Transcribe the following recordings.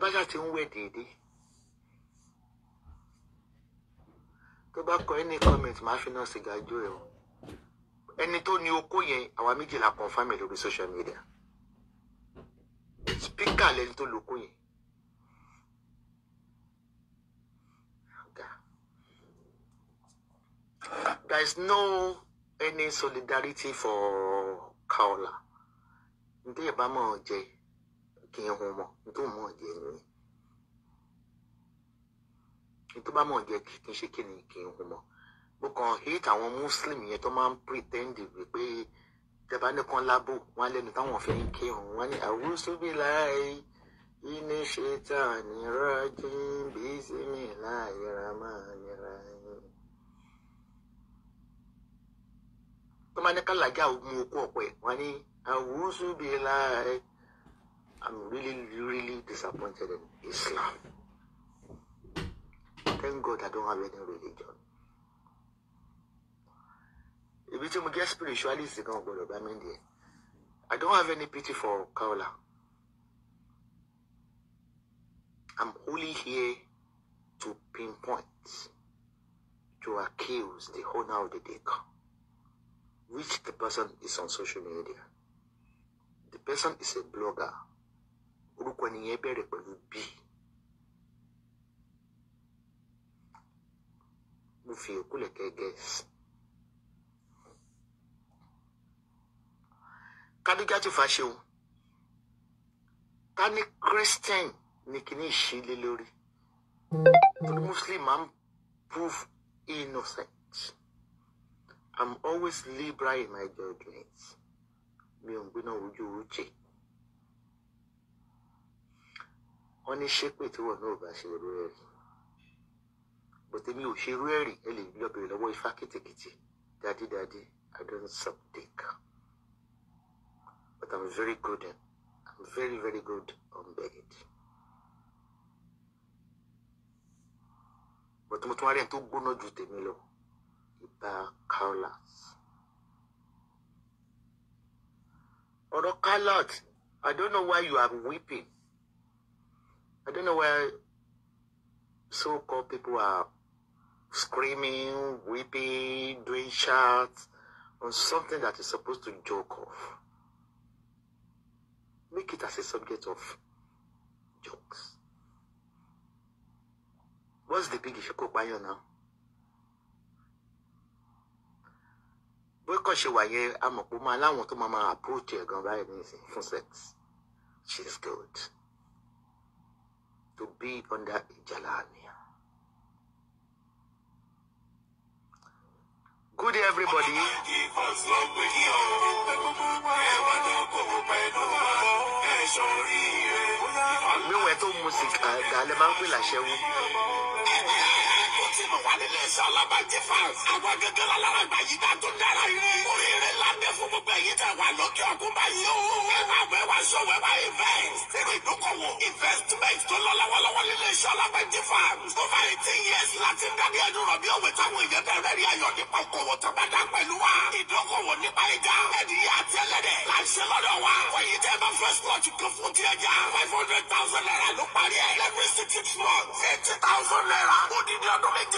bá ṣáà ti ń wẹ̀ déédéé tó bá kọ any comment máa fi náà sìgá jó ẹ o ẹni tó ní okó yẹn àwa méjìlá confam lórí social media spíkà lẹni tó lóko yẹn. There is no any solidarity for Kaola. Ndé ìbámu jẹ gẹrun wọn tó mọ̀ jẹ́ nìyẹn tó bá mọ̀ jẹ́ kí ṣe kí ni kí n hun hate àwọn muslim yẹn tó máa ń pretend wípé tẹ́bá nìkan lábò wọn lẹ́nu táwọn fẹ́ ń kírun wọn ní àwùsùbíláì iná ṣe tá a nira jí bísí mi láì máa nira yín. tó máa ogun okú ọ̀pọ̀ ẹ̀ wọn ní àwùsùbíláì. I'm really, really disappointed in Islam. Thank God I don't have any religion. Ibi tí mo spiritualist gan gbọ́dọ̀ I don't have any pity for Kaola. I'm only here to pinpoint, to accuse the owner of the deck, which the person is on social media. The person is a blogger. orúkọ nìyẹn bẹ̀rẹ̀ pẹ̀lú b mo fi èkó lẹ̀kẹ́ gẹ̀ẹ́sì. kádíjátì fàṣẹun ká ní christian ní ìṣílẹ̀ lórí torí muslim máa ń innocent i'm always liberal in my judgement mi ò ń gbéná ojú ojú jẹ́. wọ́n ní ṣépè tí wọ́n náà bá ṣe irú ẹ̀ rí bọ̀tẹ́ mi ò ṣe irú ẹ̀ rí ẹ lè lọ bèrè lọ́wọ́ ifá kìtìkìtì dádídádí I don't suck dick but I'm very good at I'm very very good on bed. bọ̀tẹ́ mo tún wá rí ẹ̀ tó gbóná ju tèmi lọ ìbá Carlos, ọ̀rọ̀ Kaulas I don't know why you are weeping. I don't know why so-called people are screaming, weeping, doing shouts on something that is supposed to joke off. Make it as a subject of jokes. What's the big issue Kopayo now? Bóyá ṣe wà yẹn amọ̀pọ̀ máa láwọn tó máa máa approach ẹ̀ gan báyìí nísìnyí for sex. She's good to be under Jalania. Good day, everybody. mi wẹ̀ tó music àgbà lè máa ń pè láṣẹ́wó mo wà nílé iṣẹ́ ọlọ́bàjì fans. àwọn gẹ́gẹ́ la gbà yí dá tó dára rí. oríire la fún gbogbo ẹ̀yin tẹ̀ wà lókè ọ̀kún báyìí o. ẹ̀wà wẹ̀wà sọ̀wẹ̀ wá invest. nínú ìdókòwò investment tó lọ lọ́wọ́lọ́wọ́ nílé iṣẹ́ ọlọ́bàjì fans. over eighteen years láti ń dábí ẹnu rọ̀bí òwe táwọn èèyàn bẹ̀rẹ̀ rí ayọ̀ nípa okòwò tó bá dá pẹ̀lú wa. ìdókòwò nípa ẹja ẹ̀dìyẹ àti ẹlẹ́dẹ̀ là lọ́dọ̀ wa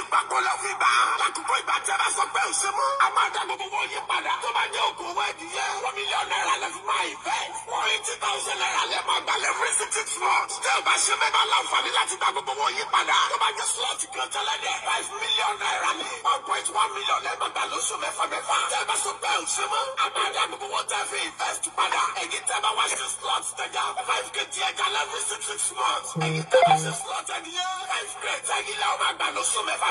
ìpàkọ́ lọ fi bá. lákòókò ìgbà tí a bá sọ pé ò ṣe a máa dá gbogbo wọn yí padà. tó bá jẹ́ òkú ẹ̀dìyẹ. wọ́n mílíọ̀nù náírà lè fi máa ìfẹ́. wọ́n eighty thousand náírà lè máa gbà lẹ́fún six months. tẹ́ ò bá ṣe mẹ́ta láǹfààní láti dá gbogbo wọn yí padà. tó bá jẹ́ slọ́ọ̀tì kan tẹ́lẹ̀ dẹ̀. five million náírà ní one point one million lẹ́ẹ̀mọ́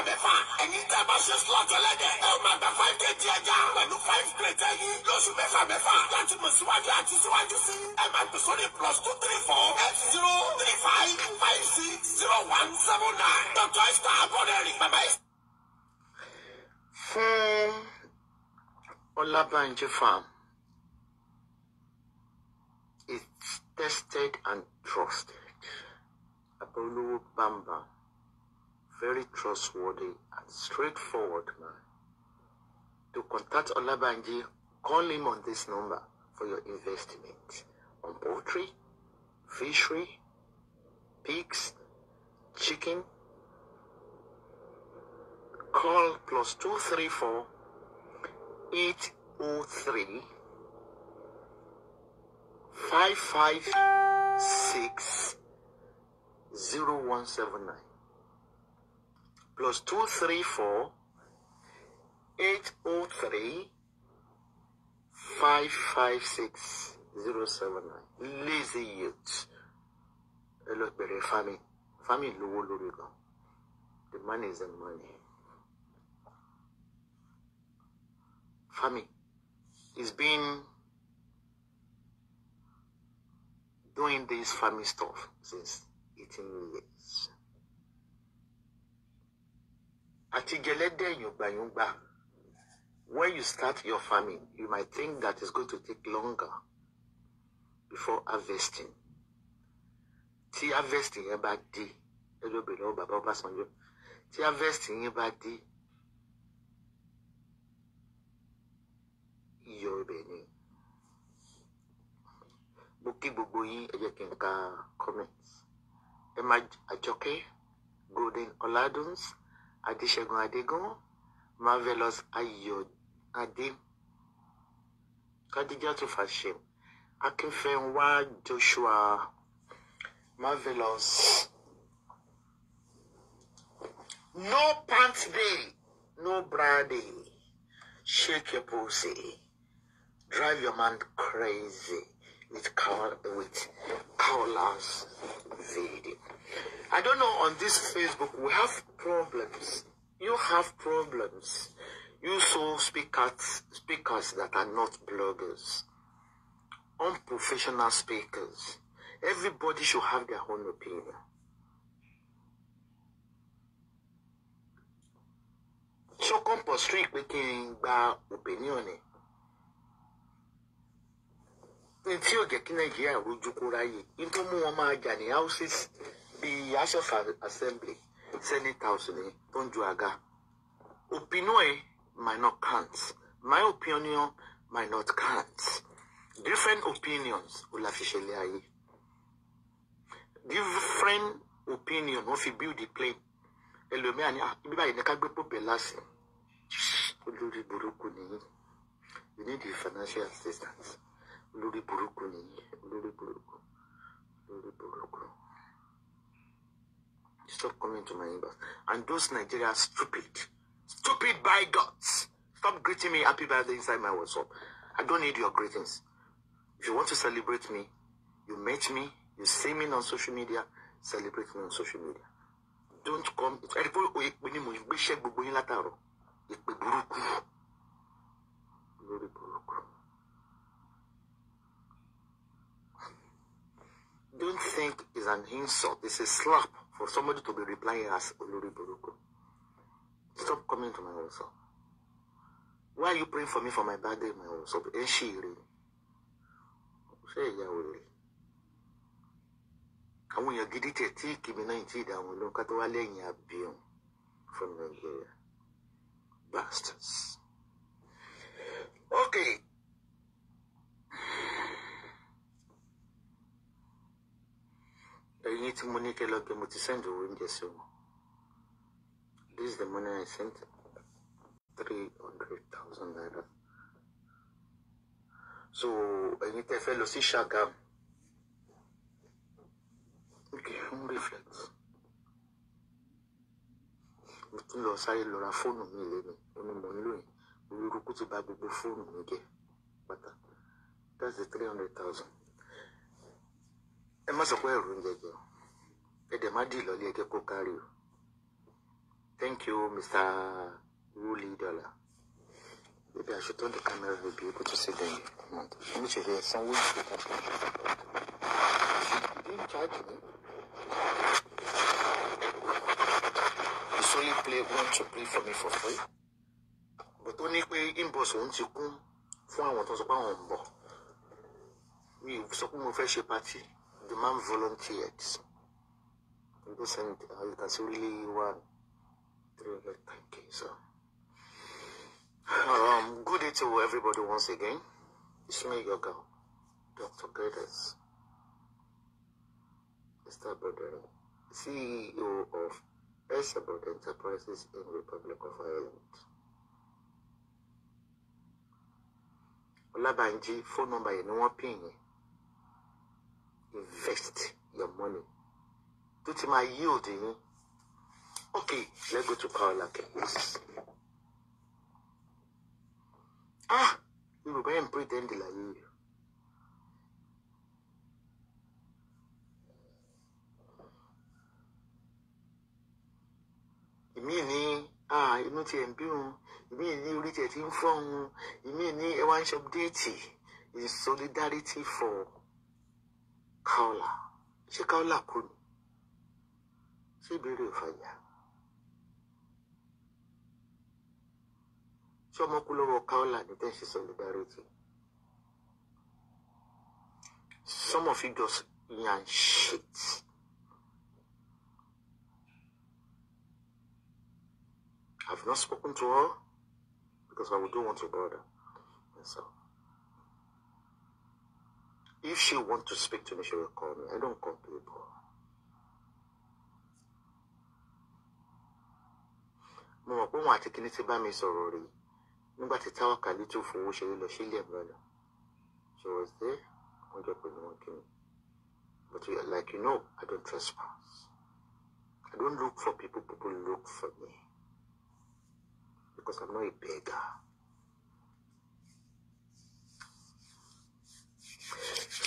mẹ́fà ẹ̀yin tẹ́ bá ṣe slọ́ọ̀tì ẹlẹ́dẹ̀ ẹ ó máa gba five kg ẹja pẹ̀lú five crate ẹyin lóṣù mẹ́fà mẹ́fà láti mọ̀ síwájú àti síwájú sí ẹ máa pè sórí plus two three four eight zero three five five six zero one seven nine Dr. Esther Abọ́dẹ̀rìn bàbá Esther. fún Ọlábànjí farm it's tested and trusted. Apollo Bamba. very trustworthy and straightforward man. To contact Olabanji, call him on this number for your investment on poultry, fishery, pigs, chicken. Call plus 234 803 556 0179 plus 234 803 556 079 lazy youth ẹlọgbẹrẹ fami fami lówó lórí the man is the money fami has been doing this family stuff since 18 years Ati jẹlẹ́dẹ̀ yọ̀gbàyọ̀gbà when you start your farming you might think that it's going to take longer before harvesting tí harvesting yẹn bá dé ẹlòmíràn bàbá Ọbásanjọ́ tí harvesting yẹn bá dé iyọ̀ ibẹ̀ ni mo kí gbogbo yín ẹ jẹ́ kí n ka comments ẹ máa Àjọkẹ́ Golden Ọládùnsì. Adéṣẹ́gun Adégún Marvelous Ayọ̀ Adé Kadijatu Fashem Akínfẹ́nwá Joshua Marvelous. No pants day, no bra day. Shake your pussy. Drive your man crazy with, cow- with video. I don't know on this Facebook, we have problems. You have problems. You saw speakers, speakers that are not bloggers, unprofessional speakers. Everybody should have their own opinion. So come for street n gba opinion ni. Ní tí ò jẹ́ kí Nàìjíríà rojú kó ráyè, ní tó mú wọn houses bíi aṣọ́fà assembly senate house ni tó ń ju àga opinion might not count my opinion might not count different opinions ó la fi ṣẹlẹ̀ ayé different opinion wọ́n fi build the plane ẹlòmíà ní ah, ibi báyìí ní ká gbé pòpẹ́ láṣẹ olórí burúkú nìyí you need the financial assistance olórí burúkú nìyí olórí burúkú olórí burúkú. Stop coming to my inbox. And those Nigerians stupid. Stupid by gods. Stop greeting me happy birthday inside my WhatsApp. I don't need your greetings. If you want to celebrate me, you met me, you see me on social media, celebrate me on social media. Don't come. Ẹ̀rí pé burúkú. Don't think it's an insult. It's a slap. for somebody to be replying as Olori Boruko. Stop coming to my house. Why are you praying for me for my birthday, my WhatsApp? And she really. Ṣé ìyàwó rẹ̀? Àwọn èèyàn gidi tẹ̀ tí kìmí náà ti dà wọ́n lọ́n ká tó wá lẹ́yìn àbíọ̀n from Nigeria. Bastards. Okay. ẹyin tí mo ní kẹ lọ pé mo ti send owó oúnjẹ sí wọn this is the money I sent three hundred thousand naira so ẹyin tẹ fẹ́ lọ sí Ṣàgàm okay home reflect mo tún lọ sáré lọ ra fóònù mi lẹ́nu oní mò ń lò yẹn orí irúkú ti bà gbogbo fóònù mi jẹ́ pátá that's the three hundred thousand ẹ má sọ ẹrù ń jẹjẹ ẹ dẹ̀ má dì lọ́lé ẹ jẹ́ kó kárí o thank you mr wuli dollar maybe i should turn the camera to be able to see them mo ṣe fẹ́ sanwó ìṣèkà fún mi didn't charge me he solely play want to play for me for free but ó ní pé inbox òun ti kún fún àwọn tó sọ pé àwọn ń bọ̀ mi ò sọ pé mo fẹ́ ṣe pati. the man volunteered. We do send Altasuli one the thank So um, good day to everybody once again. It's me, your girl, Dr. Graders. Mr. Brother, CEO of Esabod Enterprises in Republic of Ireland. Olabanji, phone number, you one what invest your money Do ti máa yield okay let's go to Paola Kemisi ah will ah, ẹ̀ ń pretend láyé yìí. ìmí ní inú tiẹ̀ ń bírun ìmí ní orí tiẹ̀ ti ń fọ́hun ìmí ní ẹ wá ń ṣe update in solidarity for. káọlà ṣé káọlà kú ni ṣé ìbéèrè ò fàyà ṣé ọmọ kú lọ́wọ́ káọlà ní tẹ́ ṣe solidarity some of you just yan shit. I've not spoken to her because I would don't want to bother. And so. If she wants to speak to me, she will call me. I don't call people. Mo mọ̀ pé wọn àti kíní ti bá mi sọ̀rọ̀ rí nígbà tí táwọn kàlítù fowó ṣeré lọ sílé ẹ̀mí lọ. She was there, wọ́n jọ pé wọ́n kí mi. But like you know, I don't trespass. I don't look for people, people look for me. Because I'm not a beggar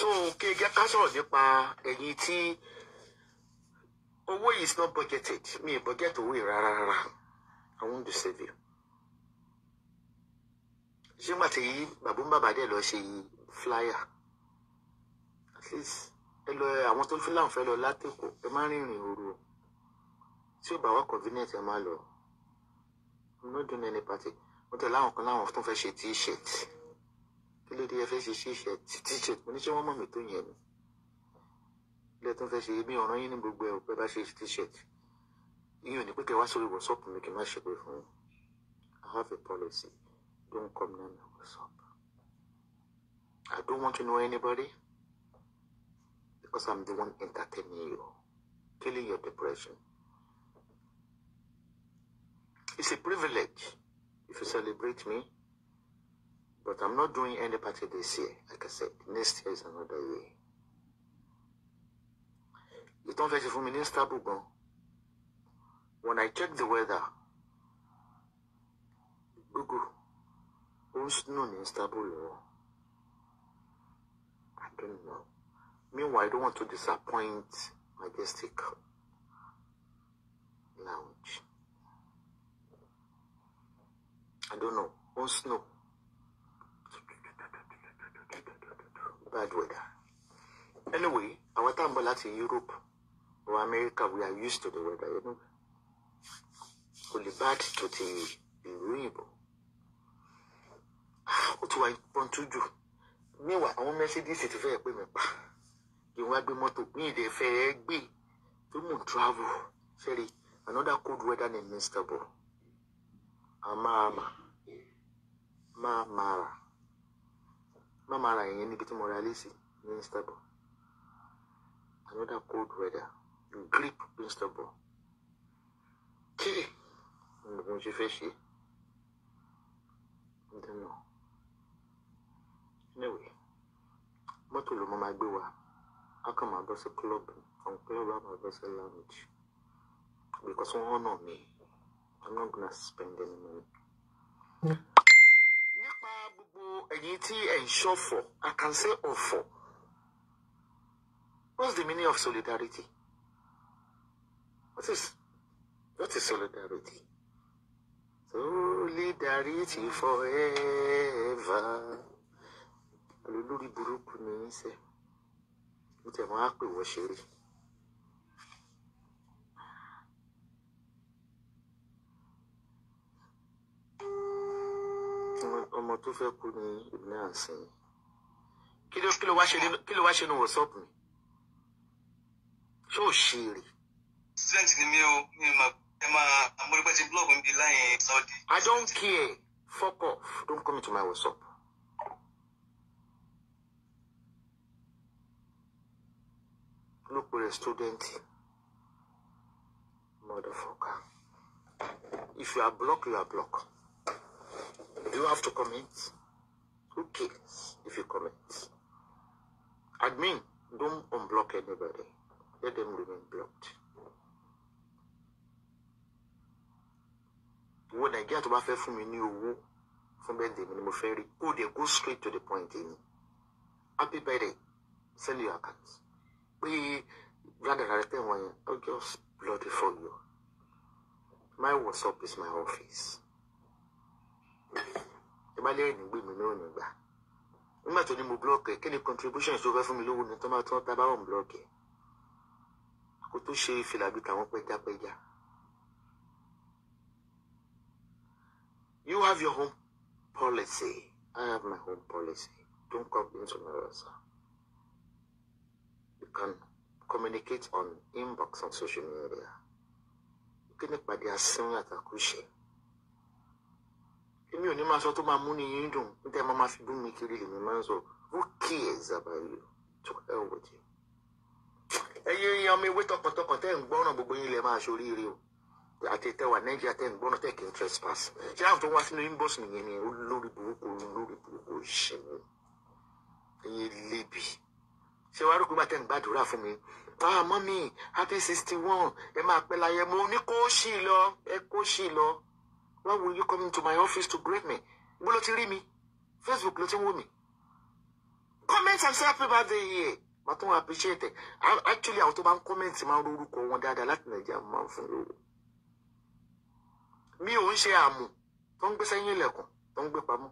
so kí ẹ jẹ́ ká sọ̀rọ̀ nípa ẹ̀yin tí owó yìí is not budgeted mi ì budget owó yìí rárá rárá I want to save you. ṣé ńgbà tí bàbá ń bàbá dẹ̀ lọ ṣe flyer at least ẹ lọ àwọn tó fúlàn fẹ́ lọ látẹ̀kọ̀ ẹ má rìnrìn òru o tí ò bá wà convenient ẹ má lọ I'm not doing any party mo tẹ̀ láwọn kan láwọn tó fẹ́ ṣe t-shirt kí ló ẹ fẹ́ ṣe ṣe iṣẹ́ títí mo ní ṣé wọ́n mọ̀ mí tó yẹn ni ilé tó ń fẹ́ ṣe mí ọ̀ràn yín ní gbogbo ẹ̀ ò pẹ́ bá ṣe t-shirt yín ò ní pé kẹ́ wá sórí WhatsApp mi kì í má ṣe pé fún yín I have a policy don't come near my WhatsApp I don't want to know anybody because I'm the one entertaining you killing your depression it's a privilege if you celebrate me. But I'm not doing any party this year. Like I said, next year is another year. Ìtàn fẹ́ ṣe fún mi When I check the weather, Google, ó ń known in stable I don't know. Meanwhile, I don't want to disappoint Majestic Lounge. I don't know. Ó ń snow. bad weather. Anyway, our time à ń bọ̀ Europe or America we are used to the weather anyway. Kò lè bad tó the ìlú what do I want to do? Meanwhile, àwọn Mercedes ti fẹ́ pè mí pa. Kí wọ́n á gbé mọ́tò ní ìdè fẹ́ gbé be to ń travel. Sorry, another cold weather than Mr. Bo. ama Mamara. Ma, -ma má máa ra ìyẹn níbi tí mo ra léèsì Istanbul another cold weather grip Istanbul kí ni mo ṣe fẹ́ ṣe I don't know anyway mọ́tò ló mọ́ máa gbé wa a kàn máa bọ́ sí club from club a máa bọ́ sí lounge because wọ́n honour me I'm not gonna spend any money. Yeah. Hmm ẹ̀yin tí ẹ̀ ń ṣọ̀fọ̀ I can say ọ̀fọ̀ what's the meaning of solidarity what is what is solidarity solidarity forever olórí burúkú ni í sẹ́ mo tẹ̀ wọ́n á pè wọ́n ṣeré. ọmọ tó fẹ́ kú ni èmi à kí ló wá ṣe kí ló mi ṣé ṣe rè. student ni mi o mi ma ẹ máa amúrígbẹ́ ti blog mi bi láyé Saudi. I don't care fuck off don't come into my whatsapp. ló pe rẹ̀ student motherfucker if you are block you are block. Do you have to commit? Who cares if you commit? Admin, don't unblock anybody. Let them remain blocked. When I get to my fair from new woo, from bed, the minimum ferry, oh, they go straight to the point in. Happy birthday. Send your accounts. We rather than one, I'll just bloody for you. My WhatsApp is my office ẹ bá lẹ́yìn nígbè mí lọ́rùn nígbà nígbà tó ní mo blọọkì kí ni contribution tó fẹ́ fún mi lówó ni tó máa tán tá bá wọ̀ blọọkì kó tó ṣe ìfìlà tàwọn pẹjápẹjá. You have your own policy. I have my own policy. Don't come into my house. You can communicate on inbox on social media. You can make by the assembly at a crucial èmi ò ní máa sọ tó máa mú ni yín dùn níta ẹ máa máa fi dùn mí kiri lèmi máa ń sọ who cares about you to ẹ wò jẹ. ẹyẹ yan mi wé tọkàntọkàn tẹ́ ń gbọ́ràn gbogbo yín lẹ máa ṣoríire o àti tẹwà nàìjíríà tẹ́ ń gbọ́ràn tẹ́ kì í trespass ṣé àwọn tó wá sínú inbox nìyẹn ni olórí burúkú olórí burúkú ìṣẹ̀lẹ̀ ẹyẹ lébi ṣé wàá rúkú bá tẹ́ ń gbàdúrà fún mi ah mọ́mí happy sixty one ẹ máa pẹ́ láyé mo ní kó ṣì lọ ẹ kó ṣì lọ. why will you come into my office to greet me ibo ló facebook ló me. comment and say happy birthday yìí màá tún appreciate it actually àwọn tó comments ń comment máa ń rorúkọ wọn dáadáa láti my máa Me fún lówó mi ò ń ṣe àmù tó ń gbé sẹ́yìn ilẹ̀kùn tó ń gbé pamọ́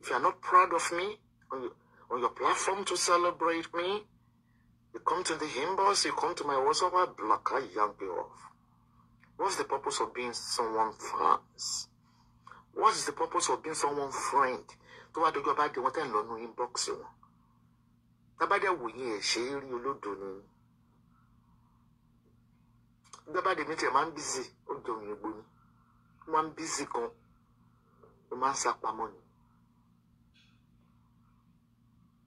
if you are not proud of me on your, on your platform to celebrate me you come to the inbox you come to my whatsapp i block i young you off. What's the purpose of being someone friends? What is the purpose of being someone friend? Tó bá dojú ọba dé wọn tẹ́ ń lọ nu inbox wọn. Tábàdé wòye ẹ̀ ṣe é rí olódò ni. Tábàdé mi tẹ̀ máa ń bízì odò òyìnbó ni. Mo máa ń bízì gan. Mo máa ń sá pamọ́ ni.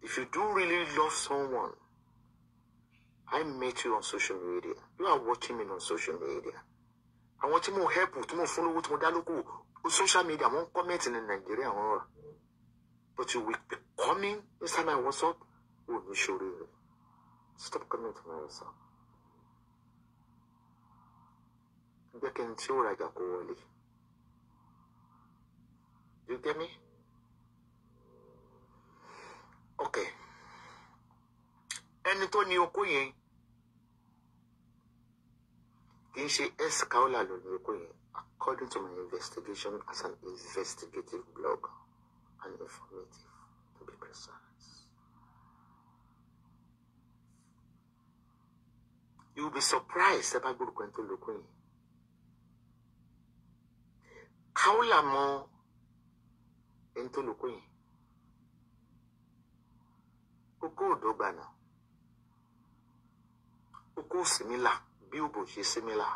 If you do really love someone, I met you on social media. You are watching me on social media àwọn tí mò ń help tí mò ń fún lówó tí mo dá lóko social media wọ́n comment ní nàìjíríà wọ́n rà but you will be coming inside my whatsapp ò ní ṣòro rẹ stop comment my whatsapp. jẹ́ kí n tí ó rajà kó wọlé you get me okay ẹni tó ní oko yẹn kì í ṣe s kaola ló ní ikú yẹn according to my investigation as an investigative blog, and informative to be precise. you will be surprised about good kwento lukuni. Kaula mo into lukuni. Uko dogana. Uko simila bí ò bò ṣe símílà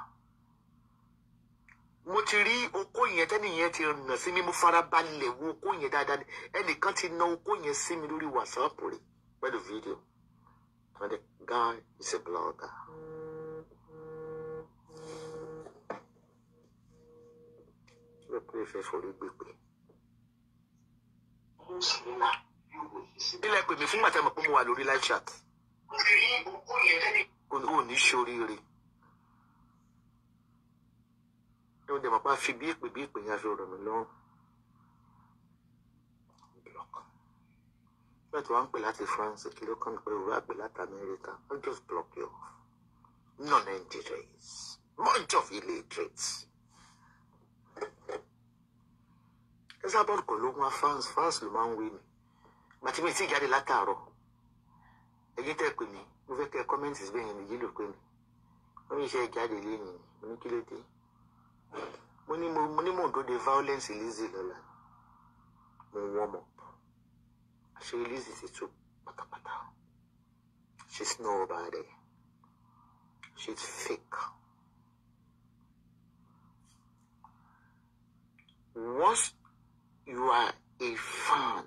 mo ti rí okó yẹn tẹ́nìyẹn ti nà sí mi mo fara balẹ̀ wo okó yẹn dáadáa ni ẹnìkan ti na okó yẹn sí mi lórí wàsáàpù rẹ̀ pẹ̀lú fídíò and the guy is a blogger. ṣé pé fẹ́ forí gbègbè. ilé pèmí fún gbàtà mọ̀ pé mo wà lórí live chat. mo ti rí okó yẹn tẹ́nìyẹn. ní o dẹ̀ mọ̀ pé a fi bí ìpè bí ìpè yẹn a fi rọ̀ mí lọ́rùn. nígbà tí wọ́n ń pè láti France kí ló kàn mí pé òwe àgbè láti Amẹ́ríkà wọ́n just block you off non-Nigerians much of illiterates. Esabod kò ló wá France France ló máa ń wé mi gbàtí mi ti jáde látàárọ̀ ẹ̀yin tẹ́ pè mí mo fẹ́ kẹ́ kọ́mẹ́ǹtì síbẹ̀ yẹn mi yìí ló pè mí wọ́n mi ṣe jáde lé mi mo ní kí ló dé mo ní mo ní mò ń dóde violence Lizzy lọ́la mo ń warm up àṣé Lizzy ti tú pátápátá she's nobody she's fake. Once you are a fan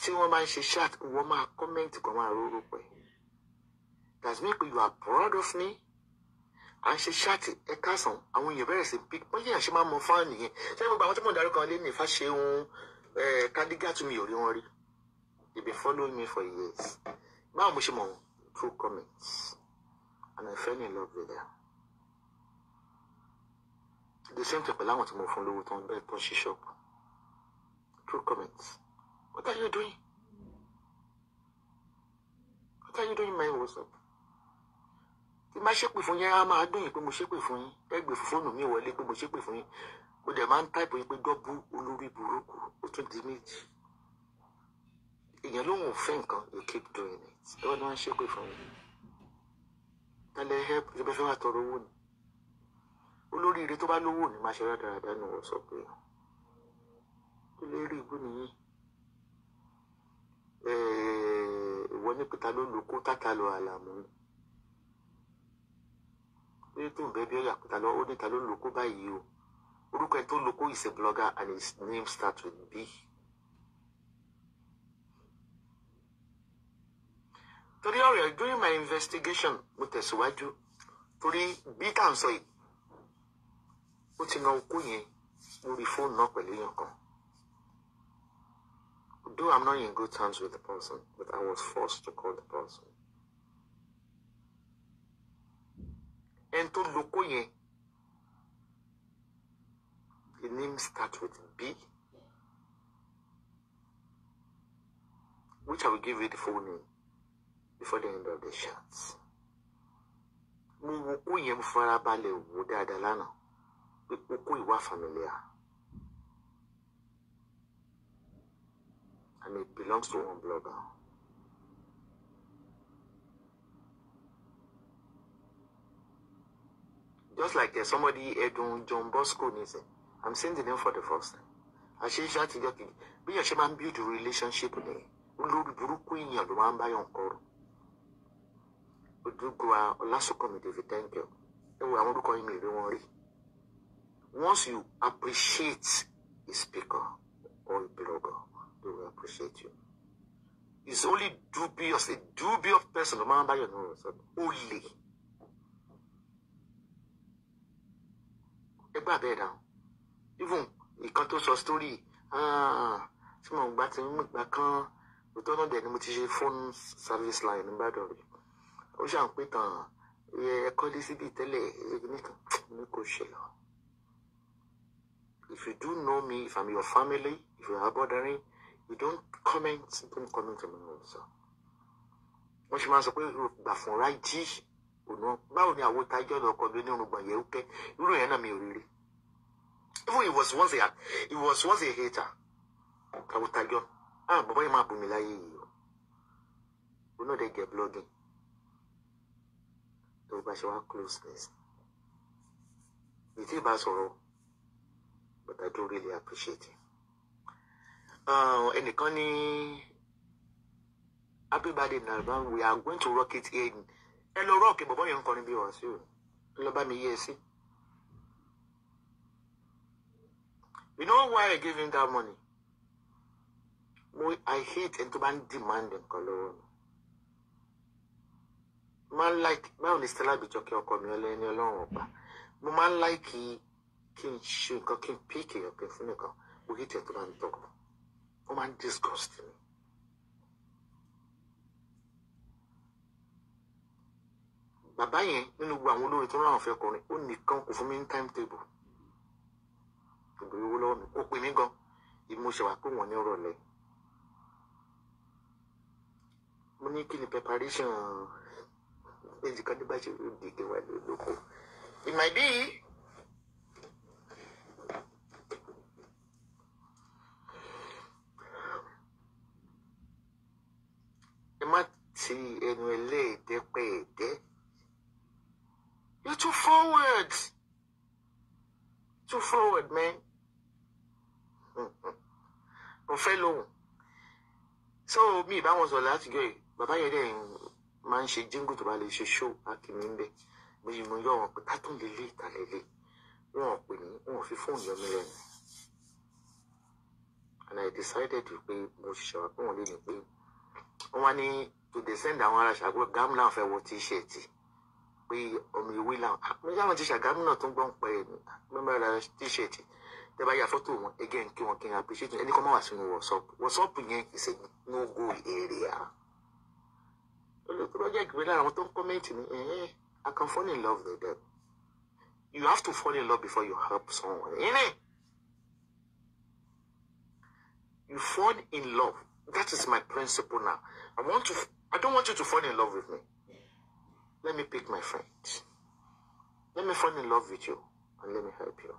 tí wọ́n máa ń ṣe chat wọ́n máa comment kan máa róró pẹ̀ that's make you are proud of me à ń ṣe ṣáàtì ẹ káàsán àwọn èèyàn bẹ̀rẹ̀ sí bí wọ́n yẹ̀yàn ṣe máa mọ fáànì yẹn ṣé gbogbo àwọn tí mò ń darí kan lé ní Fáṣẹ̀hùn Kádígàtù mi ò rí wọn rí they been following me for years báwo mo ṣe mọ̀ true comments and I fell in love with them the same thing pẹ̀lú àwọn tí mo fún lówó tó ń bẹ́ẹ̀ tó ń ṣe ṣọ́ọ̀bù comments what are you doing what are you doing my WhatsApp tí má ṣépè fún yín á máa dùn yín pé mo ṣépè fún yín ẹ gbé fóònù mi wọlé pé mo ṣépè fún yín ó dẹ̀ máa ń táìpù yín pé dọ́bù olórí burúkú ó tún di méjì èèyàn ló fẹ́ nǹkan you keep doing it ẹ wọ́n ni wọ́n ń ṣépè fún yín tẹ́lẹ̀ help ẹ bẹ́ẹ̀ fẹ́ wá tọrọ owó ni olóríire tó bá lówó ni máa ṣe rádaràdà nù wọ́n sọ pé olórí ìbú nìyí ìwọ ní pété ló lu kó tátà lọ àlàmú ni pé tó ń bẹ bí ọyà kúta lọ ó níta ló lóko báyìí o orúkọ ẹ tó lóko is a blogger and his name starts with B. torí ọ̀rẹ́ during my investigation mo tẹ̀síwájú torí bí tá à ń sọ yìí ó ti na okó yẹn lórí fóònù náà pẹ̀lú èèyàn kan though I'm not in good terms with the person but I was forced to call the person. ẹni tó lóko yẹn the name starts with B which I will give you the full name before the end of the chat mo wo kó yẹn mo fara balẹ̀ wò dáadáa lánàá pé kókó ìwà familiar and it belongs to one blogger. just like uh, somebody Edun John Bosco nìsẹ i'm saying the name for the first time àṣeyíṣẹ àtijọ́ kejì bí yàn ṣe máa ń build relationship nìyẹn olórí burúkú èèyàn ló máa ń bá yàn kọrọ odugba Ọlásùnkànmí David thank you ẹ wo àwọn orúkọ yìí mi rí wọn rí once you appreciate a speaker or a blogger they will appreciate you it's only dubious a dubious person ló máa ń bá yàn ní sọ́dọ̀ ó lè. ẹ gbà bẹ́ẹ̀ dà even ìkan tó sọ story ah, tí mo gbà tí mo gbà kan òtọ́ náà dẹ̀ ni mo ti ṣe phone service line ní Ìbàdàn rẹ̀ ó ṣàn pé tàn ẹ kọ́lé síbi tẹ́lẹ̀ nìkan ní kò ṣẹlẹ̀ if you do know me if I'm your family if you are bothering you don't comment don't comment on my own sir wọ́n ṣe máa sọ pé gbà fún ra jí ònà báwo ni àwọn tajọ́ ní ọkọ mi onírun gbọ̀nyẹ̀ ó kẹ́ irú yẹn náà mi ò rí even he was once a he was once a hater àwọn tajọ́ ah bàbá yìí máa bù mí láyé yìí o òun náà dé jẹ́ blogging tó bá ṣe wá closeness ètí ìbá sọ̀rọ̀ but I do really appreciate it uh, ẹnìkan ní happy birthday Narban we are going to rock it in ẹ lọ rọ́ọ̀kì bọ̀bọ́ yẹn ń kọrin bí wàásù lọ bá mi yí ẹ e sí. You know why I give him that money? Mo I hate ẹni tó bá ń demand nǹkan lọ́wọ́ mi. Máa ń like báwo ni Stella bí jọkẹ́ ọkọ mi ọlẹ́ni ọlọ́run ọ̀pá. Mo máa ń like kí n ṣe nǹkan kí n píkì ọ̀pẹ fún nìkan. Mo hate ẹni tó bá ń tọkọ. Ó máa ń disgust mi. bàbá yẹn nínú gbogbo àwọn olórin tó ń ráhùn fẹ́ kọrin ó nìkan kò fún mi ní time table ìbòrí owó lọ́wọ́ mi kò pè mí gan ìmú ṣe wà pé wọ́n ní rọ̀lẹ́ mo ní kí ni preparation èjì kan ní bá ṣe ló dìde wà lóko it might be. ẹ má ti ẹnu ẹlẹ́ẹ̀dẹ́ You're too forward. Too forward, man. Mo fẹ́ lóhùn. So mi ìbá wọn sọ̀rọ̀ láti gbé bàbá yẹn dẹ̀ máa ń ṣe jíngù tó bá lè ṣe ṣó akínní ń bẹ̀. Mo yìí mo yọ wọn pé tátùn lélẹ̀ ìta lélẹ̀. Wọn ò pè mí, wọn ò fi fóònù yọ mí lẹ́nu. And I decided pé mo ṣiṣẹ́ wa pé wọ́n lè ní pé wọ́n wá ní to dey send àwọn ará ṣàgbọ́ gámúnà fẹ́ wọ tíṣẹ̀tì pé ọmọ ìwé làwọn àpéjáwọn ti ṣàgámù náà tó ń gbọ́n pẹ́ mẹ́mẹ́ra ah, tíṣẹ̀tì tẹ́ bá ya fọ́tò wọn again kí wọn kí n appreciate ẹni kan máa wà sínú WhatsApp WhatsApp yẹn is a no go area. olùkọ́ jẹ́ ìgbé lára àwọn tó ń kọ́mẹ́ǹtì ní I can fall in love with them you have to fall in love before you help someone ẹ̀ẹ́ you fall in love that is my principle now I want to I don't want you to fall in love with me. Let me pick my friends. Let me fall in love with you and let me help you.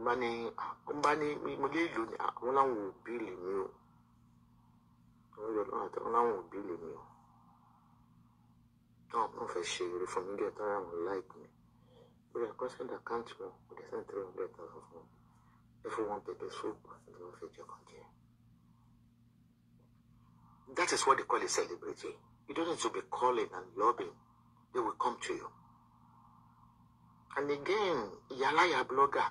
Mbani, mbani, mo lè lò ní àwọn ah, láwọn ò bíìlì mi o. Wọ́n yọ lọ́wọ́ àti àwọn láwọn ò bíìlì mi o. Náà wọ́n fẹ́ ṣe eré fún mi díẹ̀ tó ara wọn láìpẹ́ mi. Lórí àkọsílẹ̀ àkáǹtì wọn, mo lè send three hundred thousand fún That is what they call a celebrity. You don't need to be calling and lobbying. They will come to you. And again, Yalaya blogger.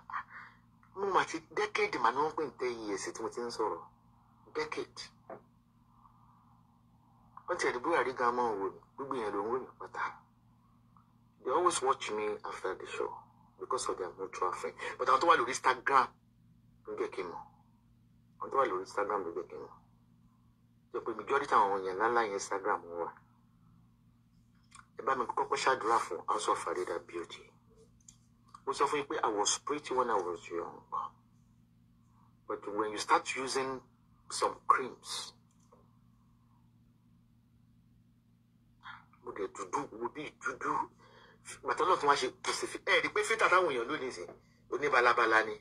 Mo ma ti decade ma no wọ́n pè ní ten years tí mo ti ń sọ̀rọ̀. Decade. Wọ́n ti ẹ̀dí e Buhari gan mọ́ òun wò ní gbogbo yẹn ló ń wò pátá. They always watch me after the show because of their mutual friend. But àwọn tó wà lórí Instagram ló jẹ́ kí n mọ̀. Àwọn tó wà lórí Instagram ló jẹ́ kí mọ̀ jẹ́ pé majority àwọn èèyàn ńláńlá yẹn Instagram wà ẹ bá mi kọ́kọ́ ṣàdúrà fún house of Farida beauty mo sọ fún yín pé I was pretty when I was young but when you start using some creams mo dẹ̀ dúdú mo bí dúdú bàtà náà tí wọ́n ṣe kò sì fi ẹ̀ rí pé fítà táwọn èèyàn lónìí sí oníbalabala ni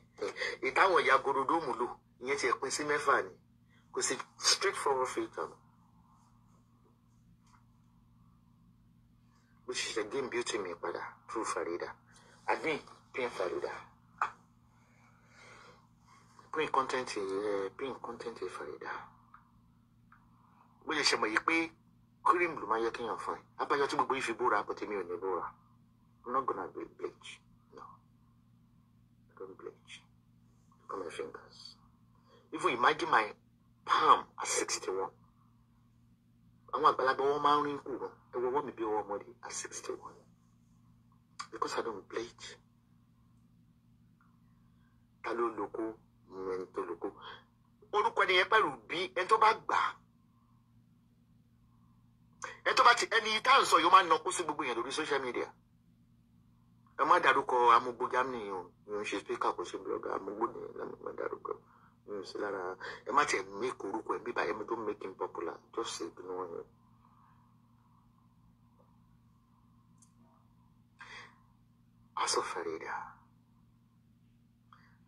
ìtàwọn ìyá gorodomu lò ìyẹn ti ẹ̀ pín sí mẹ́fà ni kò sí straight forward filter mo ṣiṣẹ́ game beauty mi padà True, Farida admin pin Farida pin content ẹ eh, pin content ẹ eh, Farida mo lè ṣe mọ̀ yìí pé cream ló máa yẹ kéèyàn fún ẹ abájọ tí gbogbo yìí fi búra àpò tèmi ò ní búra I'm not gonna be bleach no I don't bleach look at my fingers even imagine my palm at sixty one àwọn àgbàlagbà wọn máa ń rí nkù gan ẹ wọ ọwọ́ mi bí ọwọ́ ọmọdé at sixty one because I don't bleach ta ló lóko ẹni tó lóko orúkọ ẹni yẹn pẹ̀lú bí ẹni tó bá gbà ẹni tó bá ti ẹni tá à ń sọ yóò máa nọkú sí gbogbo yẹn lórí social media ẹ má dárúkọ amúgbó germany yìí ò ń ṣe speaker kò ṣe blogger amúgbó nìyẹn lẹ́nu má dárúkọ sí lára ẹ má tiẹ̀ mẹ́kì orúkọ ẹ̀ bíbá ẹ̀ tó mẹ́kì ń popular just say bí wọ́n yẹn. Farida,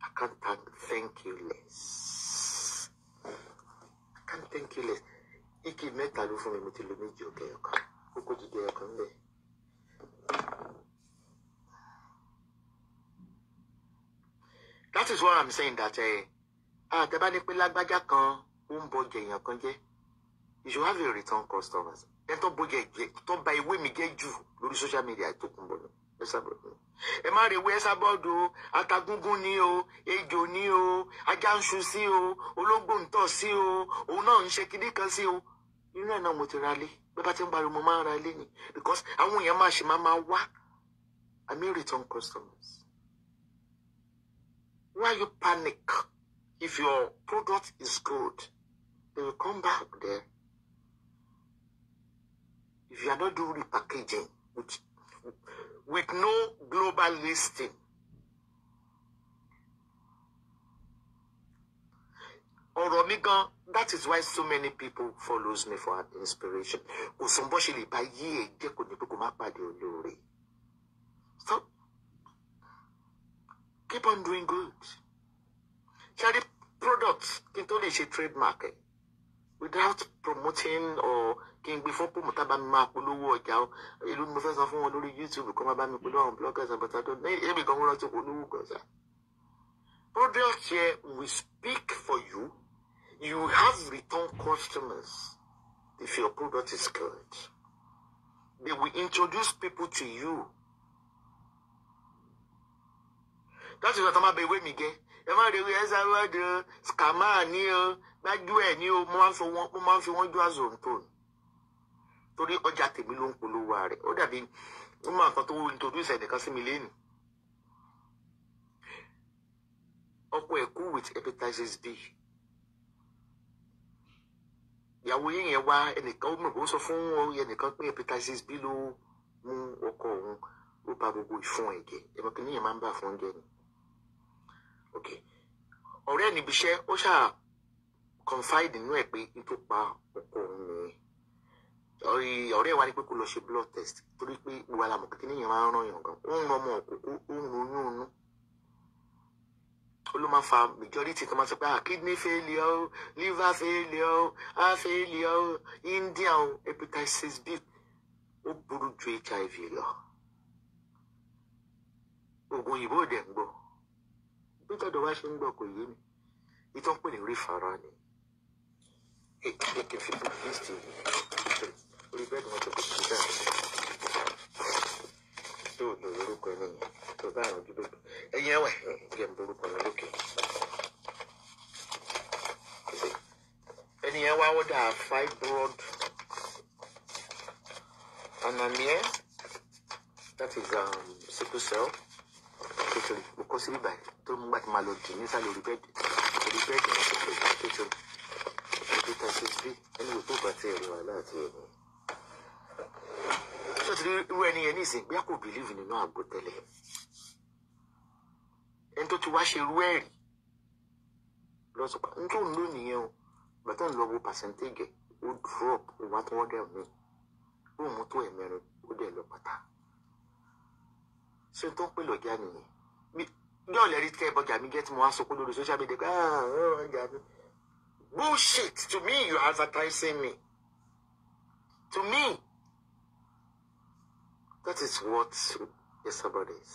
I can't thank, you less. I can't thank you less. Ike mẹ́ta ló fún mi, mo ti lo méjì ọ̀kẹ́ ọ̀kan. Ó kó jíjẹ ọ̀kan bẹ́ẹ̀. That is what I'm saying that. Uh, àtẹ̀bá ah, ní pé lágbájá kan ó ń bọjẹ èèyàn kan jẹ́ you have a return customers ẹ tó bọjẹ jẹ tó ba ìwé mi jẹ́ jù lórí social media tó kún bọ̀ ẹ má rèwé ẹ sábọ́ọ̀dù o atagúngún ni o ejò ni o ajá ń ṣu sí o ológbò sí o òun náà ń ṣe kinní kan sí o nínú ẹ̀ náà mo ti ra lé bí bá ti ń pariwo mo máa ń ra lé ni because àwọn èèyàn máa ṣe máa máa wá I mean return customers why you panic. If your product is good, they will come back there. If you are not doing packaging with, with no global listing, ọ̀rọ̀ mi gan that is why so many people follows me for inspiration kò sọ bá yí èdè kò ní pé kò so keep on doing good. Charlie, products. kí n tó lè ṣe trademark ẹ̀ without promoting or kí n gbé fún promoter bá mi máa polówó ọjà o ìlú ni fẹ́ san fún wọn lórí youtube kó máa bá mi polówó àwọn bloggers and bàtà tó ní èmi gan wọ́n rántí polówó gan product yẹn we speak for you you have return customers if your product is good they will introduce people to you. that is what I'm about to get ẹ má rí ẹ sáwọ́dì o skàmá ni o gbájú ẹ̀ ni o mo máa ń fi wọ́n ju àzòǹtò ni torí ọjà tèmi ló ń polówó rẹ̀ ó dàbí ó máa kan tó introduce ẹnìkan sí mi lẹ́nu ọkọ ẹ̀ kú with hepatitis B ìyàwó yín yẹn wá ẹnìkan ó mọ̀ ó sọ fún ẹnìkan pé hepatitis B ló mú ọkọ òun ó bà gbogbo ìfun ẹ̀jẹ̀ ẹ̀mọ́kìnrin yẹn máa ń bà fún oúnjẹ ni ọ̀rẹ́ níbi iṣẹ́ ó ṣáà confide nínú ẹ̀ pé n tó pa ọkọ òun nìyẹn ọ̀rẹ́ wa ni pé kó lọ ṣe blood test torí pé gbogbo alamọ̀ kékeré yẹn máa ń ràn yàn gan ó ń rọmọ òkókó ó ń ronú inú ó ló máa fa majority kan máa sọ pé ah, kidney failure liver failure heart failure o india o hepatitis b ó burú ju hiv lọ oògùn òyìnbó dẹ̀ ń gbọ́ bí ìjọba wa ṣe ń gbọ́ kò yé mi ìjọ ń pè ní rífara ni èkìtì fífi kristi orí bẹ́ẹ̀ni wọ́n ti kò sí dáa tó ní orúkọ ẹni yẹn tó bá àrùn dúdú ẹ̀yin ẹ̀wẹ̀ yẹn borúkọ mi lókè ẹni yẹn wá wọ́dà fibroid anemia that is um, sickle cell ṣẹlẹ̀ mo kọ́ sí ibà tó ń gbà tí màá lọ dì nísàlẹ̀ orí bẹ́ẹ̀dì orí bẹ́ẹ̀dì ọ̀rọ̀ tó fẹ́ tó tó ojú ta ṣe bí ẹni wò tó bá ti ẹ̀rọ wà láti ẹ̀rọ. ṣé ti rí irú ẹni yẹn nísìn bí a kò bìlíìfù nínú àgbo tẹ́lẹ̀ ẹni tó ti wá ṣe irú ẹ̀rí lọ́sọ̀pá ń tó ń lò nìyẹn o bàtà ń lọ wo pàṣẹ́ntéèjì ó drop ó wá tó wọ́n dẹ̀ mí ó mú tó ẹ̀mẹrin ó dẹ̀ lọ pátá ṣé tó ń pè lọ́jà nìyẹn Don't bí ọ̀lẹ́ rí tẹ́ bọ́jà mi get more so. kó lórí social media pé ọjà mi bullshit to me you are advertising me to me that is what Jezebel is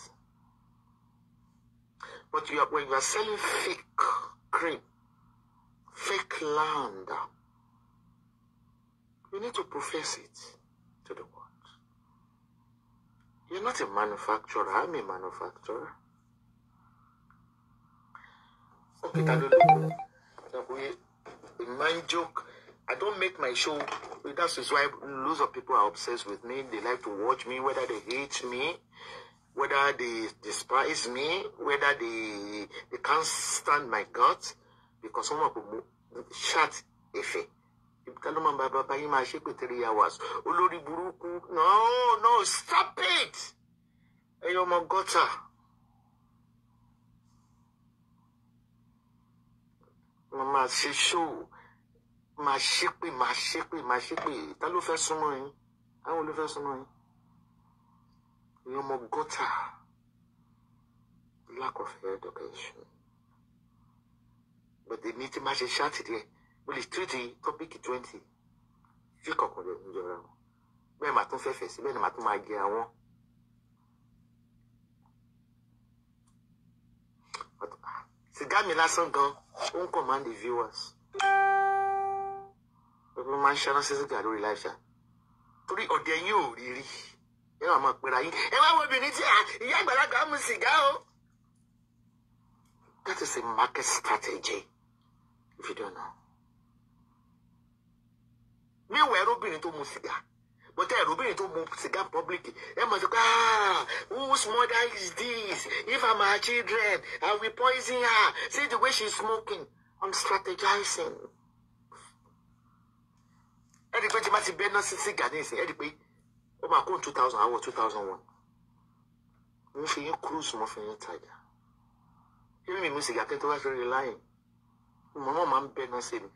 but you are, when you are selling fake cream fake land, you need to profess it to the world you're not a manufacturer I'm a manufacturer peter ló lò ó mind joke i don't make my show that is why lots of people are obsessed with me they like to watch me whether they hate me whether they despise me whether they they can't stand my guts because someone could shout efe kálọ́ máa bá bàbá yín máa ṣépè three hours olórí burúkú no no stop it ẹ̀yin oh my gọ́tà. mo máa ṣe ṣóò máa ṣépè máa ṣépè máa ṣépè ta ló fẹ́ súnmọ́ yín àwọn ló fẹ́ súnmọ́ yín èèyàn ọmọ gọ́tà lack of education but èmi ti máa ṣe ṣáàtì díẹ̀ mo lè tírìtì tọ́píìkì twenty fíkọ̀kọ̀ lè ń jọra wọn bẹ́ẹ̀ màá tún fẹ́ fẹ̀ sí bẹ́ẹ̀ ni màá tún máa jẹ àwọn. sìgá mi lásán gan ó ń command the viewers mo máa ń ṣẹ́ran sí sìgá lórí torí ọ̀dẹ̀ yín ò rí rí ẹ wà máa pera yín ẹ wá wo obìnrin tí ìyá àgbàlagbà mu sìgá o. That is a market strategy if you don't know. mi wẹ̀ ẹ́ obìnrin tó mu sìgá bọ́tẹ́ ìròbìnrin tó mu sìgá public ẹ mọ̀ sí pé ah, whose mother is this if i'm her children i will poison her see the way she's smoking i'm strategizing. ẹ rí i pé tí máa ti bẹ́ẹ̀ náà sí sìgá ní ìsìn ẹ rí i pé ó máa kún two thousand àwọn two thousand one mo fi yín cruise mo fi yín tajà irú mi mu sìgá kí n tó wá fi rí i láyìn mo náà máa ń bẹ́ẹ̀ náà sí mi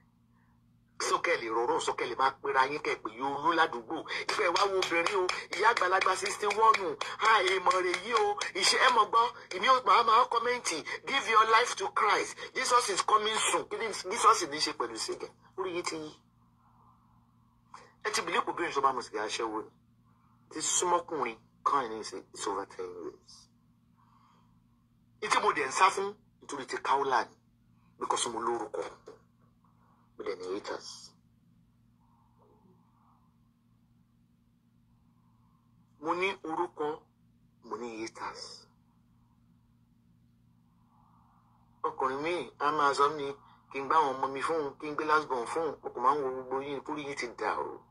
sókèlè rọrùn sókèlè máa pera yín kẹpẹ yóò ló ládùúgbò ìfẹ́ wá wo obìnrin o ìyá àgbàlagbà sixty one àìmọ̀ rẹ̀ yìí o ìṣe ẹ̀ mọ̀ gbọ́ ìmí ò máa máa kọ́mẹ́ǹtì give your life to Christ Jesus is coming soon Jesus ní í ṣe pẹ̀lú sìgá orí yìí ti yí. ẹ ti bìlípù bí ìṣọba mu sìgá aṣẹ́wó ni ti súnmọ́kùnrin kan ní ìṣe it's over ten years. ìtí mo dẹ̀ ń sá fún nítorí ti káwọ́lá ni because mo lórúkọ generators. Mo ní òru kan, mo ní haters. Ọkùnrin mi á máa sọ mí kí n gbá àwọn ọmọ mi fóun kí n gbé lásbọ̀n fóun ọkọ̀ máa ń wo gbogbo yín kúrò yín ti dà o.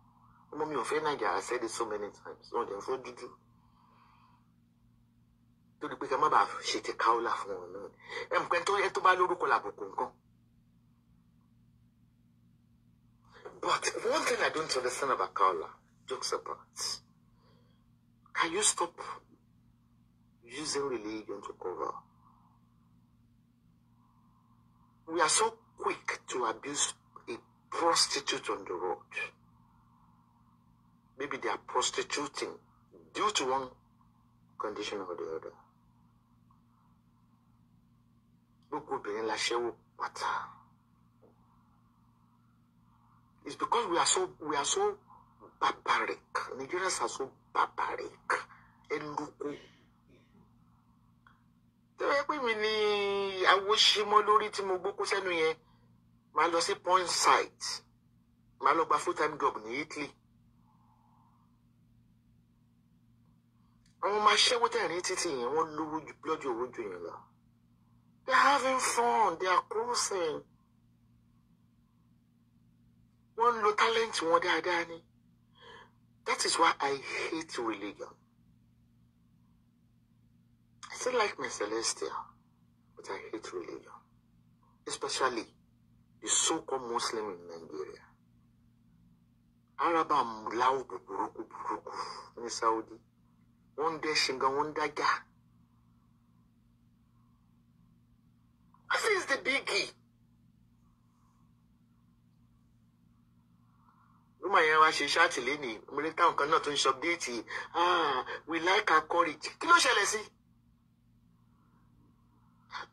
Ọmọ mi ò fẹ́ Nàìjà I said it so many times wọn jẹ́ fún dúdú. Torí pé ká má bàa ṣe ti káọ́là fún wọn náà. Ẹ mọ̀ pé ẹni tó bá lórúkọ làbùkù nǹkan. But one thing I don't understand about Kaola, jokes apart, can you stop using religion to cover? We are so quick to abuse a prostitute on the road. Maybe they are prostituting due to one condition or the other. It's because we are so we are so barbaric. Nigerians are so barbaric. Eluku. Tẹ́wẹ́ pé mi ní awóṣímọ́ lórí tí mo gbókú sẹ́nu yẹn, máa lọ sí point site, máa lọ gba full time job ní Italy. Àwọn ọmọ aṣẹ́wó tẹ̀rín títì yẹn wọ́n lówó ju lọ́jọ́ òwúrọ̀ jù yẹn lọ. They are having fun, they are cruising. One no talent one wọn dáadáa ni that is why I hate religion I still like my celestial but I hate religion especially the so-called Muslim in Nigeria araba láwùjọ burúkú burúkú ní Saudi One day shinga one day. This is the biggie. rúmọ̀ yẹn wá ṣe ṣáàtì lénìí kan náà tó ń ṣe ah, we like her courage kí ló ṣẹlẹ̀ sí.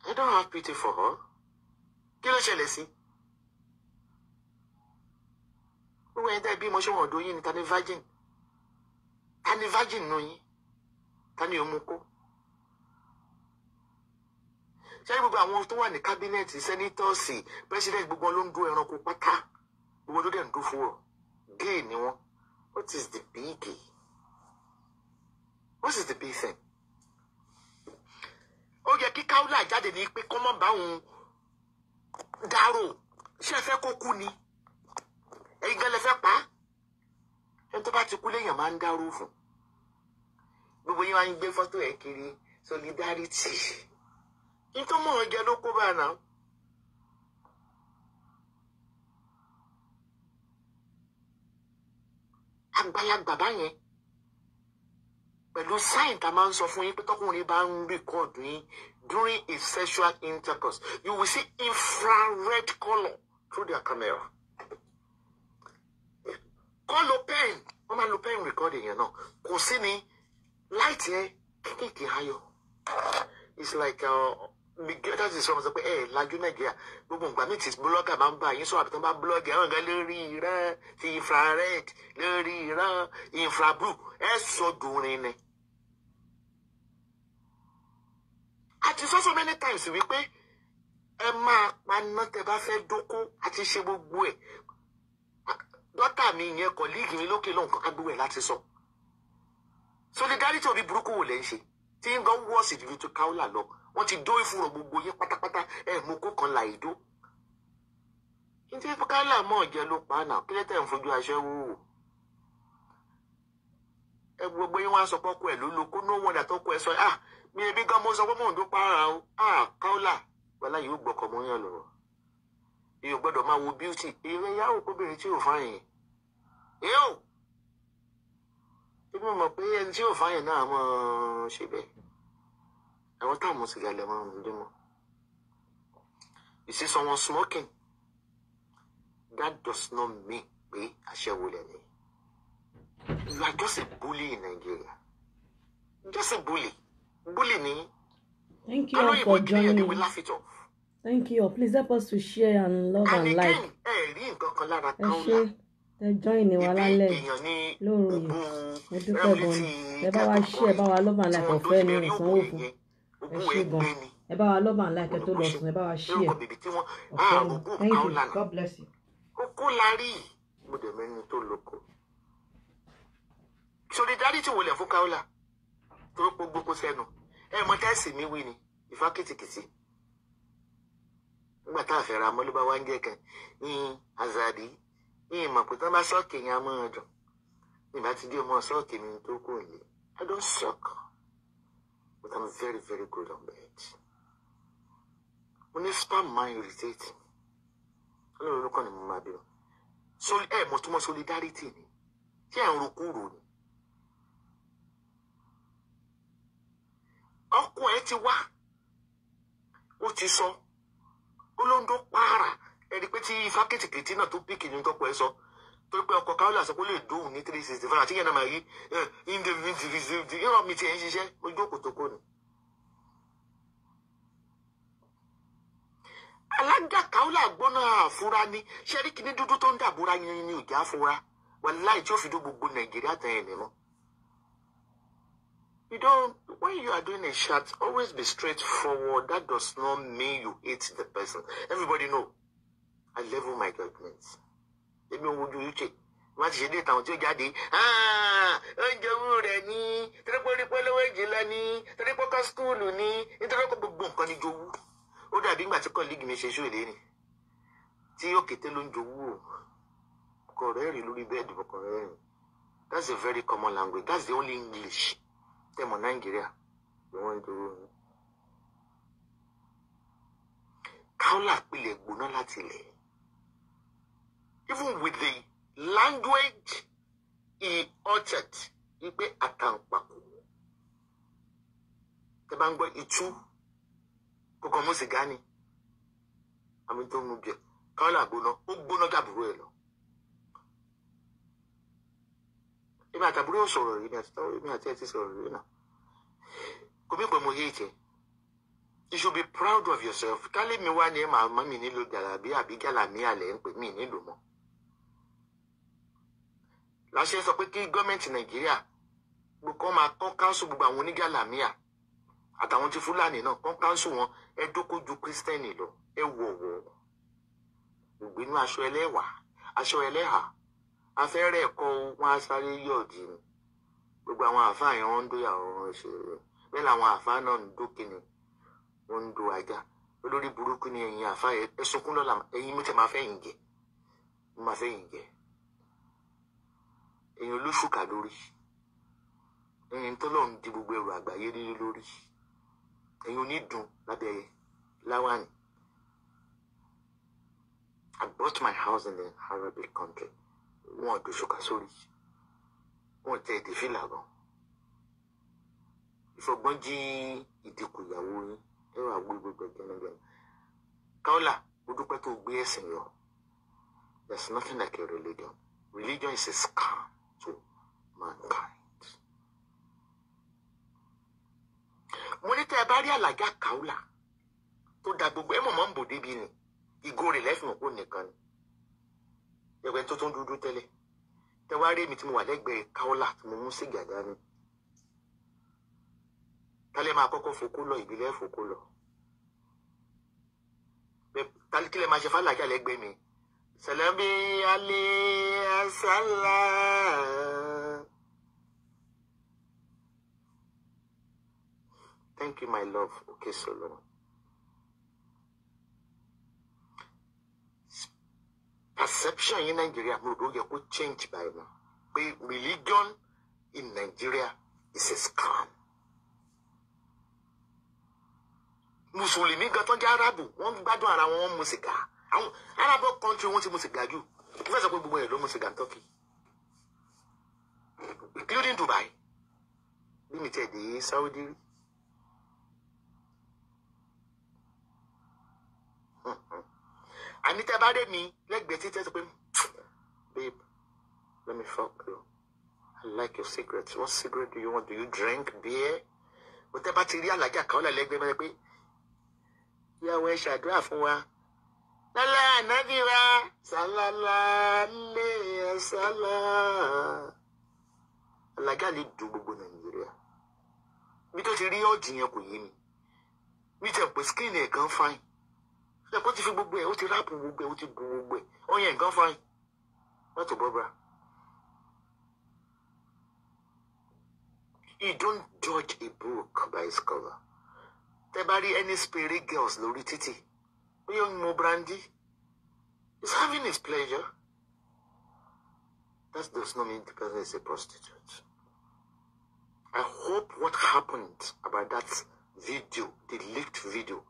I don't have pity for her kí ló ṣẹlẹ̀ sí. wíwọ ẹni tẹ́ bí mo ṣe wọ̀n ọ̀dọ́ yín ni ta virgin ta virgin nù yín ta ni òun kó ṣé gbogbo àwọn tó wà ní kábínẹ̀tì sẹ́nítọ́ọ̀sì pẹ́sidẹ̀ntì gbogbo ló ń du ẹranko pátá gbogbo ló dẹ̀ ń du fún ọ gay ni wọ́n what is the biggie what is the big thing ó yẹ kí káúlà jáde ní pé kọ́mọ́ bá òun dárò ṣé ẹ fẹ́ kó kú ni ẹ̀yin gan lẹ fẹ́ pa á ẹni tó bá ti kú léèyàn máa ń dárò fún gbogbo yín wá ń gbé fọ́tò ẹ̀ kiri solidarity nítorí mọ̀ ọ́n jẹ ló kó bá a náà. àgbàlagbà báyẹn pẹ̀lú sign tá a máa ń sọ fún yín pé tọkùnrin bá ń record yín during a sexual intercourse you will see infrared colour through their camera kọ́ lo pen wọ́n máa lo pen record èèyàn náà kò sí ni light yẹn kéékèèké ayọ̀ it's like. Uh, that is from pé ẹ lajú nàìjíríà gbogbo ìgbà mi ti blogger máa ń bá yín sọ àbí tó ń bá blog àwọn nǹkan lórí ìran ti infrared lórí ìran infrablue ẹ sọ dùnrin ni. a ti so many times wípé ẹ máa paná tẹ bá fẹ́ dóko àti ṣe gbogbo ẹ̀ dọ́tà mi yẹn kọ̀líìgì mi lókè lóhùn kankan gbogbo ẹ̀ láti sọ. solidarity orí burúkú wò lẹ́ ń ṣe tí ń gan wọ́ọ̀sì ju káwọ́là lọ wọ́n ti dó ìfúnrọ̀ gbogbo yín pátápátá ẹ̀ mú kó kan là ìdó. ǹjẹ́ kálá mọ̀ jẹ́ ló pa àná kí lẹ́tẹ̀ ń fojú aṣẹ́ wò ó. ẹ gbogbo yín wọ́n á sọ ẹ̀ ló lo kó ní wọ́n dàtọ́ kọ ẹ sọ ẹ́ ah mi ẹbí gan mo sọ pé mò ń dó para o ah káólà wàlá yìí ó gbọ́kọ̀ mọ́ yàn lọ́rọ̀ èyí ò gbọ́dọ̀ máa wo bíútì ìrẹ́ yàwó kóbìnrin tí ò fáyìn yóò ebi mọ̀ pé ẹni tí ò fáyìn náà mọ̀ ṣe bẹ́ẹ̀ àwọn tá à mú sìgá you see someone smoking that does not mean pé aṣẹ́wó lẹ́nu you are just a bully in Nigeria just a bully bully me. thank you all for joining us thank you please help us to share and love and, and like ẹ ṣe ẹ join ni wa lálẹ́ lóru yìí mo dúpẹ́ gan ni ẹ bá wa share bá wa love and like ọ̀fẹ́ ni ìsanwó fún ẹ gbé ni ẹ bá wa lọ́mọ tó lọ sùn ẹ bá wa ṣí ẹ ọ̀pẹ ah, thank you God bless you. okú la rí mo dẹ̀ mẹ́ni tó lóko solidarity wo fún kaola tó kó gbogbo sẹ́nu ẹ mọ tẹ́sí mi wí ni ìfá kìtìkìtì nígbà tá a fẹ́ ra mọ́ ló bá wá ń jẹ́ kan yín azadi yín mọ̀ pé tán bá sọ́ọ̀kì yẹn á ọjọ́ nígbà tí díẹ̀ mọ́ sọ́ọ̀kì mi tó kù yìí I don't suck. But I'm very, very good on bed. When you sperm mind ń irritate. Ọlọ́run ló kàn ní mo máa bínú. Ẹ mọ̀ tó mọ́ solidarity ni. Ṣé ẹ̀ ń rokú rò ni? Ọkọ ẹ ti wá. Ó ti sọ. Ó ló ń dó pààrà. Ẹni pé tí ifá kìtìkìtì náà tó bí kìnìún So pé ọkọ̀ káwọ́lá sọ pé lè dóhùn ní three sixty five àti yẹn náà máa rí mi ti ẹ̀ ń ṣiṣẹ́ ojú òkòtòkò nù. alága káwọ́lá gbóná àfúrá ni ní dúdú tó ń dàbúrà yín ní ìjà àfúrá wàláì tí ó fi dún gbogbo nàìjíríà tán ẹ̀ nìmọ́. You don't, when you are doing a chat, always be straightforward. That does not mean you hate the person. Everybody know. I level my judgments èmi ò wojú uk wọn ti ṣe dé ìtàn tí ó jáde ah, oúnjẹ owó rẹ ní torípórípó lówó ìjìnlá ní torípókọ skúlù ní nítorí pé gbogbo nǹkan ni jowú ó dàbí ìgbà tí kọ́líìgì mi ṣe ṣó ìlé ni tí òkété ló ń jowú o kò rẹ́rìn lórí bẹ́ẹ̀dì kò rẹ́rìn that's a very common language that's the only English tẹ̀mọ̀ Nàìjíríà ni wọ́n ń jowú ni. káólà pilẹ̀ gbóná láti ilẹ̀ even with the language he uttered he pé àtàǹpàkò tẹ bá ń gbọ́ itú kókò mú sìgá gani? àmì tó ń mu bíẹ káwọn là gbóná ó gbóná gàbúrò ẹ lọ. èmi àtàbúrò yóò sọ̀rọ̀ rí ni àti tọ́wọ́ èmi àti ẹ ti sọ̀rọ̀ rí náà kò bí pé you should be proud of yourself kálí mi wá ní ẹ̀ màmá mi nílò gàlàbí àbí gàlàmí àlẹ́ ń pè mí nílò mọ́ la ṣe ń sọ pé kí gọ́ọ̀mẹ̀ntì nàìjíríà gbogbo máa kọ́ káńsù gbogbo àwọn onígàlàmíà àtàwọn ti fúlàní náà kọ́ káńsù wọn ẹ dókó ju kristẹni lọ ẹ wọ̀ wọ̀ ògbínú aṣọ ẹlẹ́wà aṣọ ẹlẹ́hà afẹ́rẹ́ ẹ̀kọ́ wọn aṣáré yọ̀dì ni gbogbo àwọn àáfàá yẹn wọ́n ń dóyà ọ̀rọ̀ ìṣòro bẹ́ẹ̀ làwọn àáfàá náà ń dókè ni wọ́n ń do ajá olórí burúkú ni ẹ̀yin àáfàá ẹ̀ sunkún lọ́la ẹ̀yin mi tẹ̀ máa fẹ́ yìn jẹ́ máa fẹ́ yìn jẹ́ èèyàn ló ṣùkà lórí èèyàn tọ́lọ́run di gbogbo ẹrù àgbáyé lílé lórí èèyàn onídùn lábẹ́ láwàní. I bought my house in the Arabic country wọn ò dùn ṣùkà sórí wọn tẹ èdè fìlà gan ìfọgbọ́n jí ìdìkù ìyàwó yín ẹ̀rọ àgbo gbogbo gbẹngbẹ̀rún Kaola mo dúpẹ́ tó gbé ẹ̀sìn yọ there's nothing like a religion religion is a scam for mankind. mo ní tẹ́ ẹ bá rí àlàjá kàólà tó da gbogbo ẹ mọ̀ mọ́ ń bò débi ni ìgò rẹ̀ lẹ́fìmọ̀ kó nìkan ni ẹ̀wẹ̀ tó tún dúdú tẹ́lẹ̀ tẹ́ wá rí èmi tí mo wà lẹ́gbẹ̀ẹ́ kàólà tí mo mú sí ni tálẹ́ máa kọ́kọ́ fokó lọ ìbílẹ̀ fokó lọ kílẹ̀ máa ṣe fàlàjà lẹ́gbẹ̀ẹ́ mi. سلبي عليه السلام Thank you, my love. Okay, so long. Perception in Nigeria, no, do you change by now. Religion in Nigeria is a scam. Mùsùlùmí gan tán jẹ́ Arábù, wọ́n ń gbádùn ara wọn, wọ́n àwọn arab country wọn ti mu sìgá jù kí fẹsẹ̀ pé gbogbo ẹ̀ ló mu sìgá ń tọ́kì including Dubai limited mi Saudi rí. Hmm. àní tẹ́ bá dé mi lẹ́gbẹ̀ẹ́ títí ẹ pé babe let me fuck you i like your cigarette what cigarette do you want do you drink beer mo tẹ́ bá ti rí alájà kan lẹ́lẹ́gbẹ́ mẹ́rin pé ìyàwó ẹ ṣàdúrà fún wa lọ́lá ànábì wa sálálá lè sálá. alága lè dùn gbogbo nàìjíríà bí tó ti rí ọ̀jì yẹn kò yé mi bí tẹ̀ pé skin ẹ̀ gan fine tẹ̀ pé ó ti fi gbogbo You don't judge a book by its cover. Tẹ́ bá any spirit girls lórí títì. young Mubrandi is having his pleasure. That does not mean the person is a prostitute. I hope what happened about that video, the leaked video,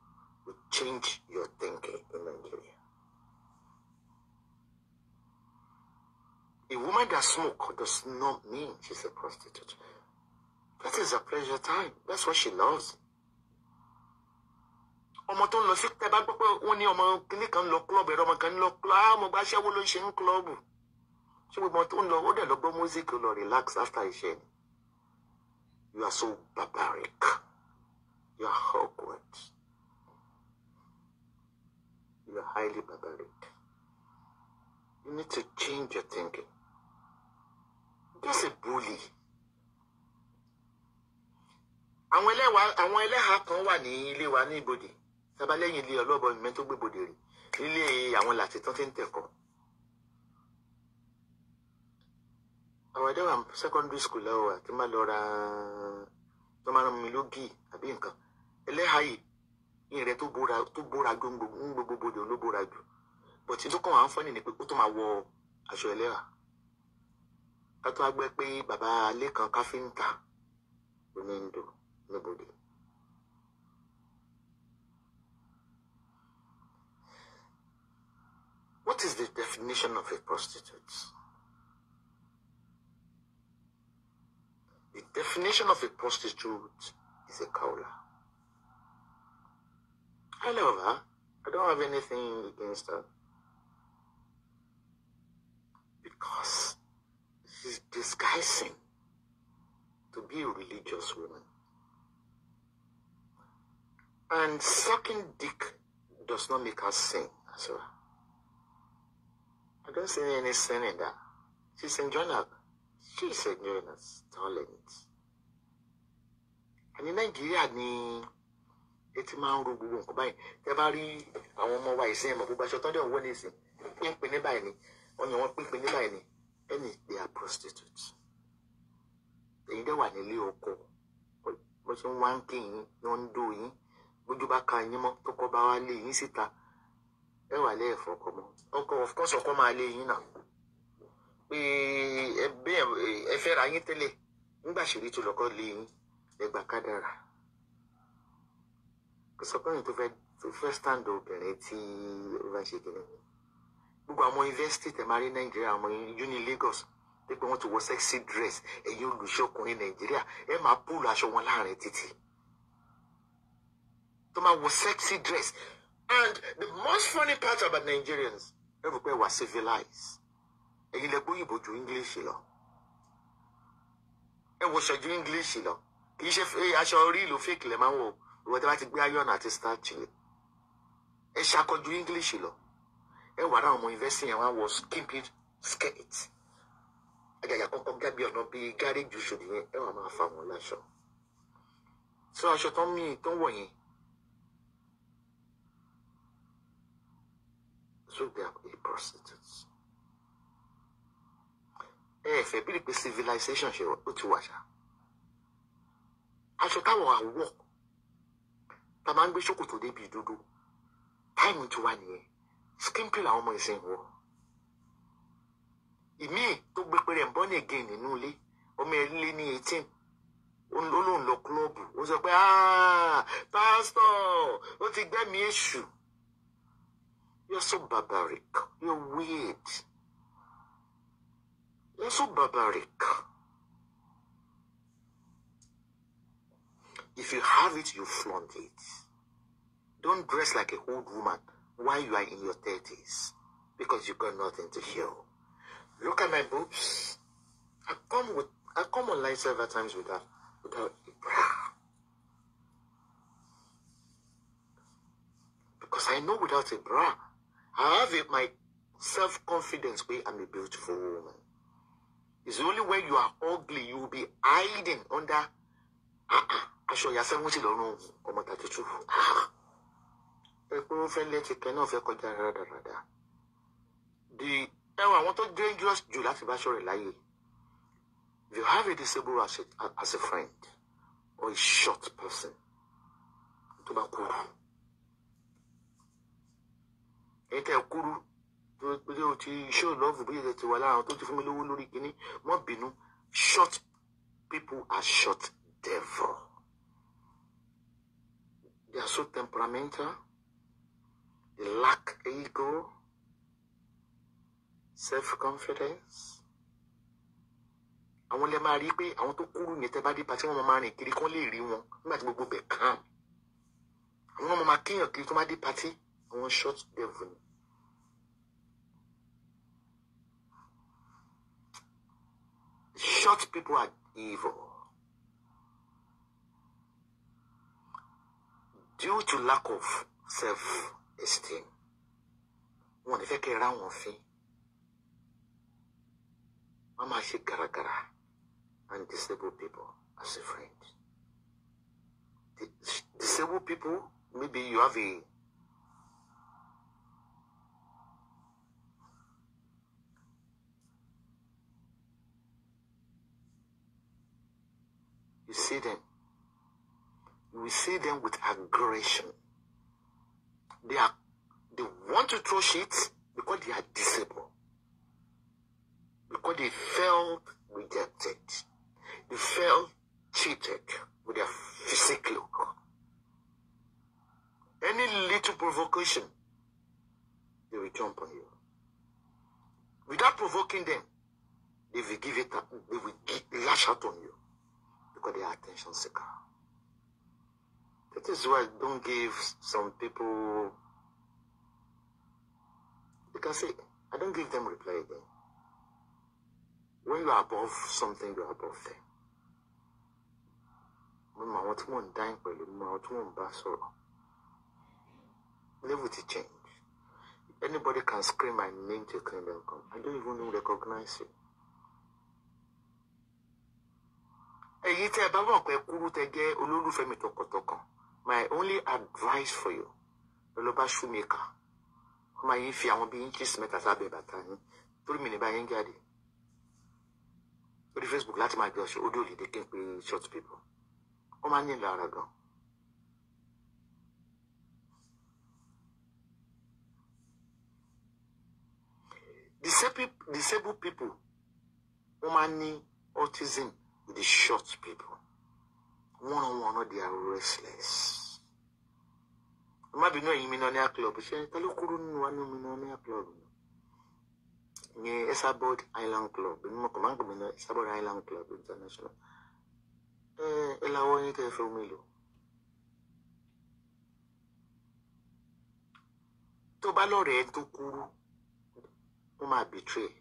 will change your thinking in Nigeria. A woman that smoke does not mean she's a prostitute. That is her pleasure time. That's what she loves. ọmọ tó ń lọ sí tẹ gbọ́ pé wọ́n ní ọmọ kìnnì kan lọ club ẹ̀rọ ọmọ kan lọ club á ah, mo bá ṣẹ́wó ló ń ṣe ń club ṣé gbogbo ọmọ tó ń lọ ó dẹ̀ lọ gbọ́ music lọ relax after iṣẹ́ ni you are so barbaric you are awkward you are highly barbaric you need to change your thinking just a bully àwọn ẹlẹ́wàá àwọn ẹlẹ́hàá kan wà ní ilé wa ní ibodè tábà lẹ́yìn ilé ọlọ́bọ ìmẹ́ tó gbébodè rè nílé àwọn làtí tán ti ń tẹ̀kọ́. àwọn adáwà secondary school lọ́wọ́ àti má lọ ra tó máa rán mi lógì àbí nǹkan ẹlẹ́hàyè yìí rẹ tó bóra gbogbo bodè ló bóra jù bọ̀tí tó kàn wá ń fọ́ nìyí pé ó tó máa wọ aṣọ ẹlẹ́hà ká tó wá gbẹ́ pé bàbá Lékan káfíńtà ló ní ń dò níbodè. What is the definition of a prostitute? The definition of a prostitute is a cowler. I love her. I don't have anything against her. Because she's disguising to be a religious woman. And sucking dick does not make her sin as well. I don't see any sin in that. She's enjoying her. She's enjoying her talent. in Nigeria, ni eti ma ń ro gbogbo nǹkan báyìí. Tẹ́ bá rí àwọn ọmọ wa ìsìn ẹ̀mọ̀ gbogbo aṣọ tán dẹ̀ ń wọ́n ní ìsìn. Pínpín ní báyìí ni. Wọ́n yàn wọ́n pínpín ní báyìí ni. Ẹni they are prostitute. Èyí dẹ̀ wà nílé ọkọ. Bó ṣe ń wá ń kí yín ni wọ́n ń dó yín. Bójú bá ka yín mọ́ tó kọ́ bá wá lé yín síta ẹ wà lẹ́yìn fọkọ mọ́ ọkọ of course ọkọ máa lé yín náà pé ẹ bẹ́ẹ̀ ẹ fẹ́ ra yín tẹ́lẹ̀ nígbà ṣèlérí tó lọ́kọ́ lé yín ẹgbà kádàrà kò sọ pé òyìn tó fẹ́ tó fẹ́ stand obìnrin tí ó bá ṣe kìnnìkan gbogbo àwọn yunifásitì tẹ̀ máa rí nàìjíríà àwọn uni Lagos pé pé wọ́n ti wọ sexy dress ẹ̀yin olùṣọ́kùnrin nàìjíríà ẹ máa púùlù aṣọ wọn láàrin títì tó máa wọ sexy dress And the most funny part about Nigerians, everywhere was civilized. Ẹ̀yin lẹ gbóyìnbó ju English lọ. Ẹ wọṣọ ju English lọ. Kì í ṣe eh, aṣọ orí ìlú fake lẹ máa ń wọ. Ìwọ tí wọ́n ti gbé iron àti starch lẹ̀. Ẹ ṣakọjú English lọ. Ẹ wàrà ọmọ university yẹn wá wọ skimpy skirt. Àjàjà kọ́kọ́ gábí ọ̀nà bíi gáréjì oṣù nìyẹn. Ẹ wà máa fa wọn láṣọ. Sọ aṣọ tán mí tán wọ̀ yẹn. Zugab a prostitute. ẹ fẹ́ bí pé civilization ṣe ó ti wà ṣá aṣọ táwọn àwọ̀ tá a máa ń gbé ṣòkòtò débi dúdú táìmù ti wà nìyẹn skimpi làwọn ọmọ ìsìn wọ ìmíì tó gbé pé rẹ̀ ń bọ́ ní ègé nínú ilé ọmọ ẹ̀ lé ní eighteen olóhùn lọ kúlọ́ọ̀bù ó sọ pé ah, pásítọ̀ ó ti gbẹ́mìí èṣù. You're so barbaric. You're weird. You're so barbaric. If you have it, you flaunt it. Don't dress like a old woman while you are in your 30s because you got nothing to show. Look at my boobs. I come with I come online several times without without a bra. Because I know without a bra, I have it, my self-confidence way I'm a beautiful woman. It's only when you are ugly you will be hiding under ah, ah, aṣọ ìyàsẹ́ ń wúti lọ́rùn ọmọ tàtútù. ẹ pé ó fẹ́ lẹ́tì kẹ́ náà fẹ́ kọjá rádaràda. the ẹwà àwọn tó dangerous jù láti bá ṣọ̀rẹ́ láyé. if you have a disabled as a, as a friend or a short person to bá kúrò ẹ̀yin kúrú pé o ti show love bí ẹ ti wà lára tó ti fún mi lówó lórí kínní mọ́ bínú short people are short devil they are so temperamental they lack ego self confidence àwọn lè máa rí pé àwọn tó kúrú yẹn tẹ́ bá dé pàtí wọn máa rìn kiri kán lè rí wọn nígbà tí gbogbo bẹ̀ kàn àwọn ọmọ máa kéèyàn kiri tó máa dé pàtí. Moonshot Devon. Short people are evil. Due to lack of self-esteem. Wọ́n ní fẹ́ kẹ́ ra wọn fín. Wọ́n máa ṣe gàràgàrà and disabled people as a friend. The disabled people, maybe you have a you see them. We see them with aggression. They are they want to throw shit because they are disabled. Because they felt rejected. They felt cheated with their physical look. Any little provocation, they will jump on you. Without provoking them, they will give it up, they will lash out on you because they are attention seeker. That is why don't give some people. You can say, I don't give them reply again. When you are above something, you are above them. Mo mọ àwọn tí wọ́n ń dáhìn pẹ̀lú, mo mọ àwọn tí wọ́n ń bá Level to change. Anybody can scream my name to a kingdom come. I don't even recognize you. èyí tẹ́ ẹ bá mọ̀ pé kúrú tẹ́ jẹ́ olólùfẹ́ mi tọkàntọkàn my only advice for you ló bá ṣú mi kà ó máa yín fi àwọn bíi inches mẹ́ta sábẹ́ bàtà yín torí mi ní bá yín jáde lórí Facebook láti máa jọ ṣe ó dé òlìdí kí n pe short people ó máa ń nílò ara gan. disabled people wọ́n máa ń ní autism the shot people. One on one, they are restless. Ẹ má bínú ẹ̀yin millionaire club ṣe ta ló kúrò no one ní millionaire club ní about Island Club ní mo kàn máa ń gbìmọ̀ ní Island Club International Eh, ẹ lawọ́ yín To fẹ́ omi kuru, tó bá lọ́rẹ̀ẹ́ tó kúrú wọ́n máa bìtírẹ̀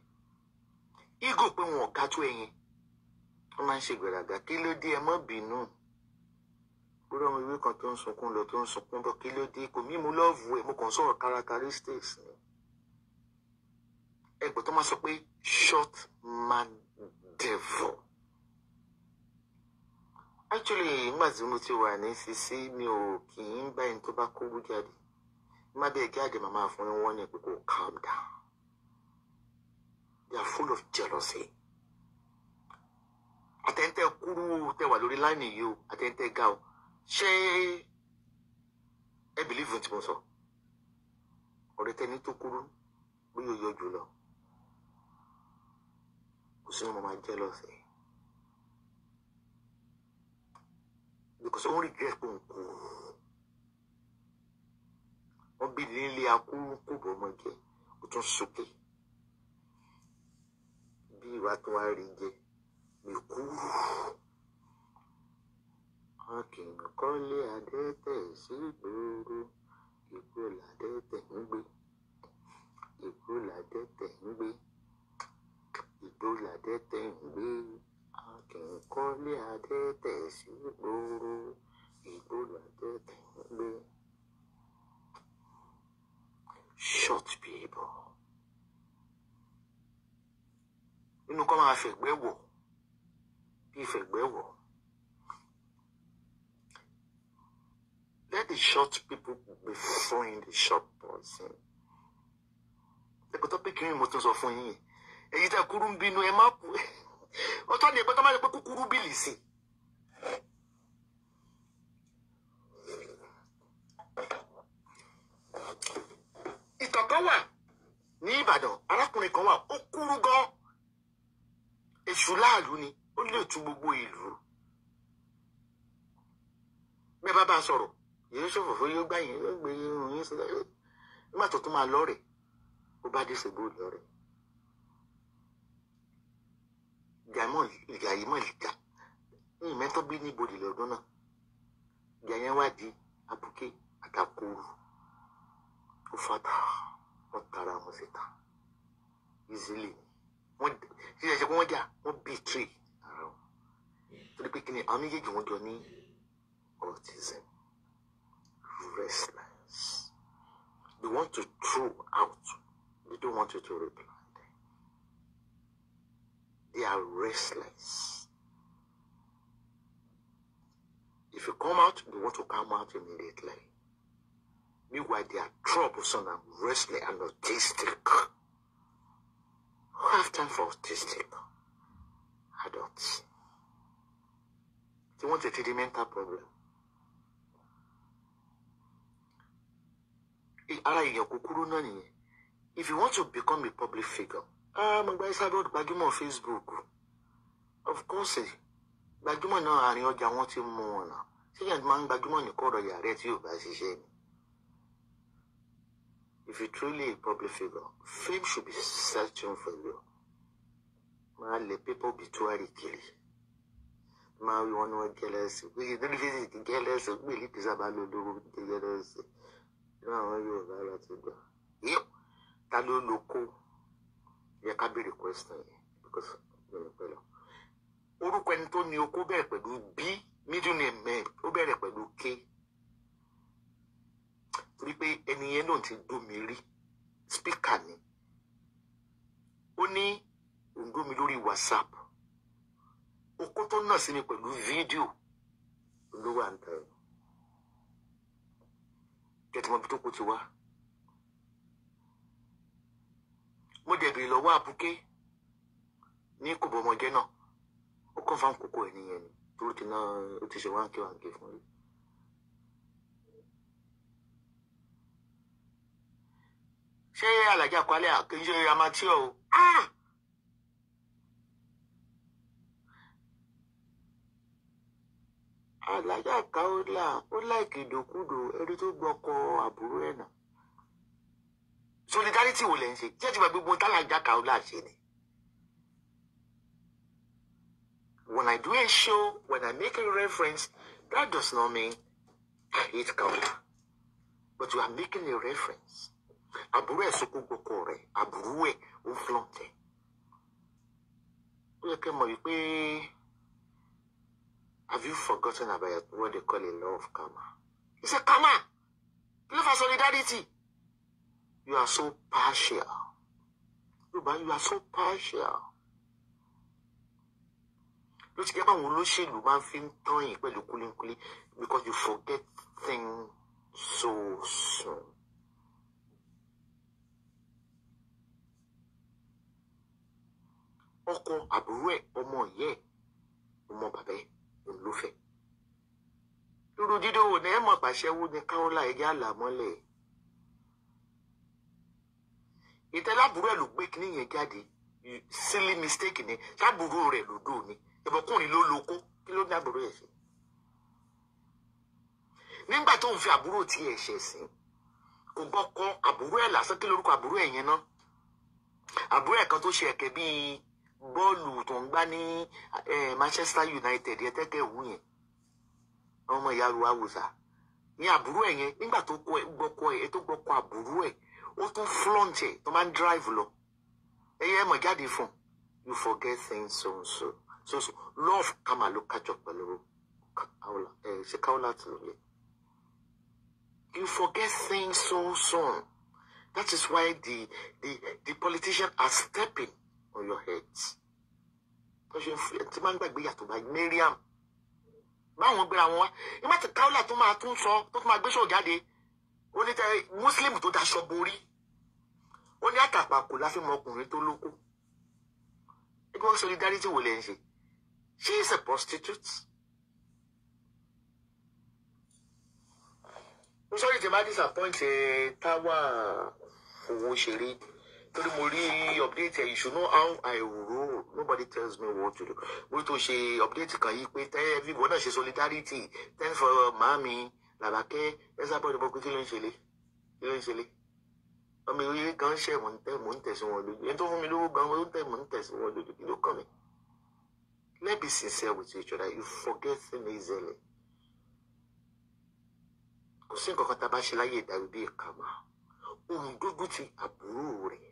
wọ́n máa ń ṣe ìgbéraga kí ló dé ẹ mọ́ bínú lórí ọmọ ìwé kan tó ń sunkún lọ tó ń sunkún bọ̀ kí ló dé kò mí mú lọ́ọ̀vù mo kàn sọ̀rọ̀ characteristics ni ẹgbẹ́ tó máa sọ pé short man devil actually nígbà tí mo ti wà ní mi ò kì í bá ẹni tó bá kówó jáde má bẹ́ẹ̀ jáde màmá fún wọn ní pé kò calm down they are full of jealousy àtẹ̀ǹtẹ̀ kúrú tẹ wà lórí láìní yìí o àtẹ̀ǹtẹ̀ ga o ṣé ẹ bìlíìfù tí mo sọ ọ̀rẹ́ tẹni tó kúrú ló yóò yọ lọ kò sí ọmọ máa jẹ́ lọ́sẹ̀ because wọ́n regret kò ń kú wọ́n bí nílé akúrú kò bọ́ ọmọ jẹ́ ó tún sókè bí ìwà tó wá rí jẹ́ ìkúrú akìmọ̀ kọ́lé adẹ́tẹ̀ sígboro igbó làdẹ́tẹ̀ ń gbé igbó làdẹ́tẹ̀ ń gbé igbó làdẹ́tẹ̀ ń gbé akìmọ̀ kọ́lé adẹ́tẹ̀ sígboro igbó làdẹ́tẹ̀ ń gbé. Short people. Nínú kọ́ máa fẹ̀gbẹ́ wọ̀ ìfẹ̀gbẹ́ Let the short people be following the short person. Ẹ̀kọ́ tó pé kí ni mo tún sọ fún yín. Èyí tẹ́ kúrú ń bínú ẹ má kú. Ọtọ́ ni ẹ̀gbọ́n tó máa ń pẹ́ kúkúrú bìlì sí. Ìtàn kan wà ní Ìbàdàn, arákùnrin kan wà, ó kúrú gan Èṣù láàlú ni ó lè tu gbogbo ìlú bẹ́ẹ̀ bá bá a sọ̀rọ̀ yìí ṣòfòfò yóò gbà yín yóò gbé irun yín sílẹ̀ nígbà tó tún máa lọ́rẹ̀ ó bá dé ṣègbè òdì ọ̀rẹ́ ìyá yìí mọ̀ ìjà ní ìmẹ́tọ́ bí níbodè lọ́dún náà ìyá yẹn wá di abuké àtàkùrù ó fata wọ́n tara wọn síta easily wọ́n ṣe ṣe pé wọ́n jà wọ́n bìtìrì. The pé kí ni àwọn autism restless they want to throw out they don't want you to reply they are restless if you come out they want to come out immediately meanwhile they are troublesome and restless and autistic who have time for autistic adults. tí wọ́n tètè di mental problem. ara èèyàn kúkúrú náà nìyẹn if you want to become a public figure ah mo gba Esabod gbajúmọ̀ Facebook of course gbajúmọ̀ náà àárín ọjà wọn ti mú wọn náà ṣéyàn máa ń gbajúmọ̀ ní kọ̀ọ̀rọ̀ yàrá ẹ̀ tí yóò bá ṣiṣẹ́ ni if you truly a public figure fame should be searching for you máa lè people obituary kiri ma we one one jealous we you don't even think jealous of me it is about no do jealous no àwọn Yorùbá la ti gbọ́ yep ta ló lóko yẹ ká béèrè question yẹn because mi pẹ̀lú orúkọ ẹni tó ní oko bẹ̀rẹ̀ pẹ̀lú b middle name ẹ̀ ó bẹ̀rẹ̀ pẹ̀lú k torí pé ẹni yẹn náà ti dó mi rí speaker ni ó ní òǹdó lórí WhatsApp okó tó nà sí mi pẹ̀lú fídíò ló wà ń tẹ̀ jẹ́ tí mo bí tó kó ti wá. mo dẹ̀bìrì lọ́wọ́ àbúké ní kò bọ́mọjẹ́ náà ó kàn fáwọn kókó ènìyàn ni torí ti náà ó ti ṣe wáńkì wáńkì fún mi. ṣé alájà kwalẹ̀ àkíńṣe amatíọ̀ o. Ah! alájà káólà ó láìkè ìdòkúdò ẹni tó gbọkọ àbúrò ẹ̀ nà. solidarity wo lẹ ń ṣe ṣé ti gbàgbé gbogbo tálájà káólà ṣe ni. When I do a show, when I make a reference, that does not mean I hate Kaola. But you are making a reference. Àbúrò ẹ̀ sunkún gbọkọ rẹ̀, àbúrò ẹ̀ ó flaunt ẹ̀. Ó yẹ kí ẹ mọ̀ wípé have you forgotten about what they call a law of karma it's a karma kí for solidarity you are so partial yorùbá you are so partial ló ti jẹ́ pé àwọn olóṣèlú máa ń fi ń tọ́yìn pẹ̀lú kúlíkúlí because you forget things so soon. ọkọ àbúrò ẹ̀ ọmọ ìyá ẹ̀ ọmọ bàbá ẹ̀ ló fẹ́. irú dídó wò ní ẹ mọ̀ pàṣẹwó ni káwọ́lá ẹ̀yà àlàmọ́lẹ̀. ìtẹ́lábùrú ẹ̀ ló gbé kínní yẹn jáde silly mistake ni lábùrú rẹ̀ ló dò ní ìbọ̀kùnrin ló lóko kí ló ní àbúrò ẹ̀ ṣe. nígbà tó ń fi àbúrò tí ẹ̀ ṣẹ̀ sí kò gbọ́ kọ́ àbúrò ẹ̀ lásán kí lórúkọ àbúrò ẹ̀ yẹn náà àbúrò ẹ̀ kan tó ṣe ẹ̀kẹ́ bíi bọ́ọ̀lù tó ń gbá ní Manchester United yẹn tẹ́tẹ́ ìwú yẹn ọmọ ìyá ru awùsà ní àbúrò ẹ̀ yẹn nígbà tó gbọ́kọ ẹ̀ tó gbọ́kọ àbúrò ẹ̀ ó tún flaunt ẹ̀ tó máa ń drive lọ ẹ̀yẹ ẹ̀ mọ̀ jáde fún you forget things so so so so love kama ló kájọ pẹ̀lú ṣe káwọ́lá tó lè you forget things so soon that is why the the the politicians are stepping on your head tó ṣe tí máa ń gbàgbé yàtọ̀ bá Mariam báwọn gbéra wọn wá ìmọ̀ tí káwọ́là tó máa tún sọ tó tún máa gbéṣọ̀ jáde ó ní tẹ muslim tó daṣọ borí ó ní àtàpàkò la fi mọ ọkùnrin tó lóko ẹgbẹ́ wọn solidarity wò lẹ́yìn ṣe she is a prostitute. mo sọ yìí tí máa disappoint ẹ eh, táwa òun ṣeré torí mo rí update ẹ̀ you should know how I roll nobody tells me what to do mo tó ṣe update kan yìí pé tẹ́ everyone náà ṣe solidarity thanks for màámi làbàkẹ́ ẹ sábà ìdìbò pé kí ló ń ṣẹlẹ̀ kí ló ń ṣẹlẹ̀ ọmọ ìrírí kan ṣẹ̀ mò ń tẹ̀ mò ń tẹ̀sí wọn lójú ẹni tó fún mi lówó gan mò ń tẹ̀ mò ń tẹ̀sí lójú kí ló kàn mí let's be sincere with each other you forget things easily kò sí nǹkan kan tá a bá ṣe láyé ìdàrú bí ìkàmá òun dógún ti àbúrò rẹ̀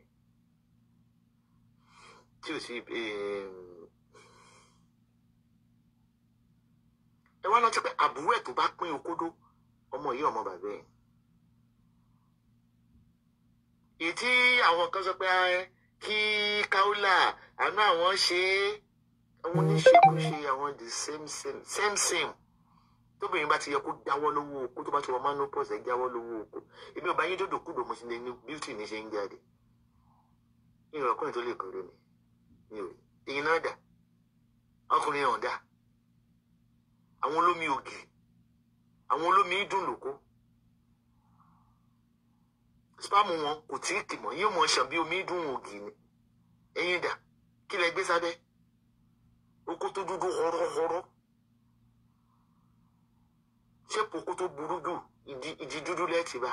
tí ò sí ẹ wá rántí pé àbúrò ẹ̀ tó bá pín okódó ọmọ yìí ọmọ bàbá ẹ̀ èyí tí àwọn kan sọ pé ah, kí káúlà àná àwọn ṣe àwọn oníṣègùn ṣe àwọn the same same same same tóbìnrin bá ti yẹ kó jáwọ́ lówó oko tó bá ti wọ manopause ẹ̀ jáwọ́ lówó oko èmi ò yín dòdò kúdò mo sì lè ní beauty ní ṣe ń jáde ìrọ̀kùnrin tó lè kọ́rẹ́ mi. Hmm. ìyẹn náà dà ọkùnrin yẹn ò dà àwọn olómi ògì àwọn olómi dùn lóko spam wọn kò tí ì kìmọ̀ yóò mọ̀ ṣàn bí omi dùn ògì ni ẹ̀yin dà kí lẹ gbé sábẹ́ oko tó dúdú họrọhọrọ ṣé poko tó burú ìdí dúdú lẹ́ẹ̀tì bá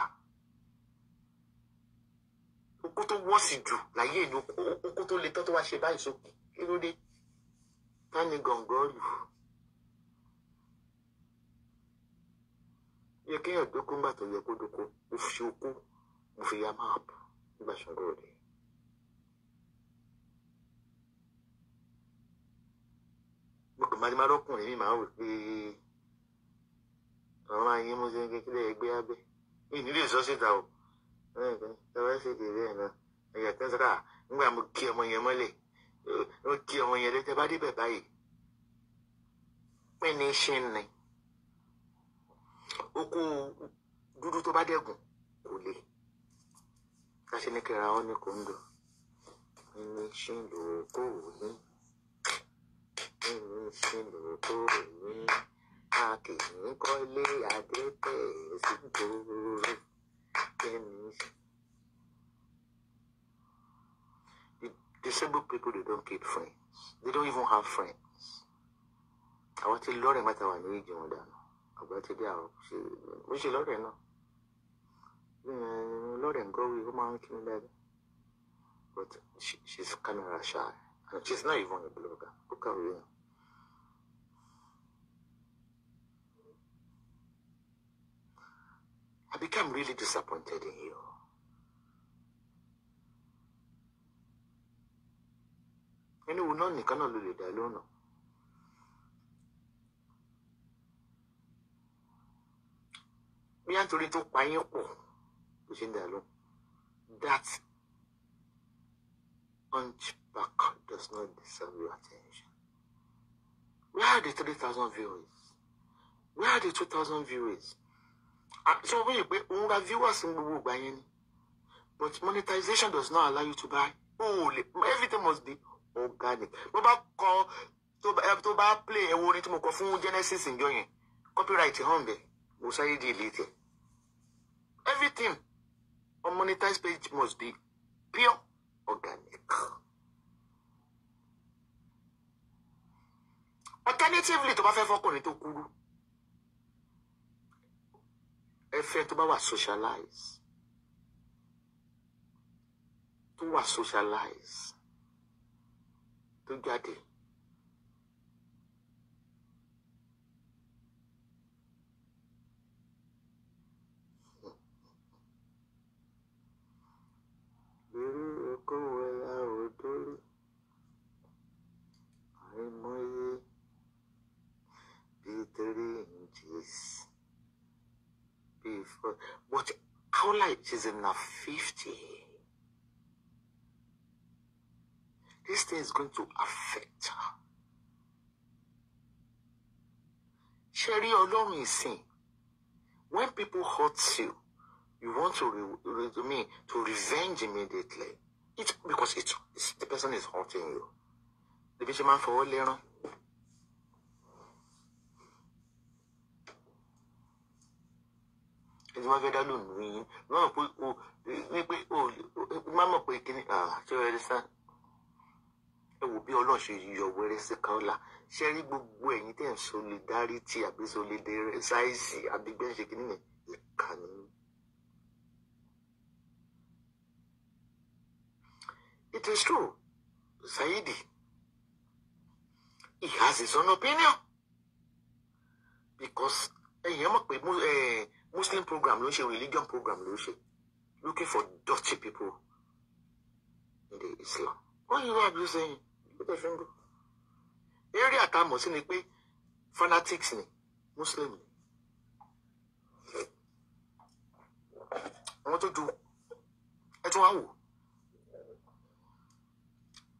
kó tó wọ́ọ̀sì jù láyé ìlú kó tó le tán tó wá ṣe báyìí sókè kí ló dé ta ni gàngán lù yẹ kéèyàn dókó ńgbà tó yẹ kó dókó mo fi okó mo fi ya máàpù nígbà ṣàgbọ́ rẹ̀. mo kàn máa ní máa lọ́kùnrin mi máa wò pé àwọn máa yín mú sí kékeré ẹgbẹ́ abẹ́ ìnílé ìsọ́síta o tọ́wọ́ sì dèrè ẹ̀ lọ ẹ̀yà tó ń sọ́kà nígbà mo kí ọmọ yẹn mọ́lẹ̀ mo kí oko dúdú tó bá dẹ̀gùn kò le káṣí ní kíra ọ́ ní kòńdó pín ṣe lò ó kó wò ní ṣe lò ó kó wò a kì í kọ́lé adẹ́tẹ̀ sí gbòòrò. Indians, the disabled people, they don't keep friends. They don't even have friends. Àwọn tí lọ́rẹ̀ mẹ́ta wà ní ìjọ wọn dànù. Àgbà ti dé àwọn ó ṣe lọ́rẹ̀ náà. Lọ́rẹ̀ ń Learn lore ó máa ń kí mi lẹ́nu. But she, she's camera shy and she's not even a blogger. Look at her. I became really disappointed in you. ẹni wo náà nìkan náà ló lè dá lónà. bóyá nítorí tó pa yín pọ̀ ló ṣe ń dá lóhùn that hunchback does not deserve your attention. Where are the three thousand viewers? Where are the two thousand viewers? tí wọ́n bóyè pé òun ra viewers ní gbogbo ìgbà yẹn ni but monetization does not allow you to buy o everything must be organic bó bá kọ tó bá play ẹ̀wọ̀ orin tí mo kọ fún Genesis ìjọ yẹn copyright hàn bẹ́ẹ̀ mo sáré di delete everything on monetized page must be pure organic. alternatively tó bá fẹ́ fọkùnrin tó kúrú ẹ fẹ́ tó bá wà socialize tó wà socialize tó jáde. irú okòwò ẹ̀la òdòrí àìmọye bíi three inches. Uh, but But Paula is in her 50. This thing is going to affect her. Sherry Olorun is see. when people hurt you, you want to re, re, me to revenge immediately. It because it's, it's the person is hurting you. The man for all ẹni máa fẹ́ dá lónìí yín má mọ̀ pé o wípé o má mọ̀ pé kíní ṣé ẹ sá ẹ wò bí ọlọ́run ṣe yọ wẹrẹ sí kaola ṣe rí gbogbo ẹ̀yin tẹ̀ ń solidarity àbí solidarity àbí gbẹ́ǹṣe kíní yẹn ìkànnì. It is true, Saidi. He has his own opinion. Because ẹ̀yin mọ̀ pé eh, muslim program ló ń ṣe religion program ló ń ṣe looking for dirty people in the islam wọ́n yìí wá abuse ẹ̀yìn ló tẹ̀ fi ń bọ̀ eré àtàmọ̀ sí ni pé fanatics ni muslim ni àwọn tó ju ẹ tún wá wò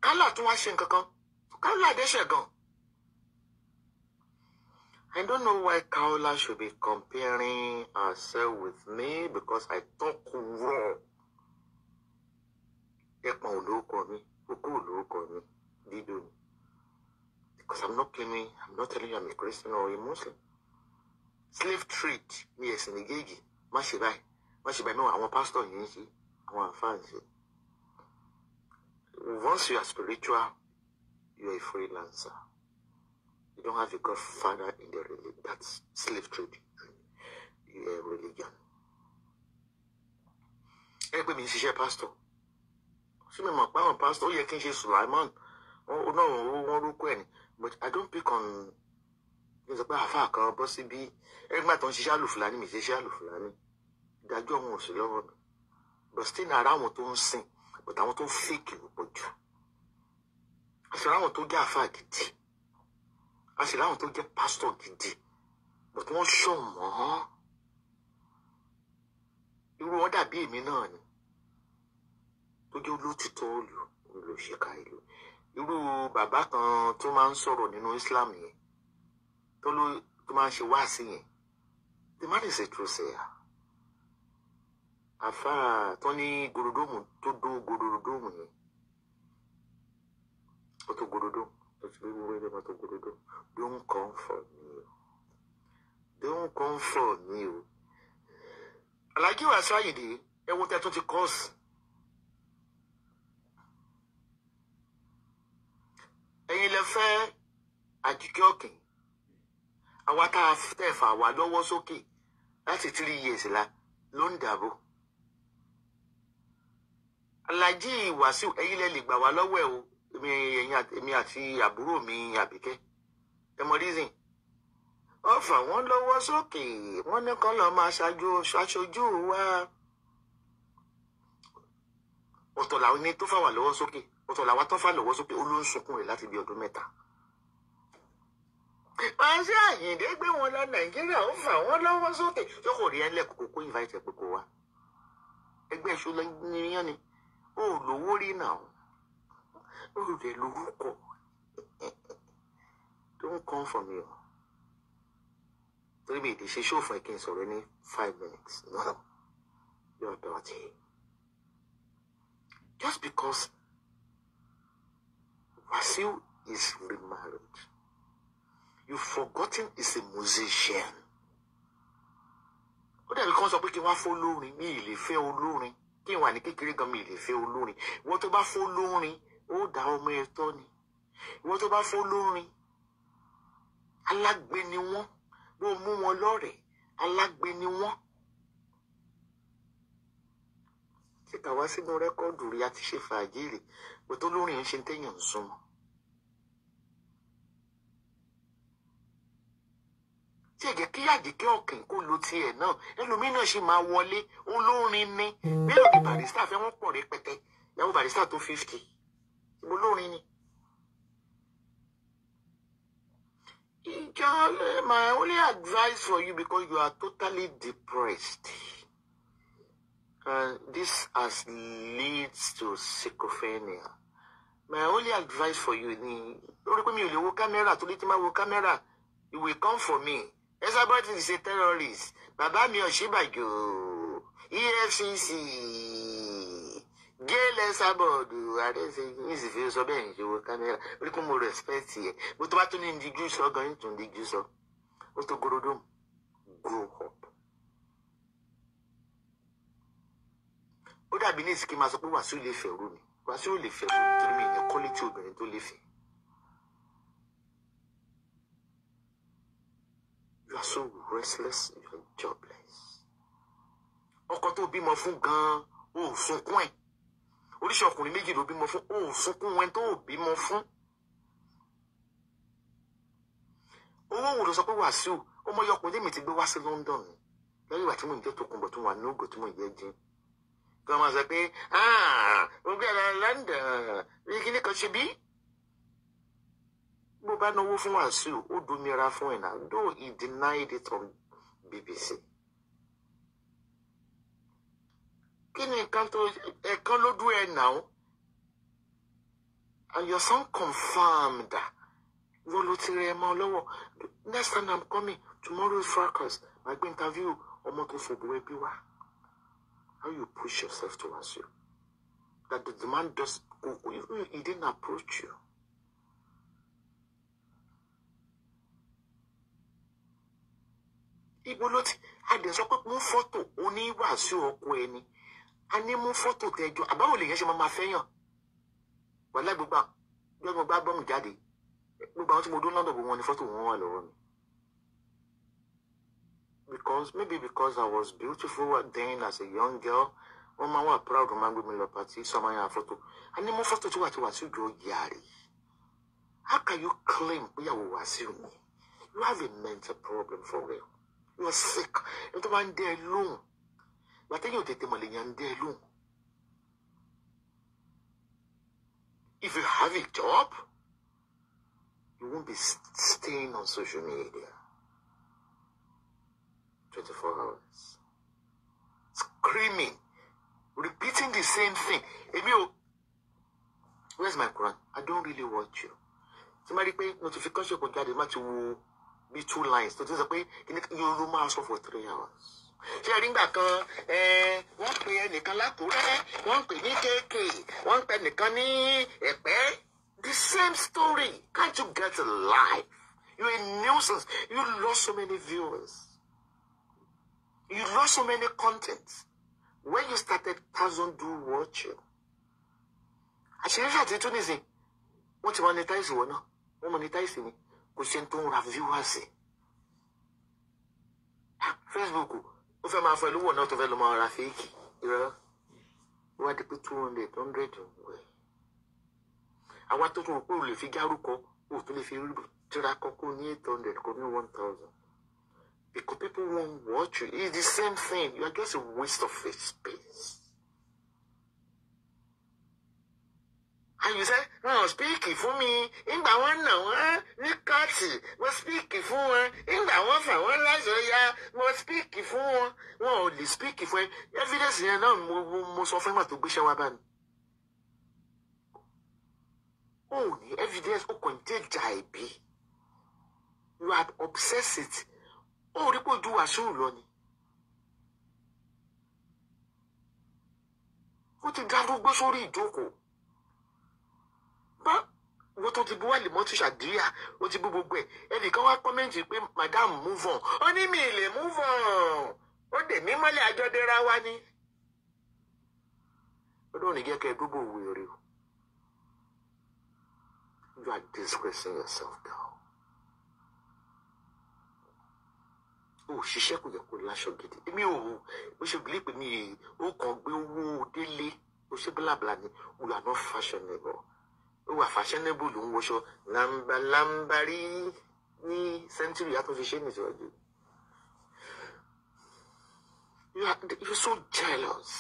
kálà tún wá ṣe nǹkan kan kálà dẹ́ṣẹ̀ gan-an. I don't know why Kaola should be comparing herself with me because I talk raw. Because I'm not claiming, I'm not telling you I'm a Christian or a Muslim. Slave treat me as an má ṣe báyìí, má i báyìí mẹ́wàá àwọn pásítọ̀ yìí ń ṣe, Once you are spiritual, you are a freelancer. don't have a godfather in the religion that's slave trade uh, religion. ẹ pé mi ń ṣiṣẹ́ pásítọ̀ ṣé mi mọ̀ pé àwọn pásítọ̀ ó yẹ kí n ṣe Sulaiman náà wọ́n rúkọ ẹ̀ ni but I don't pick on ní sọ pé àáfàá kan bọ́ síbí ẹgbẹ́ àtọ̀ ń ṣiṣẹ́ àlùfùlání mi ṣiṣẹ́ àlùfùlání ìdájọ́ wọn ò sí lọ́wọ́ mi but still ara àwọn tó ń sìn but àwọn tó fèkì ló pọ̀ jù àti àwọn tó jẹ́ àáfàá gidi a sì láwọn tó jẹ́ pásítọ̀ gidi but wọ́n ṣọ̀wọ́n irú wọn dàbí èmi náà ni tó jẹ́ olótìtọ́ olù olùṣèkà ìlú irú bàbá kan tó máa ń sọ̀rọ̀ nínú Islam yẹn tó ló tó máa ń ṣe wáàsí yẹn the man is a true sayer àfa tó ní gòdòdómù tó dó gòdòdómù yẹn ó tó gòdòdó ó ti gbé gbogbo ẹgbẹ́ tó gòdòdó comfort me don't come for me o. Alhaji Wasiu Ayinde ẹ to tẹ́ tún ti kọ́ọ̀sì. ẹ̀yin lẹ fẹ́ àjíkẹ́ ọ̀kìn àwa tá a fẹ́ fà wá lọ́wọ́ sókè láti three years la ló ń dàbò. Alhaji Wasiu ẹ̀yin lẹ lè gbà wá lọ́wọ́ ẹ̀ o èmi àti àbúrò mi àbíkẹ́ ẹ mọ reason wọ́n fà wọ́n lọ́wọ́ sókè wọ́n ní kọ́ lọ́ọ́ máa ṣáájú aṣojú wa ọ̀tọ̀ làwọn ní tó fà wà lọ́wọ́ sókè ọ̀tọ̀ làwọn tó fà lọ́wọ́ sókè ó ló ń sunkún rẹ̀ láti bí ọdún mẹ́ta. wọ́n ṣe àyìndé gbé wọn lọ nàìjíríà ó fà wọ́n lọ́wọ́ sókè tó rí ẹlẹ́kọ̀ọ́ kókó invite pé kó wá ẹgbẹ́ ìṣó lọ́yìn ni ó lówó rí náà ó rẹ̀ lórúkọ don't come from you. torí bí ìdíṣe ṣòfò ẹ kí n sọ̀rọ̀ ní five minutes no you're dirty just because Wasiu is remarried you've forgotten he's a musician Oda dàbí kí wọ́n sọ pé kí n wá fọ́ olórin mi ì lè fẹ́ olórin kí n wà ní kékeré gan mi ì lè fẹ́ olórin ìwọ tó bá fọ́ olórin ó dá ọmọ ẹ tọ́ ni ìwọ tó bá fọ́ olórin alágbe ni wọ́n ló mú wọn lọ́rẹ̀ẹ́ alágbe ni wọ́n. tí kàwá sínú rẹ́kọ́ọ̀dù rí a ti ṣe fàájì rè kò tó lórin ṣe téèyàn ń súnmọ́. tí ẹ̀jẹ̀ kí àjẹkẹ́ ọ̀kìn kó lo tiẹ̀ náà ẹlòmínà ṣì máa wọlé olórin ni bẹ́ẹ̀ ni barista fẹ́ wọ́n pọ̀ rẹpẹtẹ ìyàwó barista tó fífì olórin ni. Charlie, eh, my only advice for you because you are totally depressed. And this has leads to schizophrenia. My only advice for you ni lórí pé mi ò lè wo kámẹ́rà torí tí máa you will come for me. Elizabeth is a terrorist. Bàbá mi Ọ̀ṣínbàjò EFCC gẹ́lẹ́ sábọ̀dù adéṣeyí ní sì fi sọ bẹ́ẹ̀ ń ṣe wo kámẹ́rà orí kún mo respect yẹ bó tó bá tún ní díjú sọ gan tún díjú sọ ó tó gorodom grow up. ó dàbí ní ìsìnkí máa sọ pé wàásù lè fẹ̀rù mi wàásù lè fẹ̀rù mi torí mi ìyẹn quality obìnrin tó lè fẹ́. you are so restless you are jobless ọkọ tó bímọ fún gan-an ó sunkún ẹ̀ oríṣi ọkùnrin méjì ló bímọ fún òun sunkún wọn tó bímọ fún. owó wo ló sọ pé Wàsíù ọmọ yẹ ọkùnrin tèmi ti gbé wá sí London lẹ́yìn ìgbà tí mò ń jẹ́ Tòkunbọ̀ tó wà ní ògò tí mò ń jẹ́ jẹ́ kí wọ́n máa sọ pé ah, gbogbo ẹ̀rọ London ní kíní kan ṣe bí. bó bá náwó fún Wàsíù ó domira fún ẹ̀ náà though he denied it on BBC. kí ni nǹkan tó ẹ̀kan lójú ẹ̀ nà and your son confirmed wọ́n ló ti rẹ̀ ẹ̀ mọ́ lọ́wọ́ next time i'm coming tomorrow is fracas màá gbé interview ọmọ tó fòbìrẹ́ bí wá how you push yourself towards you that the demand just go even he didn't approach you. ibo ló ti adẹ̀ sọ pé mo fọ́tò oníwàásù ọkọ ẹni a ní mú fọ́tò tẹ́jọ́ àbáwò lè yẹn ṣe máa fẹ́yàn wàhálà gbogbo gbogbo bá gbọ́mù jáde gbogbo àwọn tí mo dún lọ́dọ̀ gbogbo wọn ni fọ́tò wọn wà lọ́wọ́ mi. because maybe because I was beautiful then as a young girl wọ́n máa wà proud máa gbé mi lọ pàtí sọ́mọ yẹn àfọ́tò a ní mú fọ́tò tí wà tí Wàsíù jọ yàrá how can you claim pé ìyàwó Wàsíù ni you have a mental problem for real you are sick ẹni tó bá ń dẹ́ ẹ lóhùn gbàtẹ́yìn tètè mọ̀ lèèyàn ń dẹ́ lóhùn. If you have a job, you won't be staying on social media 24 hours. Screaming, repeating the same thing. Èmi ò where's my Quran? I don't really watch you. Tí máa rí notification kan jáde, má ti be two lines tó ti sọ pé kí ni Yorùbá máa sọ for three hours ṣé ẹ rí ngbà kan wọ́n pe ẹnìkan lákùúrẹ́ wọ́n pè ní kéèké wọ́n pe ẹnìkan ní ẹ̀pẹ́ the same story can't you get a life you a nuisance you lost so many viewers you lost so many contents when you started thousand do watch you àṣírí ṣàtì tún nìsín wọ́n ti monetize wọ náà wọ́n monetize mi kò sí ní tó ń ra viewers ẹ̀ Facebook ó fẹ́ máa fọ ìlú wọ̀ náà tó fẹ́ lọ máa ra fíìkì irọ́ wá di pé two hundred hundred wẹ̀ àwa tó tún pé ò lè fi gárúkọ ò tún lè fi tíra kọ́kọ́ ní eight hundred kọ́ ní one thousand because people won't watch you it's the same thing you are just a waste of space. and you say wọn ò spíìkì fún mi ìgbà wọn nà wọn ní kóòtù mo spíìkì fún wọn ìgbà wọn fà wọn láṣọ ya mo spíìkì fún wọn wọn ò lè spíìkì fún ẹ evidence yẹn náà mo mo sọ fún ẹ mà tó gbéṣẹ́ wá bá mi. o ò ní evidence o kàn jẹ́ ìjà ẹ̀bí you are obsessed o ò rí pé ojú wàásù lọ ni. ó ti darúgbó sórí ìjókòó pápá wo tó ti bú wà lèmọ́tò ṣàdíyà ó ti bú gbogbo ẹ̀ ẹnìkan wá kọ́mẹ́ǹtì pé madam move on ó ní mi lè move on ó dẹ̀ mí mọ́lẹ̀ àjọdẹ́ra wa ni. ọdún òní jẹ́ kẹ́ ẹ dúbò wèrè o you are disgracing yourself now. o ṣiṣẹ́ kò yẹ kó láṣọ gidi èmi ò ó ṣe bìlí pé mi ò kàn gbé owó délé ó ṣe bílàbílà ni we are not fashionable ó wà fashionable ló ń wọṣọ làǹbàlàǹbàrí ní sẹ́ńtúrì àtúnfiṣẹ́ nìṣọ́jú. You are, you are so jealous.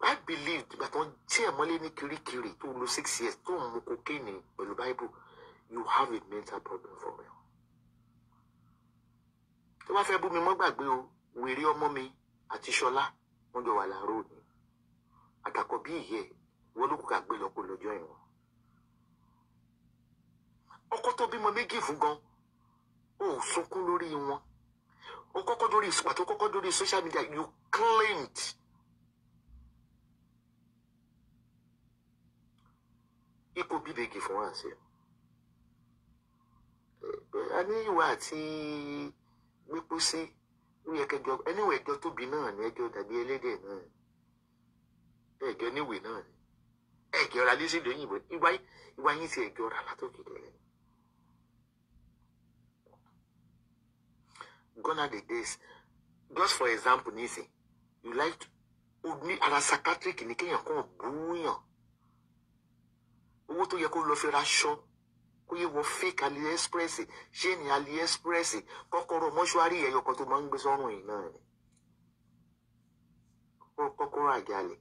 I believed ìgbà tó ń tí ẹ̀ mọ́lé ní kirikiri tó lo six years tó ń mu kokéènì pẹ̀lú Bible you have a mental problem for me. Tó bá fẹ́ bú mi mọ́ gbàgbé o, wèrè ọmọ mi àti Ṣọlá wọ́n jọ wà láàárọ̀ ni. Àtàkọ́ bí ìyẹ́ wọ́n ló kù ká gbé lọ lọ́jọ́ ìwọ̀n ọkọ tó bímọ méjì fún gan o ò sunkún lórí wọn o kọ́kọ́ dórí pàtó kọ́kọ́ dórí social media you claimed it could be big for once a ní ìwà àti gbépò sí ní ẹkẹjọ ẹníwọ ẹjọ́ tóbi náà ní ẹjọ́ tàbí ẹlẹ́dẹ̀ náà ẹjọ́ níwèé náà ẹjọ́ ra lẹsìn lóyìnbó ìwà yín ti ẹjọ́ ra látòkè lẹ́yìn. Gonna are the days just for example nisin you like o ní ara psychiatric ní kéèyàn kàn búyàn owó tó yẹ kó lọ fi ra kó yẹ wọ fake aliexpress ṣé ní aliexpress kọ́kọ́rọ́ mọ́ṣúárì ẹyọ kan tó máa ń gbé sọ́rùn yìí náà ni kọ́kọ́rọ́ àjálẹ̀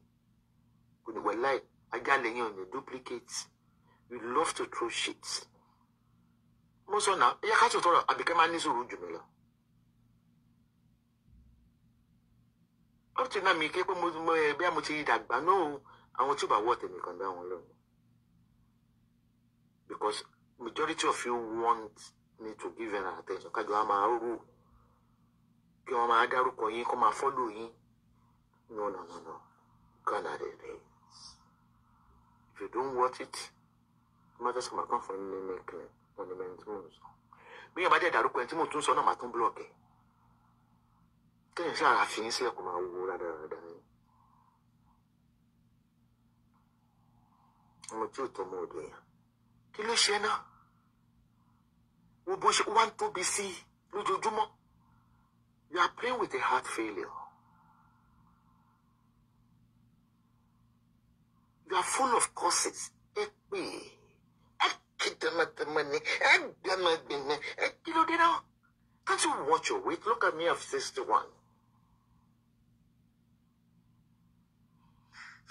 kò ní wẹláì àjálẹ̀ yẹn ò ní duplicate you love to throw shit mo sọ náà ẹ yẹ ká tó tọrọ àbíkẹ́ máa ní sùúrù jù lọ. up till now mi ké pé mo ẹ eh, bí mo ti dàgbà náà àwọn tí ò bá wọ tèmi kan dá wọn lóhùn because majority of you want me to give an attention kájọ á máa rú kí wọn máa dárúkọ yín kó máa fọ́lò yín no no no no God na dey if you don't watch it mọ́tò sọ̀rọ̀ kan fún mi ní ẹ̀kẹ́ ọ̀nà mẹ́rin tí mò sọ bí yẹn bá dẹ̀ dárúkọ yẹn tí mò tún sọ náà màá tún búlọ̀kì tẹ́yìn ṣáà fi yín sílẹ̀ kó máa wo dáadáa yín. ọmọ tí ò tọ́ ọmọ ọ̀dọ̀ yẹn kí ló ṣe náà wo bó ṣe wá you are playing with a heart failure. You are full of curses. Èpè. Akidamadamani. Agbamadini. Kí ló dé náà? Can't you watch your weight? Look at me, I'm 61.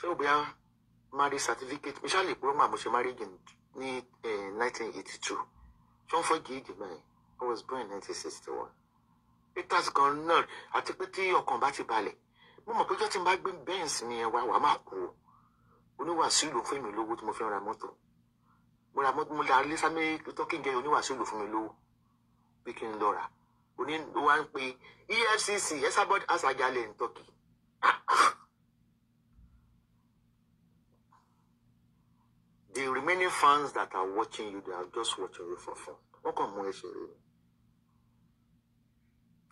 ṣé o bóyá marriage certificate mi ṣáà lè kúrò màá mo ṣe marriage ní eh, nineteen eighty two ṣé wọ́n fọ́ gíìgì mẹ́rin I was born in nineteen sixty one peters kan náà àti pé tí ọkàn bá ti balẹ̀ mo mọ̀ pé jọ́ tí n bá gbé benz mi yẹn wá wà á máa kú o oníwàásù ló fún mi lówó tí mo fi ra mọ́tò mo ra mọ́tò mo ra lẹ́sà méjì tó kí n jẹ oníwàásù ló fún mi lówó pé kí n lọ rà ń pe EFCC Esabod as Ajale in the remaining fans that are watching you they are just watching you for fun wọ́n kàn mú ẹsẹ̀ rẹ̀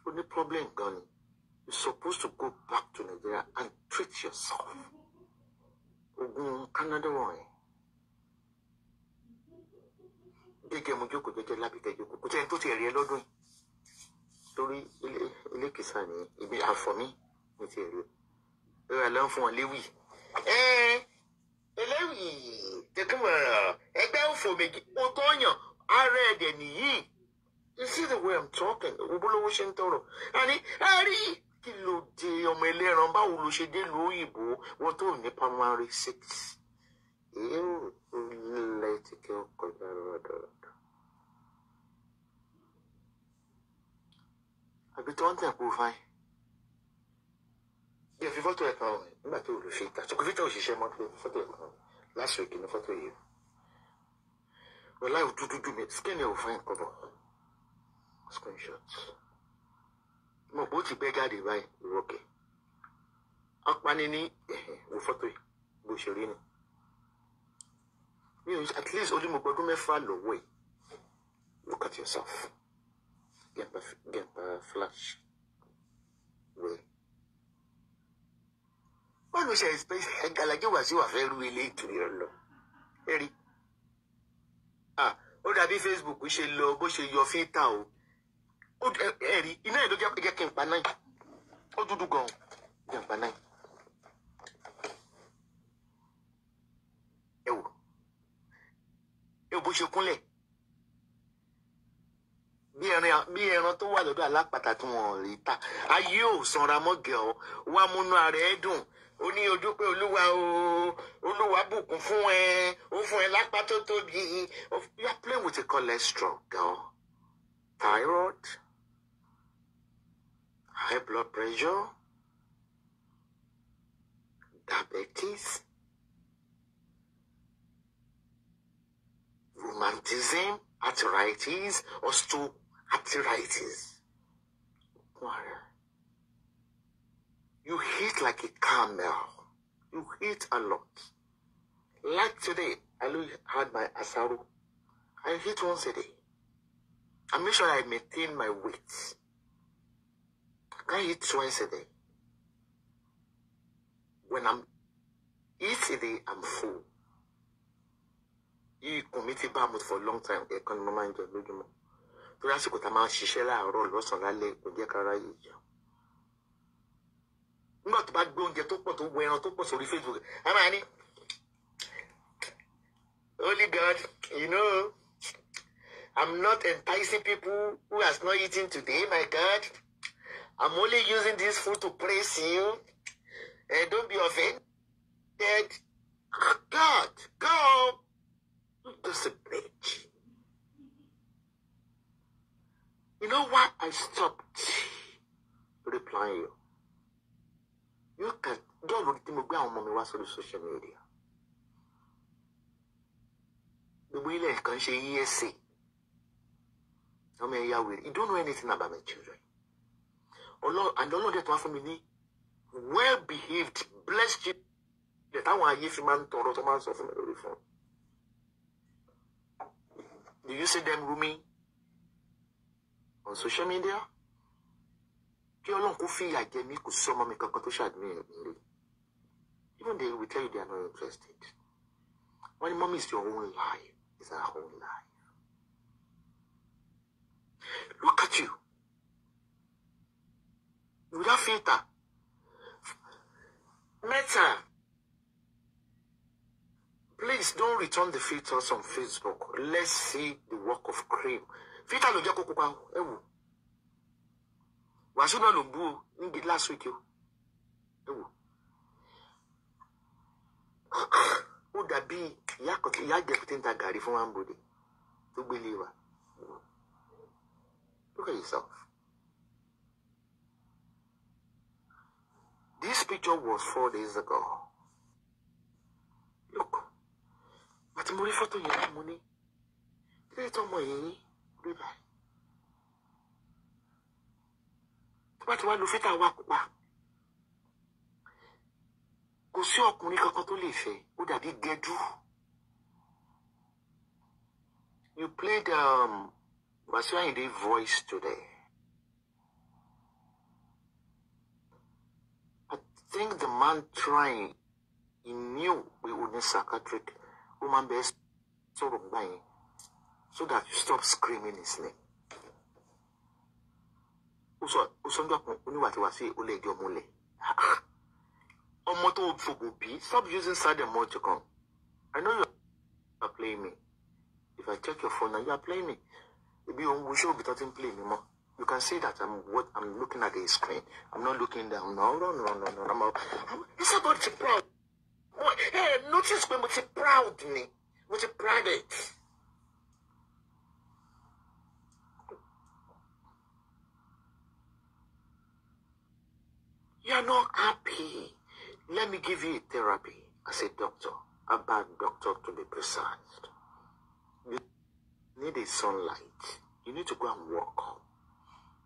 ó ní problem gan ni you supposed to go back to Nigeria and treat yourself ogun Canada wọ̀nyí gẹ́gẹ́ mo jókòó jẹ́jẹ́ lábìkẹ́ jókòó kò tẹ́ ẹni tó ti rí ẹ lọ́dún yìí torí ilékìsà ni ibi àfọ̀mí mi ti rí ẹ ẹ lọ fún ọ léwì eléyìí tẹkẹmọràn ẹgbẹ òfò méjì ó tó yàn ara ẹdẹ nìyí you see the way i'm talking òbólówó ṣe ń tọrọ àní àárí kí ló dé ọmọ ẹlẹ́ran báwo ló ṣe dé lu òyìnbó wọn tó ní primary six èyí ò lè ti kí ó kọjá rọdọrọdọ. àbí tó ń tẹ̀ kó fáyín. bí ẹ fi ọ̀hún nígbà tó olùṣe tàtúkù fíta òṣìṣẹ́ mọ́tò fọ́tò ẹ̀kan lásìkò ìkíni fọ́tò yìí ọlá òdúdú dùn mí skin ò fún nǹkan bọ̀ screenshot mo bó ti gbé jáde báyìí rọkẹ̀ apani ní wo fọ́tò yìí bó ṣe rí ni mi ò at least olúmọgbọdún mẹ́fà lọ́wọ́ yìí look at yourself get a, get a flash. Really wọn ló ṣe ẹgbàlájẹ wàásù àfẹrù ilé ìkiri ọlọ ẹrí ó dàbí Facebook ṣe lọ bó ṣe yọ fíìtà o ẹrí iná ẹ̀ ló jẹ́ kí n pa náà ó dúdú gan-an kí n pa náà. ẹ wò ẹ wò bó ṣe kúnlẹ̀ bí ẹran tó wà lọ́dọ̀ alápàtà tí wọ́n rí ta ayé ò sanra mọ́gẹ̀ ọ́ wàá múnú ara ẹ dùn ó ní o dúpẹ́ olúwa o olúwa bùkún fún ẹ ó fún ẹ lápá tó tóbi you are playing with a cholesterol gan thyroid high blood pressure diabetes rheumatism arthritis osteoarthritis. Water. You hate like a camel. You hate a lot. Like today, I had my asaru. I eat once a day. I make sure I maintain my weight. I eat twice a day. When I'm eat a day, I'm full. yìí kùn mí ti bá mo for long time ẹ̀ẹ̀kan ni mo máa ń jẹ lójúmọ́ torí àsìkò tá a máa ń ṣiṣẹ́ láàárọ̀ lọ́sàn-án lálẹ́ kò jẹ́ kára yìí jẹun. Not tó going gbé oúnjẹ tó pọ̀ tó wọ ẹran tó pọ̀ sórí Facebook a máa ní holy God you know I'm not enticing people who has not eaten today my God I'm only using this food to praise you uh, don't be offended God go just a bitch you know why I stopped replying you you can gẹ́ẹ̀ lórí tí mo gbé àwọn ọmọ mi wá sórí social media gbogbo ilẹ̀ kan ṣe ESA ọmọ ẹ̀yà wèrè you don't know anything about my children ọlọ́ọ̀dẹ tó wá fún mi ní well behaved blessed children táwọn ayé fi máa ń tọrọ tó máa ń sọ fún mi lórí fún do you see them rooming on social media? kí ọlọ́run kó fìyà jẹ mí kò sí ọmọ mi kankan tó ṣàdúrà nílé even they will tell you they are not interested wọ́n ní mọ́mí is your own life is our own life look at you without filter Meta. please don't return the filters on Facebook let's see the work of cream filter ló jẹ́ kó kópa ẹ wàásù náà ló bú o níbi last week o ẹ wò ó dàbí ìyá kọ̀tí ìyá jẹ̀kú tí ń ta gàrí fún wambode tó gbélé wa look at yourself this picture was four days ago look àti mo rí fọ́tò yẹn mo ní kí ló tó ọmọ yìí rí báyìí. wọ́n ti wá lu fẹ́tà wa kó pa kò sí ọkùnrin kankan tó lè fẹ́ ó dàbí gẹdú you played um, Wasiu Ayinde voice today I think the man trying he knew we would need psychiatric woman best sọ̀rọ̀ gbà so that you stop screaming his name ó sọ́njọ́ kan oníwà tí Wasiu ó lè jọ múlẹ̀ ọmọ tó fògbò bí stop using sad emoji kan I know you are playing me if I check your phone now you are playing me ebi òun wo ṣé òbí ti ń play mi mọ́. you can see that I'm what I'm looking at the screen. I'm not looking down. No, no, no, no, no. I'm, a, I'm about to proud. Hey, notice when we proud me, we private. You are not happy. Let me give you therapy as a doctor, a bad doctor to be precise. You need a sunlight. You need to go and walk.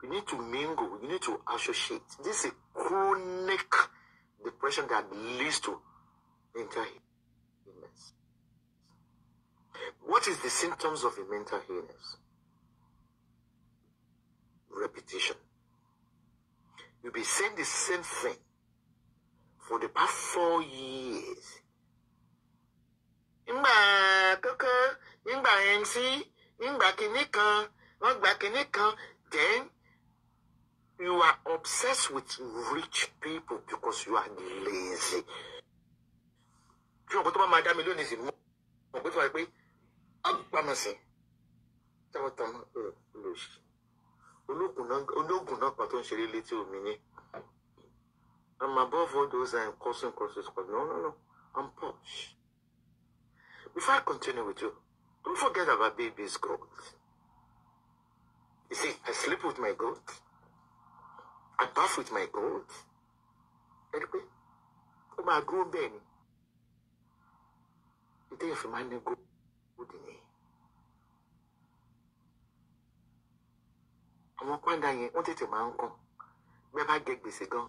You need to mingle. You need to associate. This is chronic depression that leads to mental illness. What is the symptoms of a mental illness? Repetition. You've been saying the same thing for the past four years. Nígbà kankan, nígbà MC, nígbà kinní kan, wọ́n gba then you are obsessed with rich people because you are lazy. ọ̀pọ̀ tó bá máa dá mi lónìí sí mú, ọ̀pọ̀ tó wà pé, ọ̀pọ̀ pàmò sí, tẹ́wọ́ tán lòsì ológun náà kan tó ń ṣeré létí omi ni i'm above all those i'm causing crosses cause no no no i'm posh before i continue with you don't forget about baby's growth you see i sleep with my goat i bath with my goat ẹ rí pé ó máa dúró bẹ́ẹ̀ ni ìdí ìfìmá ní goat ni. àwọn pàǹdà yẹn wọ́n tètè máa ń kàn bẹ́ẹ̀ bá jẹ gbèsè gan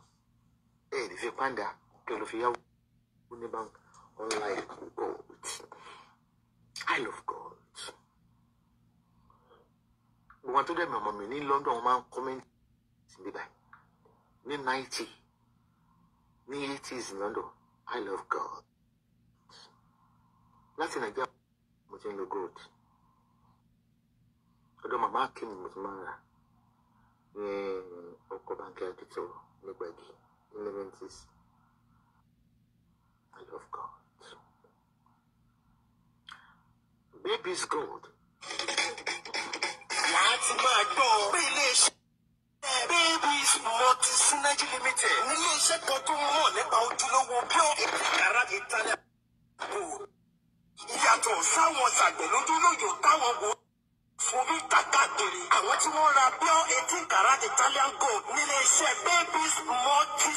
ẹ lè fi pàǹdà kí o lè fi yáwó ní bank online gold I love God. gbogbo àwọn tó dẹ̀ mi ní London wọ́n máa ń kọ́mẹ́ntì bíbá ní ninety ní eighties London I love gold láti Nàìjíríà mo ti ń lo gold ọ̀dọ̀ màmá kí mi mo ti máa rà ọkọ Banky Akitoro nígbàdí in the nineties I love God baby's gold. láti máa gbọ́ pé iléeṣẹ́ babies multi synergy limited nílé iṣẹ́ kan tó mọ̀ nípa ojúlówó pure ìkàrà ìtàlẹ̀ ìyàtọ̀ sáwọn ṣàgbẹ̀ lójú lóyò táwọn wò fún ìta káàkiri àwọn tí wọ́n ra pure eighteen karat Italian gold nílé iṣẹ́ babies multi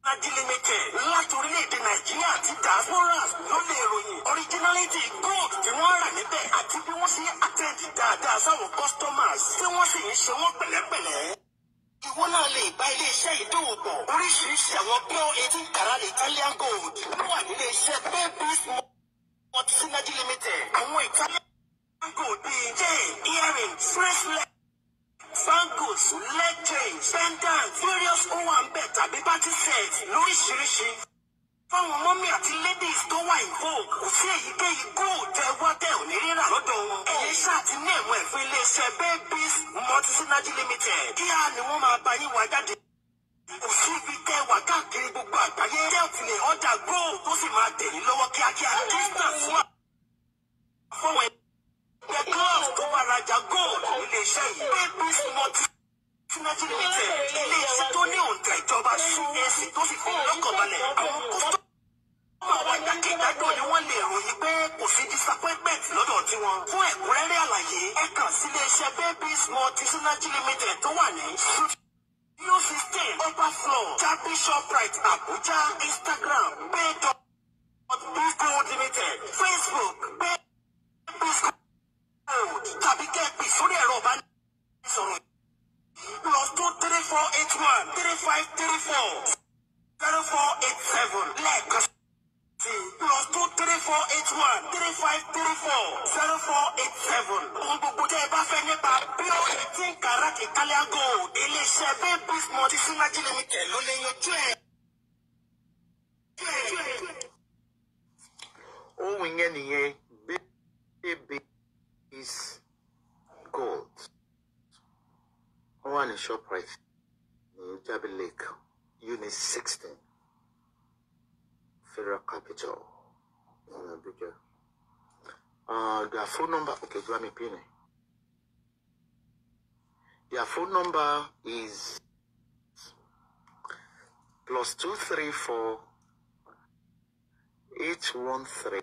Energy Limited láti orílẹ̀-èdè Nàìjíríà àti diasporas ló lè ròyìn originality gold tí wọ́n rà níbẹ̀ àti bí wọ́n ṣe àtẹ̀jì dáadáa sáwọn customers tí wọ́n sì ń ṣe wọ́n pẹ̀lẹ́pẹ̀lẹ́ ìwọ náà lè bá ilé iṣẹ́ ìdòwò pọ̀ oríṣiríṣi àwọn pure eighteen karat Italian gold ló wà nílé iṣẹ́ babies multi Energy Limited àwọn ìtàlẹ́. Sango DJ, earring, bracelet, Sango leg chain, pendant, various ohun àǹbẹ̀ tàbí party set lóríṣiríṣi. Fáwọn mọ́mí àti ladies tó wà ìbò kò sí èyíkéyìí gold ẹwọ́ tẹ̀ ò ní rírà lọ́dọ̀ wọn. Ẹ̀yẹ ṣáà ti ní ẹ̀wọ̀n ẹ̀fún iléeṣẹ́ Babies Multi Synergy Limited. Kíá ni wọ́n máa bá yín wá jáde kò síbi tẹ wà káàkiri gbogbo àgbáyé tẹ ò tilẹ̀ ọjà góò tó sì máa tẹ̀yìn lọ́wọ́ kíákíá distance wà fọwọ́ ẹ the glove tó wà rajà gold iléeṣẹ́ yìí papers multi sinati limited iléeṣẹ́ tó ní òǹtà ìjọba sún èsì tó sì fi lọ́kànbalẹ̀ àwọn kóstọ́ àwọn jákèjádò ni wọ́n lè ròyìn pé kò sí disappointment lọ́dọ̀ tiwọn. fún ẹ̀kúnrẹ́rẹ́ àlàyé ẹ kàn sí iléeṣẹ́ Babies Multi Synergy Limited tó wà ní. studio sixteen upper floor jabi shoprite Abuja Instagram pay dot google limited Facebook pay tàbí kẹ́ sórí ẹ̀rọ ọba ní sọ̀rọ̀ plus two three four eight one three five three four zero four eight seven lẹ́ẹ̀kan sí plus two three four eight one three five three four zero four eight seven ohun gbogbo tẹ́ ẹ bá fẹ́ nípa bíọ́ eighteen karat Italian gold iléeṣẹ́ bẹ́ẹ̀ bísí mọ́tí sínájí limited ló lè yanjú ẹ̀. ohun yẹn nìyẹn bébè. is gold. Wọ́n wà shop shoprite ní Jabi Lake unit sixteen Federal Capital Uh, ah, the phone number okay do you me pin it? phone number is plus two three four eight one three.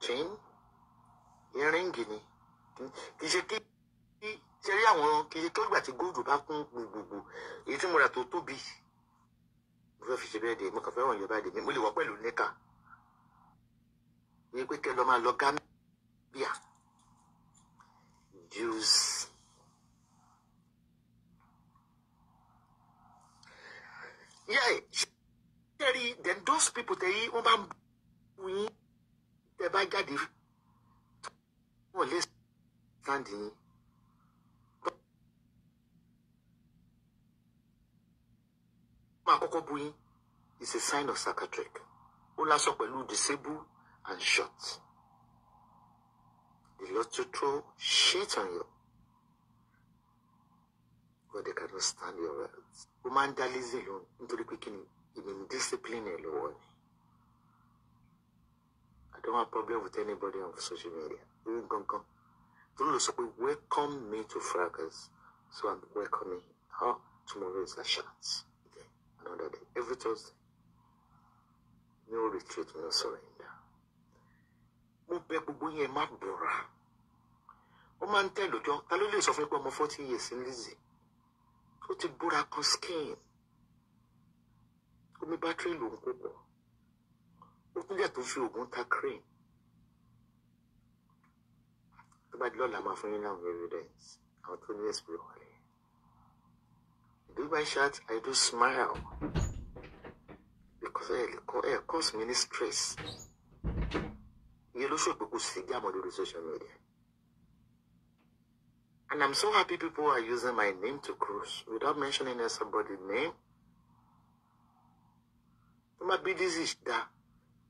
chain earring ni kì í ṣe kí ṣe rí àwọn kì í ṣe kí ó gbà tí góòdù bá kún gbogbogbò èyí tí mo rà tó tóbi mo fẹ́ fi ṣe bẹ́ẹ̀ dé mo kàn fẹ́ wọ̀nyí bá dé mi mo lè wọ́ pẹ̀lú níkà ní pé kẹ́ lọ́ máa lọ Gambia Jews. yẹ́ẹ̀ ṣe rí then those people tẹ̀yí wọ́n bá ń bu yín tẹ bá jáde wọn lè sáǹdì yín. máa kọ́kọ́ bu yín is a sign of psychiatric ó lásọ pẹ̀lú disabled and short they love to throw shit on you but they cannot stand your words ó máa ń dá lézè lóhun nítorí pé kí ni I don't have problem with anybody on social media. Even Gongon. Tolu sọ pé welcome me to fracas. So I'm welcoming her. Tomorrow is a chance. Okay. Another day. Every Thursday. No retreat, no surrender. Mo bẹ gbogbo yẹn má bọ̀ra. Ó máa ń tẹ̀ lójọ́. Ta ló lè sọ years ń Lizzy? Ó ti búra kan skin. O bátírì battery ń kó pọ̀ ó tún tó fi oògùn ta crane tó bá di lọ́la máa fún yín láwọn evidence àwọn tó ní ẹ̀sìn ló wọlé do my shirt I do smile because ẹ̀ cause many stress ìyẹn ló ṣòpin kò sí jámọ̀ lórí social media. And I'm so happy people are using my name to cruise without mentioning somebody's name. My business is that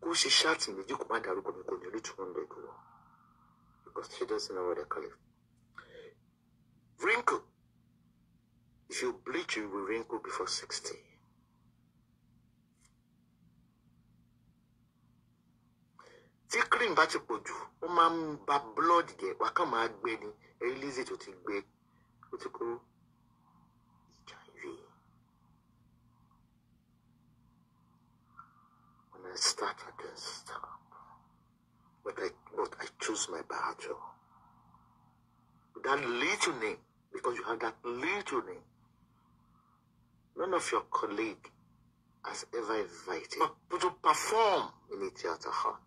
kó ṣe ṣáàtì méjì kó má dárúkọ mi kò ní olú two hundred lọ because she doesn't know what I call it. Wrinkle. If you bleach, you will wrinkle before 60. tí cream bá ti pọ̀ jù ó máa ń ba blood jẹ́ wákàn máa gbẹ ni ẹ rí ti gbẹ ó ti kúrò. I start, I can stop. But I, but I choose my battle. That little name, because you have that little name, none of your colleague has ever invited to perform in a theater hut.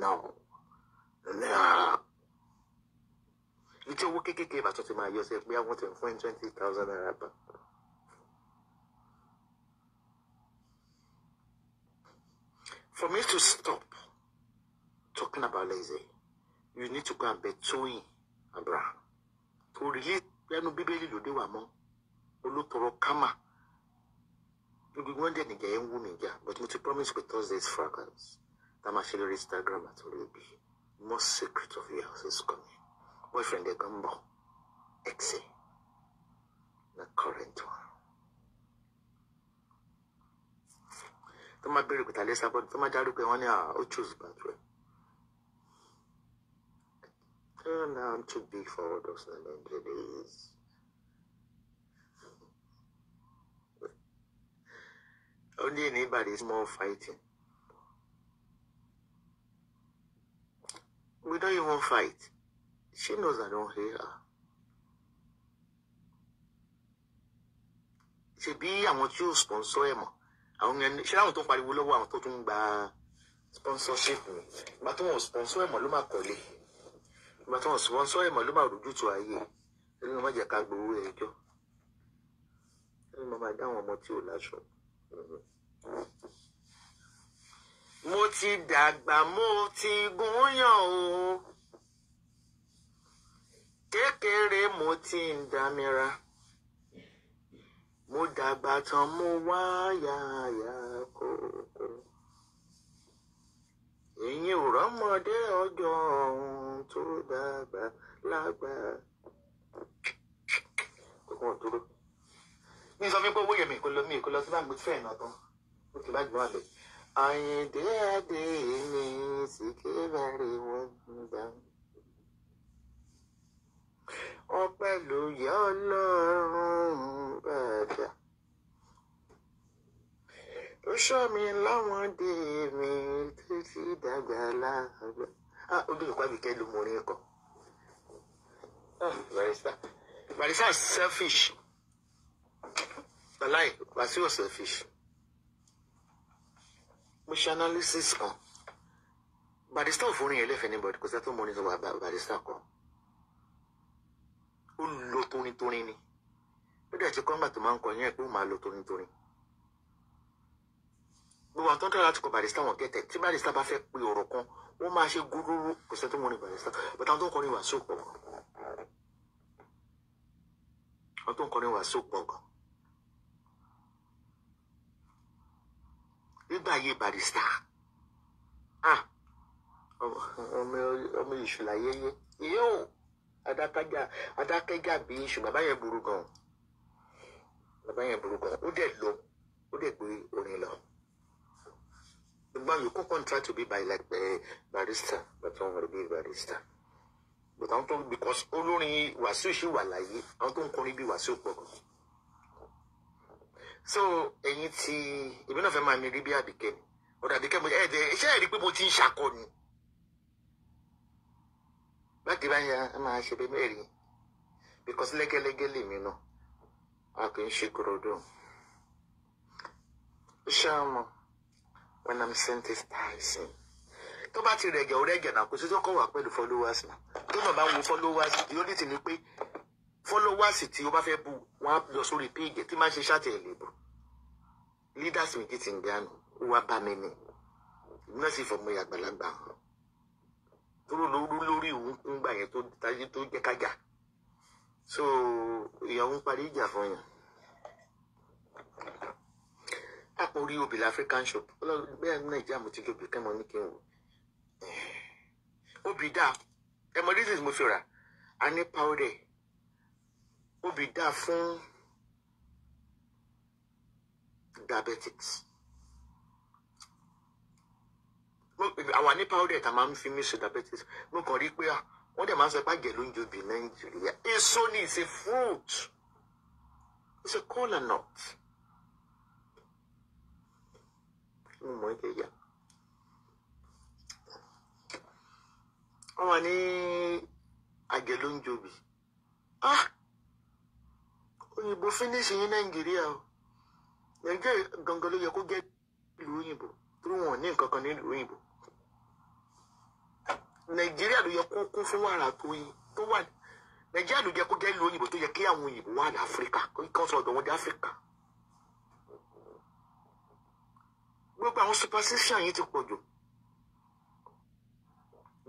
No. No. It's a wicked game. I thought to myself, we are wanting to 20,000 For me to stop talking about Lazy, you need to go and beg in, Abraham to release lẹ́nu bíbélì lòdì wà mọ́ olùtọ̀rọ̀ kama gbogbo wọn dẹ̀ nìjẹ́ ń wú but mo ti promise pé thursday's fragrance That my máa instagram at will be most secret of your is coming boyfriend ẹ̀ gan exe The current one. tó máa béèrè pẹ̀tà lẹ́sà bọ́ọ̀dù tó máa dárúkọ ẹ̀ wọ́n ní ah, ó choose bathroom. Oh, no, I'm too big for all those ladies. Only anybody is more fighting. We don't even fight. She knows I don't hate her. ṣebí àwọn tí yóò sponsor ẹ̀ àwọn ẹni ṣé láwọn tó ń pariwo lọ́wọ́ àwọn tó tún ń gba sponsorship ni ìgbà tó wọn sponsor ẹ̀mọ́ ló máa kọ́lé ìgbà tó wọn sponsor ẹ̀mọ́ ló máa rojú ayé ẹni wọn má jẹ́ ká gbowó ẹjọ́ ẹni wọn máa dá àwọn ọmọ tí ò láṣọ. mo ti dàgbà mo ti gún o kékeré mo ti ń dámira mo dàgbà tán mo wá yàyà kòkó èyí ò rọ́mọdé ọjọ́ ọ̀hún tó dàgbà lágbà. kókó sọ fún pé owó yẹn kò lọ mi kò lọ sí báńkì fẹ́ẹ̀ náà tán ó ti bá jù wá lọ. Àyìndé Adé mi sì kébàárẹ̀ wọ́n gbà ọpẹ́ ló yẹ Ọlọ́run bàbá ó ṣọ́ mi láwọn dé mi tó ti dàgbà láàbà á ojú ìpá mi kẹ́lu mo rin kọ ah, barista barista is selfish wàláì Wasiu selfish mo ṣe analysis kan barista ò fún orin yẹn lẹ́fẹ̀ẹ́ ní bọ̀dù kò sẹ́ tó mọ orin tó wà barista kan ó lo torintorin ni ó dẹ̀ ti kọ́ńgbà tó máa ń kọ yẹn pé ó máa lo torintorin gbogbo àwọn tó ń tẹ̀lé láti kọ barista wọn kẹtẹ tí Barrister bá fẹ́ pe ọ̀rọ̀ kan wọ́n máa ṣe gúrúrú kò sẹ́ni tó mọ̀ ní Barrister bàtà àwọn tó ń kọrin wà sóò pọ̀ gan àwọn tó ń kọrin wà sóò pọ̀ gan nígbà yé Barrister ah, ọmọ ìṣùlàyẹyẹ yóò adákẹ́jà bí ṣùgbọ́n báyẹn burú gan bàbá yẹn burú gan ó dẹ̀ lọ ó dẹ̀ gbé orin lọ gbogbo yòókù contract to be by like uh, barista, but wọn rẹ bí barrister but àwọn tó because olórin wàsíù ṣì wà láyé àwọn tó ń kọrin bí wàsíù pọ̀ gan so ẹ̀yin tí èmi náà fẹ́ máa ní rí bí àbíkẹ́ ni ọ̀dà àbíkẹ́ mo ẹ̀ ẹ̀ ṣe é rí pé mo ti ń ṣakọ ni báàgì bá yà á máa ṣe bí mẹ́rin because lẹ́gẹ́lẹ́gẹ́ lèmi náà a kì í ṣe kúròdú. ṣáàmù when i'm sensitizing tó bá ti rẹ̀jẹ̀ ó rẹ̀jẹ̀ náà kò sí tó kọ̀ wá pẹ̀lú followers náà tó náà bá wo followers the only thing ni pé followers tí o bá fẹ́ bu wọn á lọ sórí page tí máa ń ṣe ṣàtẹ̀lé bù leaders méjì ti ń gbé àná ó wá bá mi ní ìgbésí ìfọ̀mọ́ ìyàgbàlagbà hàn dúró lórí òun kún gbà yẹn tó dájú tó jẹ́ kájà so ìyàwó parí ìjà fún yàn àpò orí obì la African shop ọlọ́run bẹ́ẹ̀ ní nàìjíríà mo ti dobi kẹ́mọ ní kí n wò eh, obì dáa ẹmọ reasons mo fi rà á ní powder obì dáa fún diabetics àwa ní powder tá a máa ń fi mí ṣe diabetes mo kàn rí pé ah, wọ́n dẹ̀ máa ń sọ pàjẹ́ ló ń jobi nàìjíríà èso ni it's a fruit it's a kola nut mo mọ̀ ẹ́ yá. wọ́n wà ní àjẹ́ ló ń jobi ah òyìnbó fínísì yín nàìjíríà o nàìjíríà gangan ló yẹ kó jẹ́ ìlú òyìnbó torí wọn ò ní nǹkan kan nílùú òyìnbó. nàìjíríà ló yẹ kó kún fún wàrà tó wà nàìjíríà ló yẹ kó jẹ́ ìlú òyìnbó tó yẹ kí àwọn òyìnbó wà ní áfíríkà kọ́ sọ wọn dé áfíríkà. gbogbo àwọn yìí ti pọ̀ jù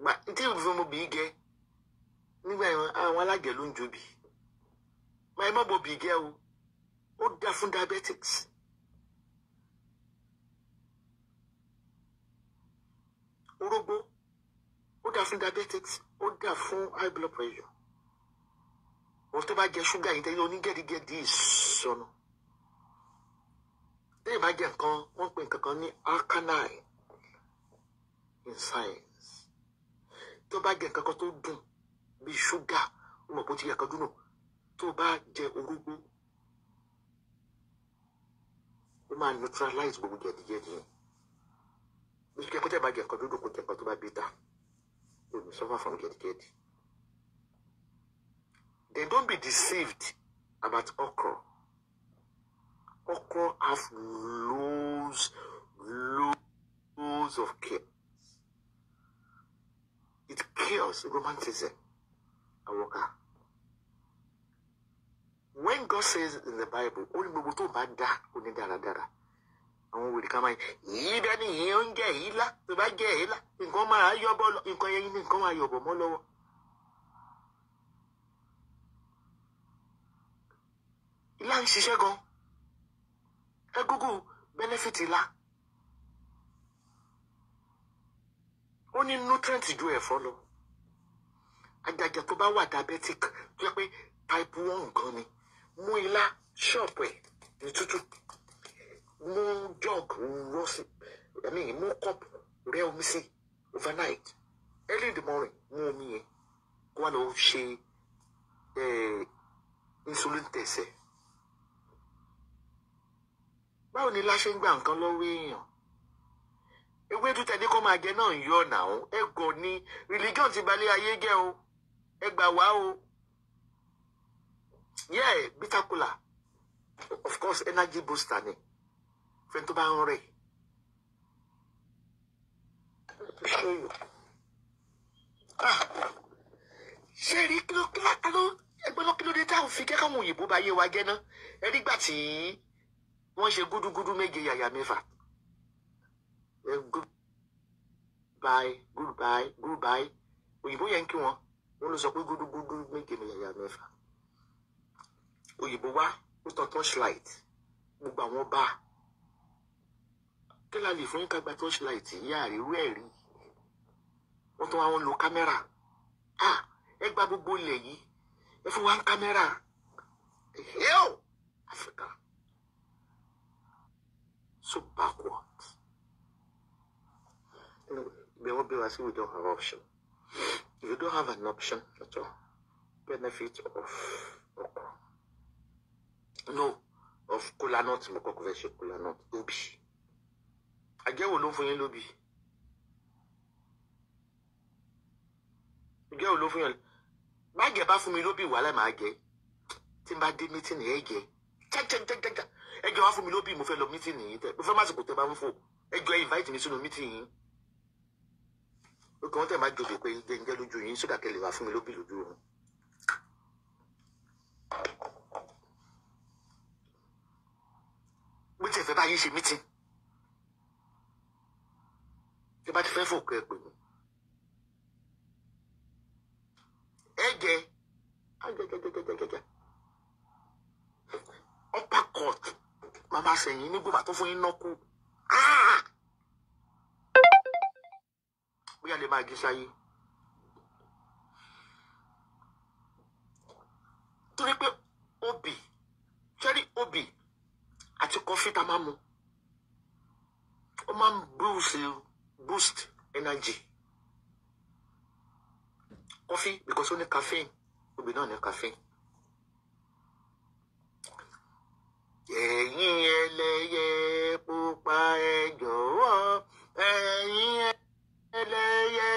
gbà tí mo bì í gẹ nígbà yẹn àwọn ló ń máa má bọ̀ bì í gẹ o ó ó dà fún diabetics ó dà fún high blood pressure wọn tó bá jẹ ṣúgà yìí tẹ́lẹ̀ onígẹ̀dígẹ̀dí ìsọnù tẹ́lẹ̀ bá jẹ nǹkan wọ́n pè nǹkan kan ní alkaline in science tó bá jẹ nǹkan kan tó dùn bíi ṣúgà ó mọ̀ pé ó ti yẹ kan dúnà tó bá jẹ orógbó ó máa neutralize gbogbo jẹ̀díjẹ̀dí yẹn bí kíkẹ́ kó tẹ̀ bá jẹ nǹkan dúdú kó jẹ nǹkan tó bá bí dáa. will suffer from Then don't be deceived about okra. Okra have loads, loads of care. It kills romanticism and worker. When God says in the Bible, only Dara. àwọn wèrè kan máa ń yìí dání yìí ó ń jẹ èyí lá tó bá jẹ èyí lá nǹkan máa yọbọ nǹkan yẹn ní nǹkan máa yọbọ mọ́ lọ́wọ́. ilá ń ṣiṣẹ́ gan ẹ gúgú benefit ilá ó ní nutrient ju ẹ̀fọ́ lọ àjàjà tó bá wà diabetic tó yẹ pé type one gan ni mú ilá ṣọ́ọ̀pù ẹ̀ ní tútù mú jug rọ sí i mean mú cup rẹ omi sí overnight early in the morning mú omi yẹn kó wá lọ ṣe insulin test ẹ báwo ni láṣẹ ń gba nǹkan lọ́wọ́ èèyàn ewédú tẹni kó máa jẹ náà ń yọ ọ̀nà ọ̀hún ẹ gọ̀ ni religion ti balẹ̀ ayé jẹ́ o ẹ gbà wá o yeah bitakula. of course energy booster ni fẹ́ tó bá ń rẹ̀. Ah! ṣé rí kí ló kí ló kí ló ẹgbẹ́ ló kí ló dé táwọn fi jẹ́ káwọn òyìnbó bá yé wa jẹ́ ná ẹ nígbà tí wọ́n ṣe gúdúgúdú méje yàyà mẹ́fà. goodbye goodbye goodbye òyìnbó yẹn kí wọn wọn ló sọ pé gúdúgúdú méje ni yàyà mẹ́fà. òyìnbó wá gbogbo àwọn bá tẹ́lá lè fún kagba torchlight ìyá àríwú ẹ̀ rí wọ́n tún wá wọn lo kámẹ́rà ẹ gba gbogbo ilẹ̀ yìí ẹ fún wa ń kámẹ́rà hell Africa so backward bí wọ́n bí wa sí we don't have option if you don't have an option at all benefit of okra no of kola nut mo kọ́kọ́ fẹ́ ṣe kola nut obi àjẹ́wò ló fún yín lóbi àjẹ́wò ló fún yín báàgì ẹ̀ bá fún mi lóbi wàhálà màá jẹ tí n bá dé mítìnì ẹ̀ jẹ jájájájá ẹjọ́ wá fún mi lóbi mo fẹ́ lọ meeting. yìí tẹ mo fẹ́ másìkò tẹ bá ń fò ẹjọ́ ẹ invite mi sínú mítìnì yìí ó kàn wọ́n tẹ̀ máa jòjò pé jẹ́njẹ́ lójú yín sódà kẹ́ lè wá fún mi lóbi lójú òun. bó tiẹ̀ fẹ́ bá yín ṣe mítìnì tẹ́ bá ti fẹ́ fò kẹ́ ẹ pè mí. ẹ jẹ ajẹjẹjẹjẹjẹjẹ upper court màmá sẹ̀yìn ní gbogbo àtúnfún yín nọ́kú ah! bóyá lè máa jí sáyé. torí pé obì ṣẹ́rí obì àti kọfí tá a máa mu ó máa ń bú sí i boost energy coffee because only caffeine. caffeine be náà ní caffeine. ẹ̀yin ẹlẹ́yẹ pupa ẹ e, jọ̀wọ́ ẹ̀yin e, ẹlẹ́yẹ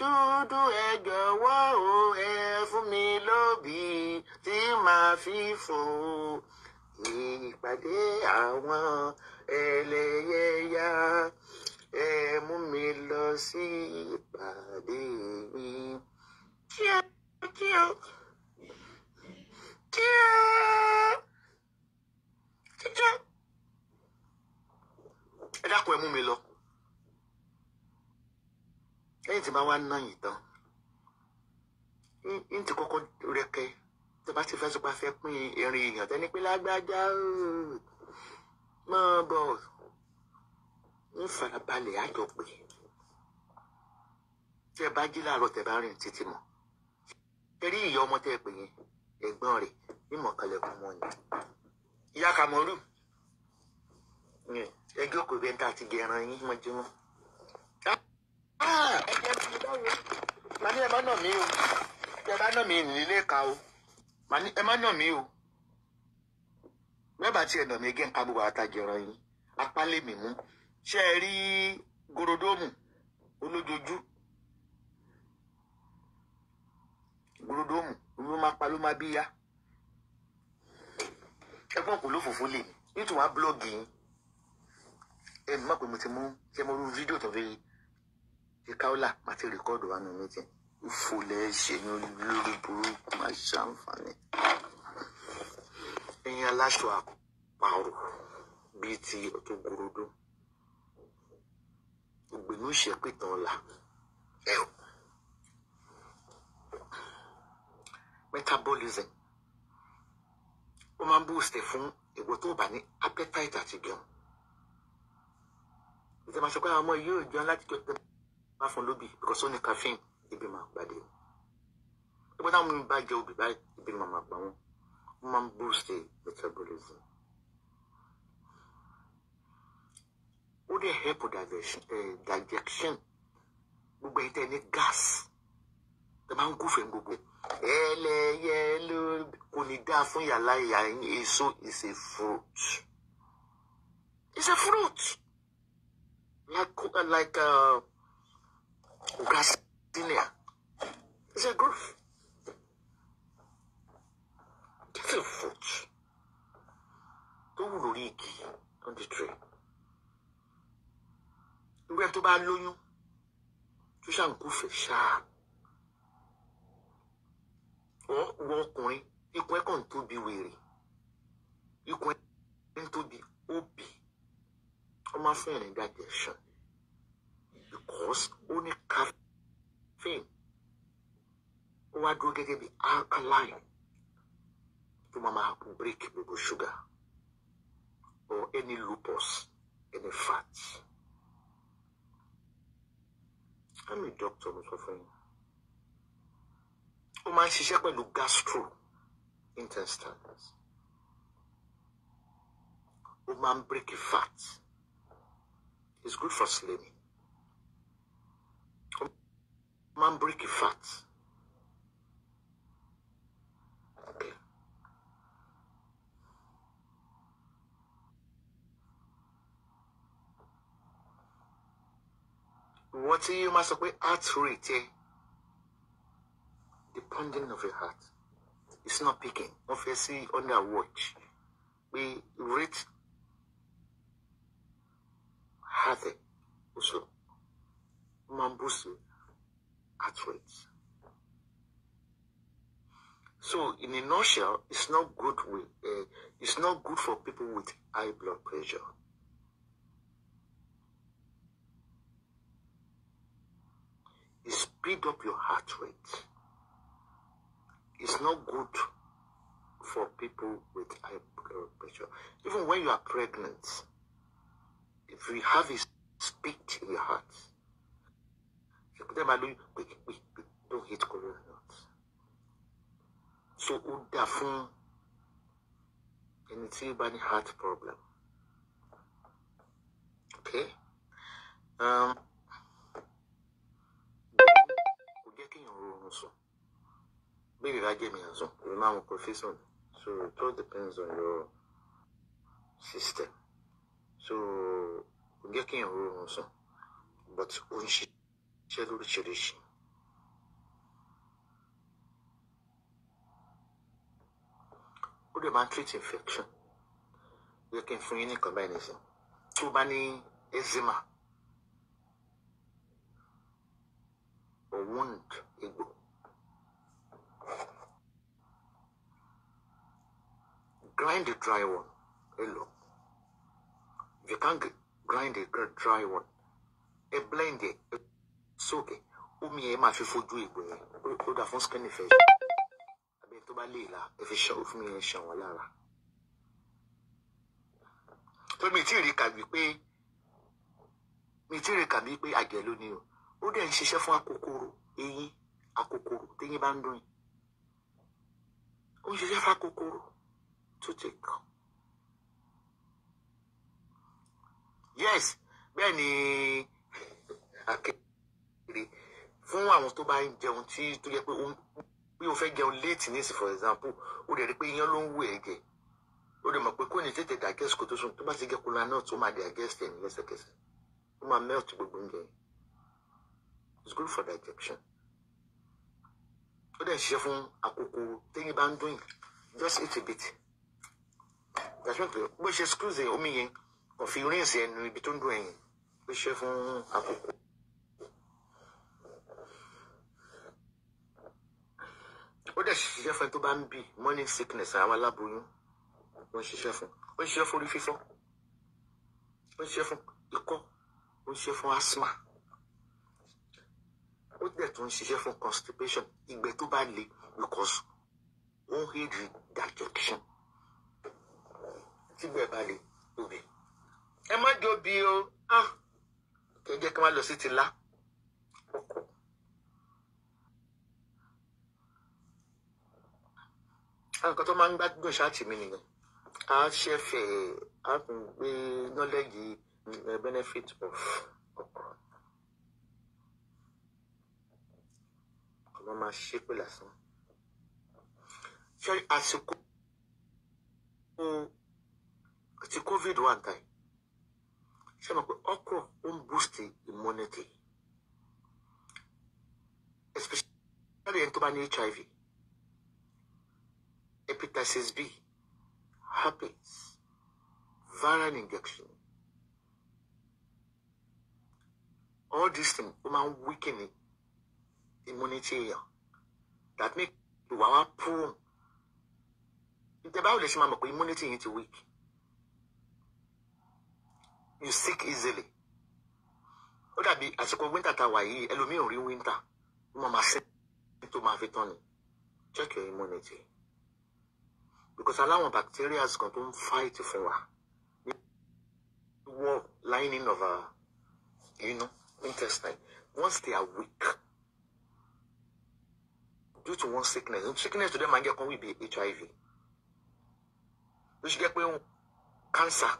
dúdú ẹ e, jọ̀wọ́ o ẹ fún mi lóbì tí màá fi fò ìpàdé àwọn ẹlẹ́yẹ yá ẹ mú mi lọ sí ìpàdé mi. kíá kíá kíá kíá ẹ dákun ẹ mú mi lọ lẹ́yìn tí bá wá ná yìí tán n ti kọ́kọ́ rẹkẹ tó bá ti fẹ́ sọpá fẹ́ pín irin èèyàn tẹ́ni pé lágbájá mọ́ hmm, bọ́ọ̀lù. ń farabalẹ̀ àjọ pé tẹ bá jí láàárọ̀ tẹ bá rìn títí mọ̀ ẹ rí ìyá ọmọ tẹ pè ẹ̀gbọ́n ìyá kàmọ́rù bẹ́ẹ̀ ti yín mọ́júmọ́. mi báwo ní ẹ má nà mí màá ní ẹ má nà mí o mẹ́bàá ṣe é rí gorodomu olójoojú gorodomu ló máa pa ló máa bí yá ẹ̀gbọ́n kò ló fòfó lè nítorí wọn á búlọ́ọ̀gì yín ẹnu má pé mo ti mú ṣe mo rú fídíò tó fi ṣe káólà má ti rìkọ́ọ̀dù wa nù mítìn ìfòlẹ̀ ṣèyàn lórí burúkú má ṣàǹfààní ẹ̀yin aláṣọ àpárò bíi ti ọ̀tún gorodomu ògbénú ìṣẹ́pìtàn ọ̀la ẹ o metabolism ó máa ń boost fún ìwọ tó bá ní appetite àti jẹun ìjọba sọ pé àwọn ọmọ yóò jẹun láti jọ tẹ bá fún lóbì because ó ní caffeine ibi máa gbàdé ìgbà táwọn mi bá jẹ obì báyìí ibi máa máa gbà wọn ó máa ń boost metabolism. dẹ̀ help eh, digestion gbogbo ẹ̀yin tẹ́ ní gas tẹ́ máa ń gúfẹ̀ gbogbo ẹlẹ́yẹ ló kò ní dáa fún yàrá ìyá yín èso is a fruit It's a fruit like like uh, grassinia it's a growth It's a fruit tó wù lórí igi on the tree nígbà tó bá lóyún tó ṣàǹkúfẹ̀ ṣáà wọ́n wọ ọkùnrin ikùn ẹ̀kọ́ ń tóbi wèrè ikùn ẹ̀kọ́ ń tóbi òbí ọmọ afẹ́rin digestion because ó ní caffeine ó wá dúró gẹ́gẹ́ bí alkaline tó máa máa break gbogbo sugar or any lupus any fat mọ́mí dọ́kítọ̀ doctor, sọ fún yín ó she's ń ṣiṣẹ́ pẹ̀lú gastro intestines ó máa break fat it's good for slimming ó máa ń break fat. wọ́n tí yóò máa sọ pé heart rate ẹ the pounding of your heart is not picking wọ́n fẹ́ sí under watch pé rate heart ẹ ó sọ ó máa boost heart rate. So, in a nutshell, it's not good with, uh, it's not good for people with high blood pressure. You speed up your heart rate. It's not good for people with high blood pressure. Even when you are pregnant, if you have a speed in your heart, you don't hit coronavirus. So, ó dà fún ẹni heart problem. Okay? Um, kéèyàn rọrùn sùn bí ìrírá gé mi sùn èmi máa mọ profession so it all depends on your system so kò jẹ́ kéèyàn rọrùn sùn but ó ń ṣiṣẹ́ lóríṣiríṣi. ó dẹ̀ máa ń treat infection yẹ kí n fún yín ní nǹkan báyìí nìsín o bá ní eczema or wound egbò. Grind a dry one. Hello. If you can't grind a dry one, ẹ blend ẹ sókè omi ẹ máa fi fojú egbò yẹn ó dà fún skin ìfẹ́ àbí tó bá lè la ẹ fi ṣan fún yẹn ṣan wọn lára. pé mi tí ì rí kàbí pé mi tí ì rí kàbí pé o ó dẹ̀ ń ṣiṣẹ́ fún akókóró àkòkòrò téyín bá ń dùn yín ó ń ṣiṣẹ́ fàkòkòrò tó ti kàn. yes bẹ́ẹ̀ ni akéde fún àwọn tó bá ń jẹun tí tó yẹ pé bí o fẹ́ jẹun léètì nísì for example o lè rí pé iyán ló ń wù ẹ́ jẹ o lè mọ̀ pé kò ní tètè digest kó tó sùn tó bá ti jẹ kola náà tó máa digest ẹ̀ ní lẹ́sẹ̀kẹsẹ̀ ó máa melt gbogbo oúnjẹ yẹn it's good for digestion ó dẹ̀ ṣiṣẹ́ fún àkókò téyín bá ń dùn yìí just eat a bit gàtúmọ̀ pé bó ṣe skúùsì omi yẹn kò fi rinse ẹnu ibi tó ń dùn ẹ̀yìn ó ṣiṣẹ́ fún àkókò. ó dẹ̀ ṣiṣẹ́ fún ẹni tó bá ń bì morning sickness àwọn aláboyún ó ń ṣiṣẹ́ fún ó ń ṣiṣẹ́ fún orí fífọ́ ó ṣiṣẹ́ fún ikọ́ ó ṣiṣẹ́ fún asthma ó dẹ̀ tún ń ṣiṣẹ́ fún constipation ìgbẹ́ tó bá le because one aid digestion tígbẹ́ bá le obì. ẹ má jọ bí o ah! kẹ jẹ́ ká má lọ sí ti lá. nǹkan tó máa ń gbádùn ṣáàtì mi nìyẹn a ṣe fẹ́ a kò gbé knowledge eh, benefit of ọkùnrin. wọ́n máa ṣépè lásán. ṣé àsìkò ti covid wà ń ta yìí ṣé mo pé okra ó ń boost immunity especially ẹni tó bá ní hiv hepatitis b herpes viral injection all these things ó máa ń weaken it immunity èèyàn that make ìwà wa prone ǹjẹ́ báwo lè ṣe máa mọ̀ pé immunity yìí ti weak you sick easily ó dàbí àsìkò winter ta wà yìí ẹlòmíràn rí winter ó máa ma ṣe tó máa fi tán ni check your immunity because aláwọn bacteria kan tó ń fight fún wa ní wall lining of our you know, intestine once they are weak due to one sickness and sickness to them máa ń jẹ́ kán wí HIV ló ṣe jẹ́ pé cancer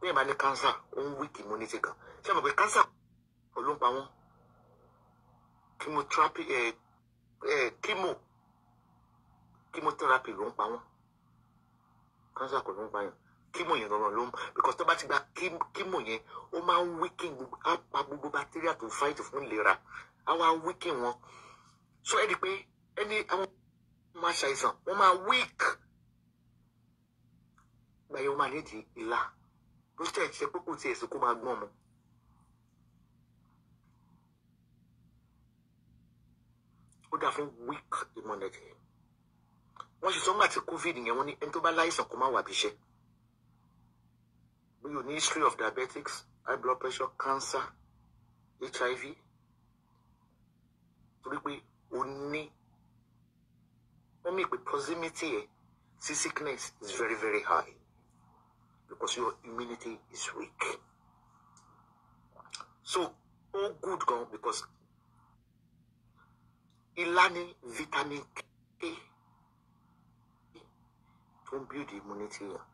bí ẹ̀ cancer one week weak immunity gan ṣé cancer kò ló ń chemotherapy eh eh chemo chemotherapy ló ń cancer kò ló ń chemo yẹn gangan ló because tó bá ti chemo yẹn ó máa ń weaken á pa bacteria tó fight of ìlera á wá weaken wọn so ẹ di pé ẹni àwọn máa ṣàìsàn wọ́n máa weak gbàyẹ̀wò máa nídìí ìlà ló ṣe ṣe pé kò tiẹ̀ sí kó máa gbọ́n mu. ó dà fún weak immunity wọ́n ṣe sọ́ngbà tí covid yẹn wọ́n ní ẹni tó bá láìsàn kó má wà bí iṣẹ́ bí o ní history of diabetics high blood pressure cancer hiv torí pé Only, ní wọ́n mí proximity yẹn sickness is very very high because your immunity is weak so ó good God, because Ilani vitamin K tó build immunity yẹn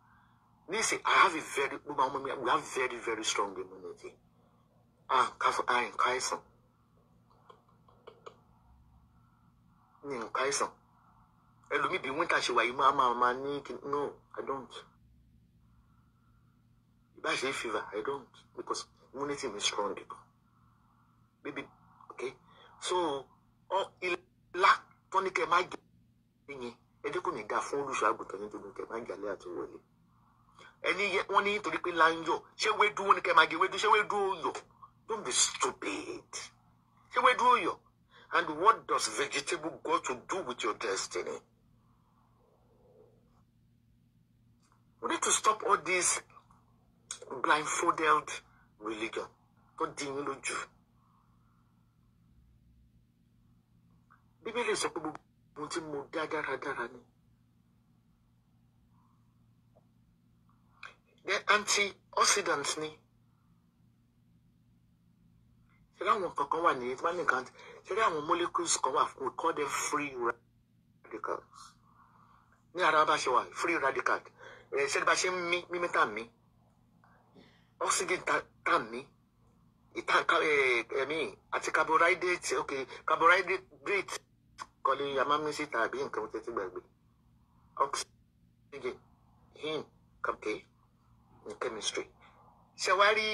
nísìn I have a very we have very very strong immunity Ah, ń káfọ́ à ń mi ò káìsàn ẹlòmíì bí wíńtà ṣe wà yìí máa máa máa ní no i don't ìbá ṣe fever i don't because immunity mi strong gan baby okay so ilá tọ́nikẹ́ má jẹ́ yín ẹdí kò ní ga fún olùṣọ́ àgùntàn ní tòun kẹ́ má jẹ́ alẹ́ àti wọlé ẹni wọn ní nítorí pé ńlá ń yọ ṣé wéé dúró ní kẹ́ máa gé wéé dúró ṣé wéé dúró yọ don't be stupid ṣé wéé dúró yọ. And what does vegetable got to do with your destiny? We need to stop all this blindfolded religion. tó di yín lójú. Bíbélì sọ pé gbogbo ohun tí mo dá dáradára ni. Then antioxidant ni. Ṣé láwọn kankan wà ní ìtìmánìkan ṣé àwọn molecules kan wà we call them free radicals ní ara bá ṣe wà free radical ṣé bá ṣe ń mí mímí tà mí oxygen tà mí ìta ẹ̀mí àti carbohydrate ok carbohydrate kọ́lé amámísí tàbí nǹkan tẹ́tí gbàgbé oxygen heme kàmpé ní chemistry ṣe wá rí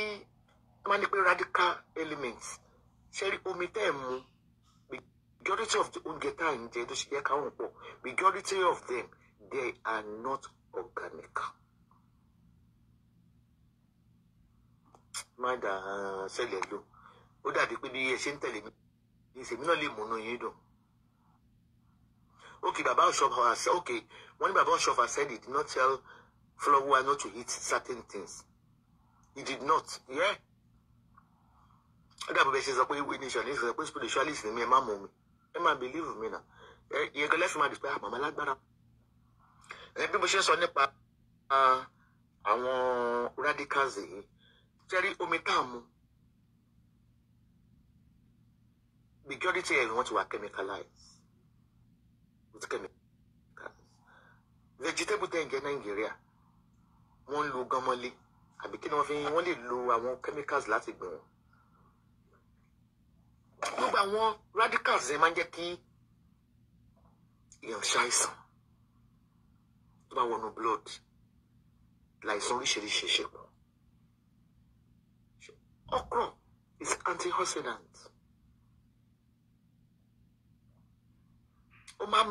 pé radical elements ṣe rí omi tẹ́ ẹ̀ mú majority of the ungeta in à ń jẹ tó majority of them they are not organic. má dà án ṣẹlẹ̀ lò ó dàbí pé bí ẹ ṣe ń tẹ̀lé mi ní ìsèmí náà lè múnú yín dùn. Okay, Baba Oshofa said, okay, when Baba Oshofa said he did not tell Flowa not to eat certain things. He did not, yeah? Ọ̀dà bàbá ẹ ṣe sọ pé ìwé nation ní ìṣẹ̀lẹ̀ pé spiritualist ni mi ẹ máa believe mi náà ìyẹn gẹlẹ́ fi máa dì pé ah, màmá lágbára bí mo ṣe ń sọ nípa àwọn radicals yìí jẹ́rí omi tá a mu majority ẹ̀ wọ́n ti wà chemicalized vegetable tẹ̀ ń jẹ́ Nàìjíríà wọ́n ń lo gánmọ́lé àbí kí ni wọ́n fi wọ́n lè lo àwọn chemicals láti gbìn wọ́n gbogbo àwọn radicals ẹ máa ń jẹ́ kí èèyàn ṣàìsàn tó bá wọnú blood láìsàn oríṣiríṣi ṣe pọ̀ okra is antioxidant ó máa ń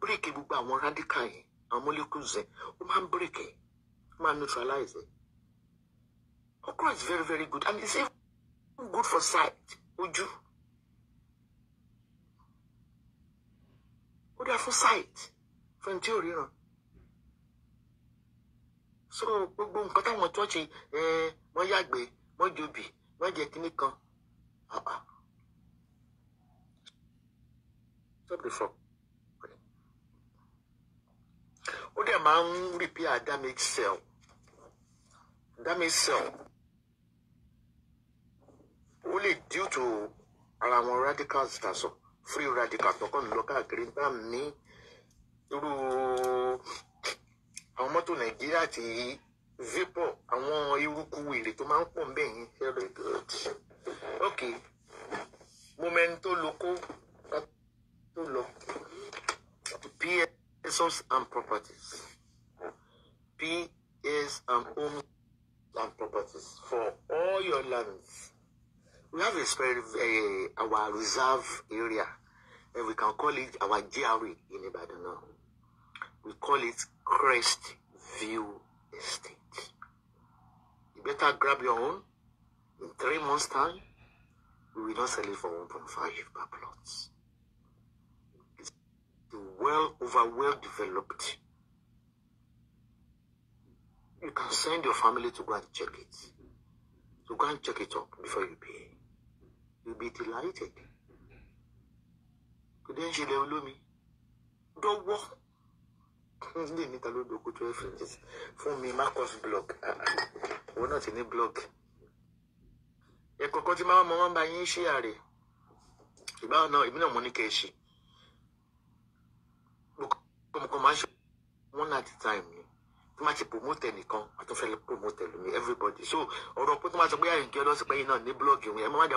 bírèkì gbogbo àwọn radical yẹn àwọn molecules yẹn ó máa ń bírèkì ó máa ń neutralize it okra is very very good and it's even good for sight ojú. dá for sight fẹ́ni tí ò ríran so gbogbo nǹkan táwọn chọ́ọ̀chì wọ́n yàgbé wọ́n jòbì wọ́n jẹ kínní kan ah, ah. the fog ó dẹ̀ máa ń repair damage cell damage cell ó lè due to ara wọn radicals tà sọ. So free radical tó kàn lọ káàkiri gbà mí irú àwọn mọ́tò nàìjíríà ti vapor àwọn irúkú wèrè tó máa ń pọ̀ nbẹ̀ yẹn very good ok moment tó lo kó tó and properties PS and homes and properties for all your lands we have a spare, uh, our reserve area, and we can call it our GRE in Ibadan now. We call it Crest View Estate. You better grab your own. In three months' time, we will not sell it for 1.5 per plot. It's well over well developed. You can send your family to go and check it. To so go and check it up before you pay you'll be titillated. kò dé ń ṣe ilẹ̀ olómi dọ́wọ́ lè níta ló dòkú twelve inches fún mi Marcus blog òun náà ti ní blog ẹ̀kọ́ kan tí máa mọ máa ń ba yín ṣe àrè ìbáwọn náà ìbí náà mo ní kẹ́ one at a time ni promote máa ti promote ẹnìkan àtúnfẹ́ promote me. everybody so ọ̀rọ̀ put tí máa sọ pé àyè ń jẹ́ lọ́sí the yín náà ní blog ìwé ẹ̀ máa dà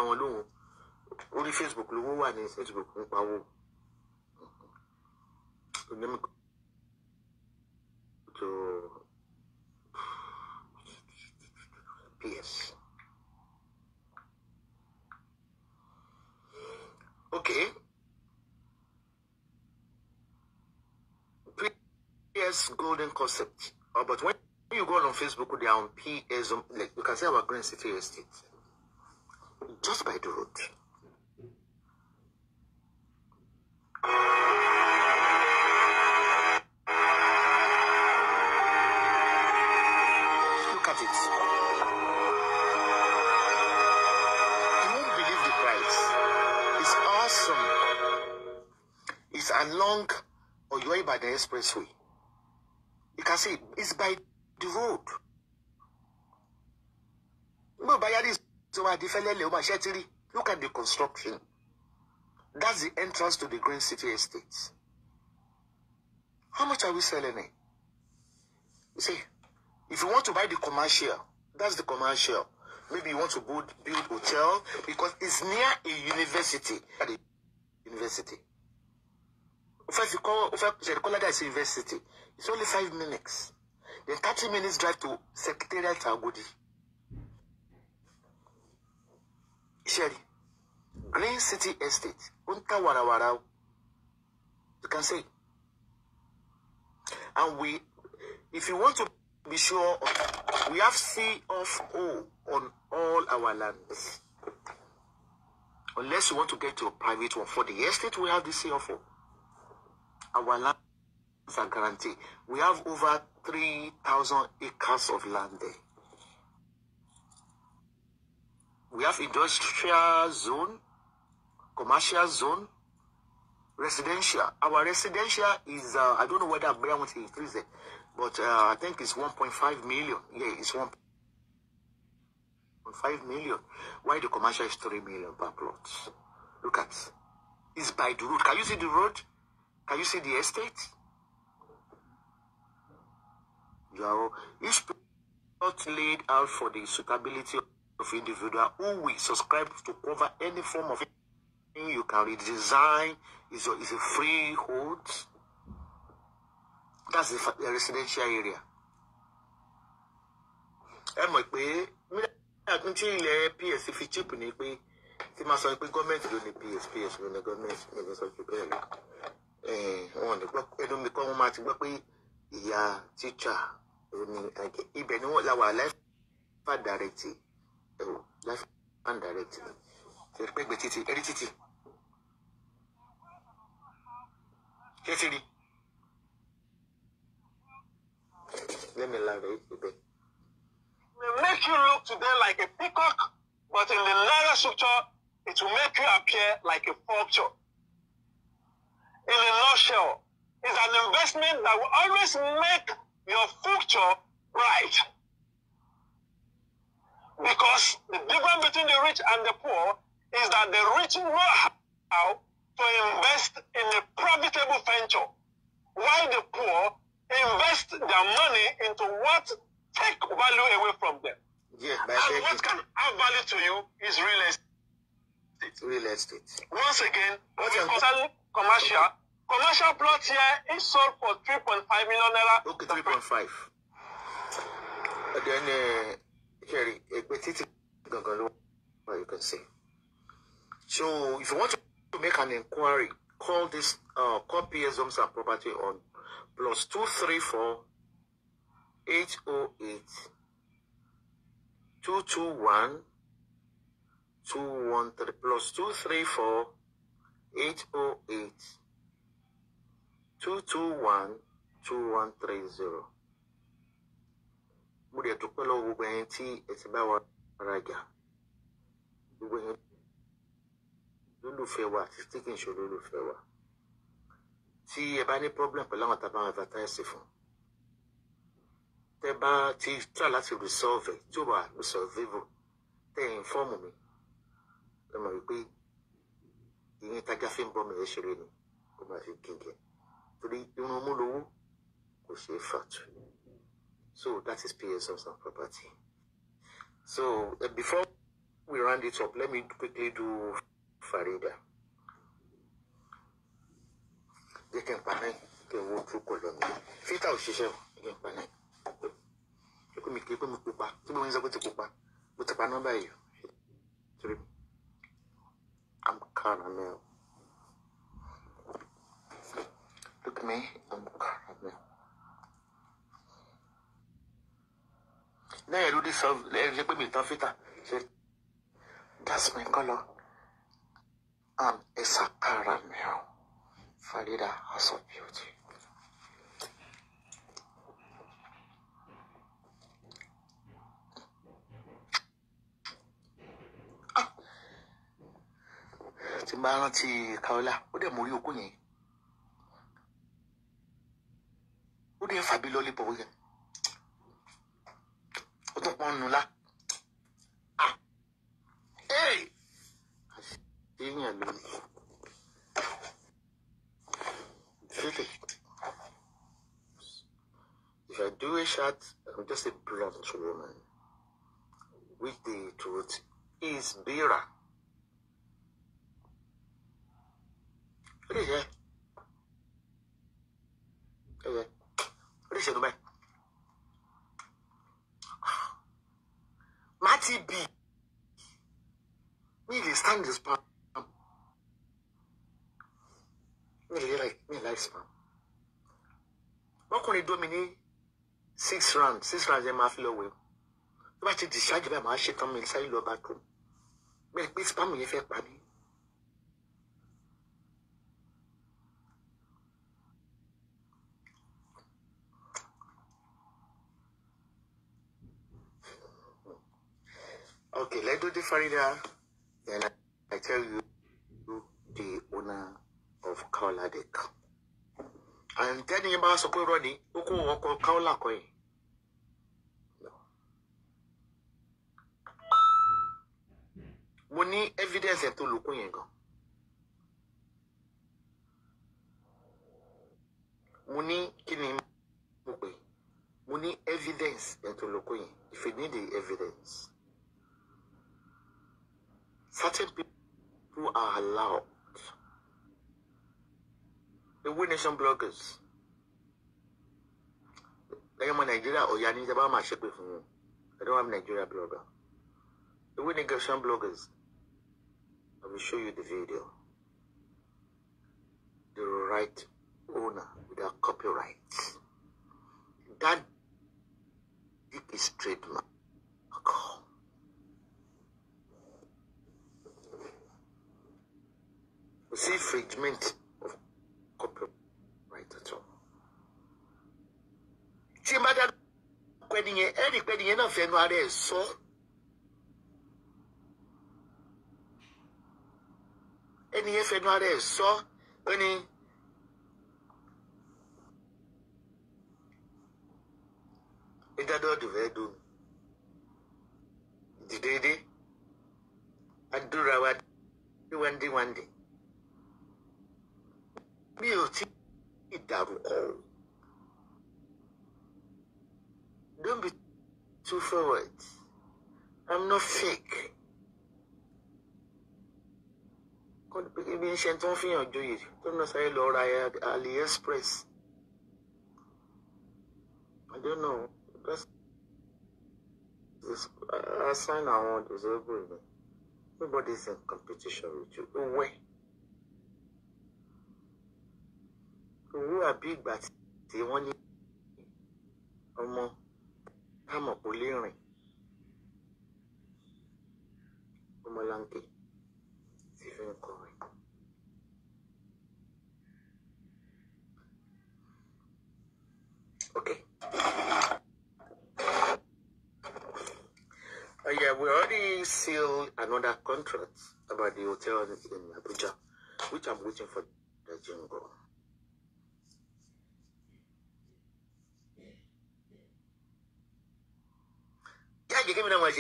orí Facebook lówó wà ní Facebook ń pawó to PS. Okay. PS golden concept. Oh, but when you go on Facebook, they are on PS. Like, you can see our Green City Estate. Just by the road. Look at it. You won't believe the price. It's awesome. It's along Oyo Ibadan Expressway. You can see it's by the road. Look at the construction. That's the entrance to the Green City Estate. How much are we selling it? You see, if you want to buy the commercial, that's the commercial. Maybe you want to build, build hotel because it's near a university. University. First you call, First you call that is university, it's only five minutes. Then 30 minutes drive to Secretariat Agodi. Sherry, Green City Estate. wara You can say. And we, if you want to be sure, we have C of O on all our lands. Unless you want to get to a private one. For the estate, we have the C of O. Our lands are guaranteed. We have over 3,000 acres of land there. We have industrial zone commercial zone, residential. Our residential is, uh, I don't know whether Abria wants to increase it, but uh, I think it's 1.5 million. Yeah, it's 1.5 million. Why the commercial is 3 million per plot? Look at it's by the road. Can you see the road? Can you see the estate? You oh, not each plot laid out for the suitability of individual who will subscribe to cover any form of you can redesign is a, is a freehold. That's the, the residential area. Ẹ mọ̀ pé mílíọ̀nù tí ilẹ̀ PS fi chip ni pé tí máa sọ pé gọ́ọ̀mẹ̀ntì ló ní PS PS ló ní gọ́ọ̀mẹ̀ntì ló ní sọ pé bẹ́ẹ̀ lọ. Wọ́n ní gbọ́ ẹnu mi kọ́ wọ́n máa ti gbọ́ pé ìyá tíṣà ló ní àjẹ. Ibẹ̀ ni wọ́n la wà life and direct. Life and direct. títì ẹ̀rí títì. Let me lie you today. will make you look today like a peacock, but in the Naira structure, it will make you appear like a vulture. In a nutshell, it's an investment that will always make your future bright. Because the difference between the rich and the poor is that the rich know how to invest in a profitable venture, while the poor invest their money into what take value away from them. Yeah, and baby. what can add value to you is real estate. Real estate. Once again, what we concern commercial. Commercial plot here is sold for three point five million naira. Okay, 3.5. Then, uh, Jerry, uh, you can see. So, if you want to to make an inquiry, call this uh, call PS Homes and Property on plus two three four eight oh eight two two one two one three plus two three four eight oh eight two two one two one three zero. mo dẹ̀ dúpẹ́ lọ́wọ́ gbogbo ẹ̀yin tí ẹ ti bá wa rajà lólùfẹ́ wa àti tí kì í ṣe olólùfẹ́ wa tí ẹ bá ní problem pẹ̀lú àwọn tá a bá wọn advertise fún tẹ bá ti try láti resolve ẹ tí ó wà resolvable tẹ ẹ inform mi ẹ mọ̀ wípé ìyẹn tájá fi ń bọ́ mi ẹ ṣeré ni kó máa fi gígẹ torí irun mú lówó kò ṣeé fàtú so that is PSS and property so uh, before we round it up let me quickly do. Farida jẹ́ kí n pa náà kí n wo ojú kò lọ nílé fílítà ò ṣiṣẹ́ o jẹ́ kí n pa náà ṣé kò mi kí pé mo pupa tí mo ń sọ pé ti pupa mo ti pa nọ́mbà yìí torí I'm caramel look me I'm caramel. lẹ́yìn ló dé sọ lẹ́yìn pé mi tán fílítà ṣe that's my color. I'm a Caramel, Farida House of Beauty. tí n bá rántí kaola ó dẹ̀ mórí okú yẹn ó dẹ̀ fàbí lọ́lé bọ̀ yẹn ó tún pọ́n nù la. Ah. Hey! If I do a shot, I'm just a blunt woman. With the truth is Bira. What is that? What is that? What is Matty B. Me, they stand this part. mi ìlera mi ìlera ìsìnkú ọkùnrin dómi ní six round six round yẹn máa fi lọ wẹ̀ tó bá ti discharge báyìí máa ṣetán mi sáré lọ bathroom mi rí pé spam yẹn fẹ́ pa mí. Okay, let's do the Farida, then I, I tell you the owner of Kaoladek àtẹ́ni yẹn bá sọ pé irọ́ ni ó kó ọkọ̀ Kaula. kan Muni evidence ẹ̀ tó lòkun yẹn gan. mo ní evidence ẹ̀ tó lòkun if you need the evidence certain people are allowed the We Nation bloggers lẹ́yìn ọmọ nàìjíríà ọ̀yà ní ìjọba máa ṣépè fún wọn I don't have Nigeria blogger the We Nation bloggers I will show you the video the right owner without copyright that dick is trademark. Oh. See infringement copyright at all. tí n bá dá pẹ́ nìyẹn ẹ̀rì pẹ́ nìyẹn náà fẹ́nu ara ẹ̀ sọ. ẹnìyẹn fẹ́nu ara ẹ̀ sọ ó ní. ìdádọ́dù fẹ́ dùn dìdéédé adúra wa díwáńdíwáńdì mi ò tí ì dárúkọ don't be too forward i'm not fake ibi iṣẹ́ tó ń fi hàn joyè tó ń sáré lọ ra aliexpress i don't know that's assign àwọn disabled everybody is in competition with you. owó àbí ìgbà tí wọ́n ní ọmọ táàmọ̀ kò lè rìn ọmọlanke ti fi ń kọrin. Okay. Uh, yeah, we already sealed another contract about the hotel in Abuja, which I'm waiting for the jungle. me that much.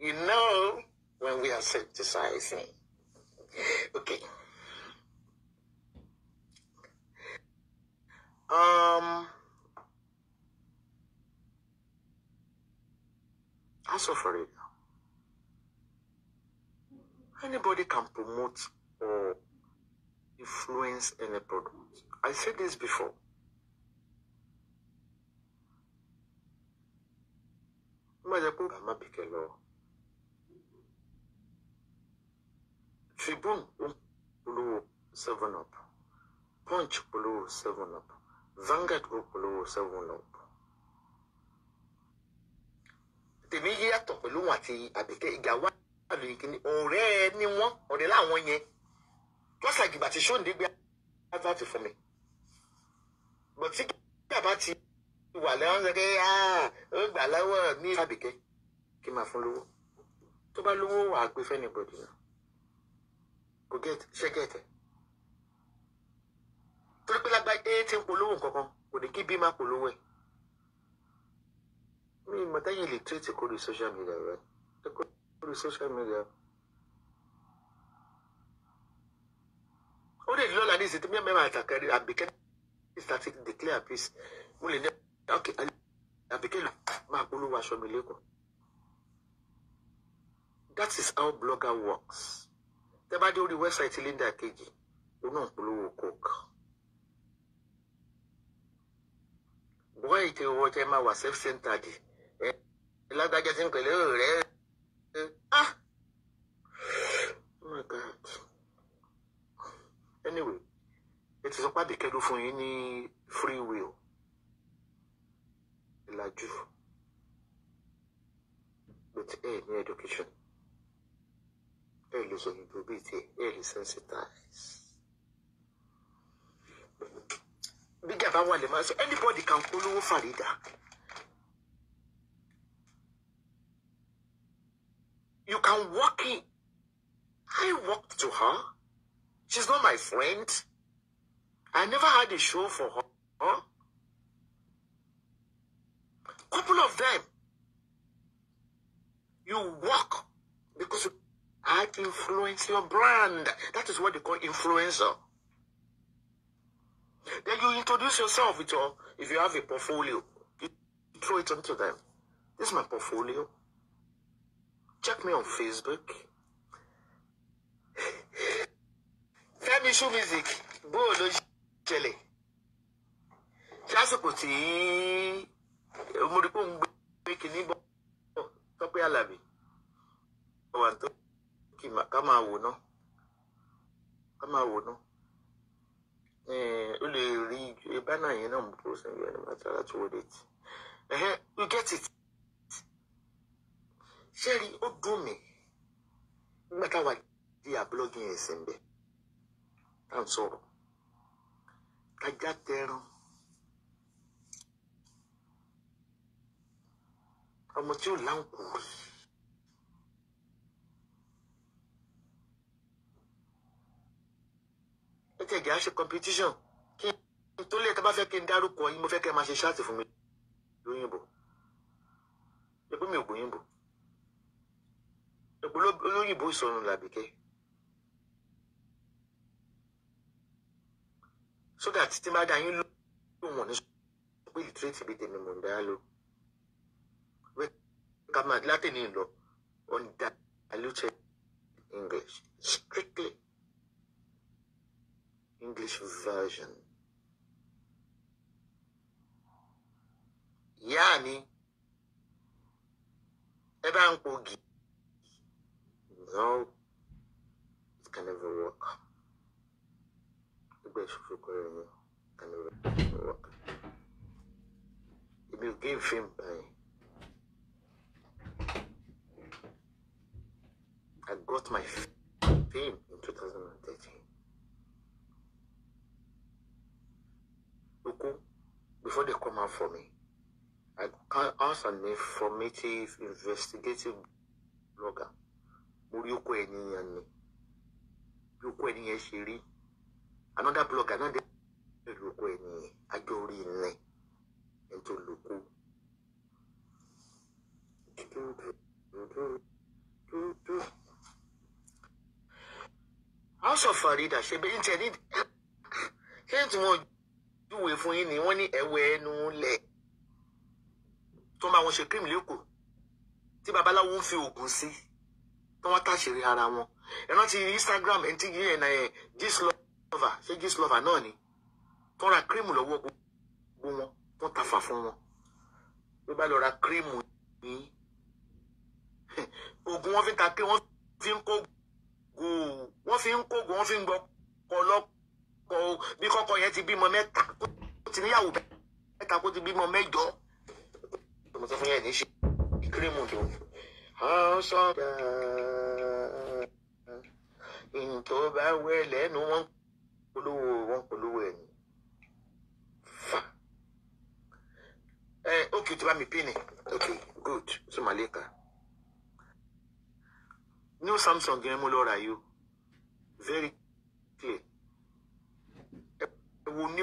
You know when we are synthesizing. Okay. Um. Also for it. Anybody can promote or influence any product. I said this before. má jẹ́ pé màmá bìkẹ́ lọ. Tribune polówó seven up Punch polówó seven up Vanguard polówó seven up. tèmi yíyàtọ̀ pẹ̀lú wọn àti àbíkẹ́ ìgbà wà lóyún kí ni ọ̀rẹ́ ẹ ní wọ́n ọ̀rẹ́ láwọn yẹn lọ́sàgìbà ti ṣóǹdé gbé advert fún mi bọ̀tí kí ti wà lẹ́wọ̀n sọ pé ah, ó gbà lọ́wọ́ mi àbíkẹ́ kí n máa fún lówó tó bá lówó wà á gbé fẹ́ni bọ̀dì náà kò gẹ́ẹ̀tì ṣé gẹ́ẹ̀tì torí pé lágbá ẹ ti ń polówó nǹkankan kò ní kí bí máa polówó ẹ̀ mi ì mọ̀ lè tírètì kórè social media rẹ̀ kórè social media ó lè lọ́la ní ìsìn tí mímọ́ àtàkẹ́rẹ́ àbíkẹ́ ní static declare peace mo lè okay abikela máa polówó aṣọ mi lẹ́kọ̀ọ́ that is how blogger works tẹ́ bá dé orí wẹ́bsáìtì Linda Kejì ó náà polówó coke it ètò owó tẹ́ máa wà self centered ẹ lágbájá tí ń pẹ̀lẹ́ rẹ̀ ah oh my god anyway ètò ìsọpá àbíkẹ́ the fún yín any free will lajú but ẹ ní education ẹ lè sọ òyìnbó bíi ti ẹ lè sensitize. bí jàmbá wà anybody can you Farida. You can walk in. I walked to her. She's not my friend. I never had a show for her. Huh? couple of them, you work because I influence your brand. That is what they call influencer. Then you introduce yourself with your, if you have a portfolio, you throw it onto them. This is my portfolio. Check me on Facebook. Femi Shoe Music, Bo Olojele. Chasukuti mo rí pé òun gbé kínní bọ̀ tọ́pẹ́ àlàbí ọ̀wà tó kì má ká máa wò ná ká máa wò ná ó lè rí bánà yẹn náà mo kúrò sẹ́yìn ẹni máa tara tó wọlé tì you get it ṣẹ́ẹ̀rì ó dùn mí nígbà táwa di àbúlọ́gì ẹ̀sìn bẹ́ẹ̀ tá à ń sọ̀rọ̀ kájá tẹran ọmọ tí ó láǹkù rí. ẹ tẹ̀ gẹ̀ á ṣe competition kí n tó lè tá bá fẹ́ kí n dárúkọ yín mo fẹ́ kẹ́ ẹ máa ṣe ṣáàtì fún mi lóyìnbó ẹgbẹ́ mi ò gbóyìnbó ẹgbẹ́ olóyìnbó ìsọnù làbíkẹ́. so that tí n bá dá yín lóhùn wọn ní sọ pé ìtúrẹ́tì bíi tèmi mò ń dá lóhùn ká máa látìní lọ undiluted English strictly English version. Yani, ẹ bá No, it can never work. Gbogbo ìṣòfò kọrin yẹn can never work. If you give him pain. I got my fame in 2013. Uku, before they come out for me, I asked an informative, investigative blogger. Mo rí okó ènìyàn ni. Bí okó ènìyàn ṣe Another blogger náà dé pẹ̀lú okó go? Ajọ́ orí ilẹ̀ ẹni tó lòkú. do do do do do house of farida ṣebí ń tẹ̀ ní kí ni tí wọ́n júwe fún yín ni wọ́n ní ẹ̀wẹ̀ ẹnu lẹ̀ tó máa wọn ṣe cream lẹ́kọ̀ọ́ tí babaláwo ń fi oògùn sí tí wọ́n tàṣírí ara wọn ẹ̀rọ ti instagram ẹ̀ ti yí ẹ̀nà ẹ̀ eh, gislova ṣé gislova náà ni tó ra cream lọ́wọ́ gbogbo wọn tó tafà fún wọn ló bá lọ ra cream yín oògùn wọn fi ta pé wọ́n fi ń kó wọ́n fi ń kógun wọ́n fi ń gbọ́ kọlọ́kọ bí kọ́kọ́ yẹn ti bímọ mẹ́ta kó ti níyàwó mẹ́ta kó ti bímọ mẹ́jọ. mo sọ fún yẹn ní ṣe kírímù tó ọsọ ntọ́ bá wẹ̀ lẹ́nu wọn polówó wọn polówó ẹ̀ ní. Eh, okay, to buy me penny. Okay, good. So Malika new samsung yẹn mo lọ rà yìí o very clear ẹ wo ní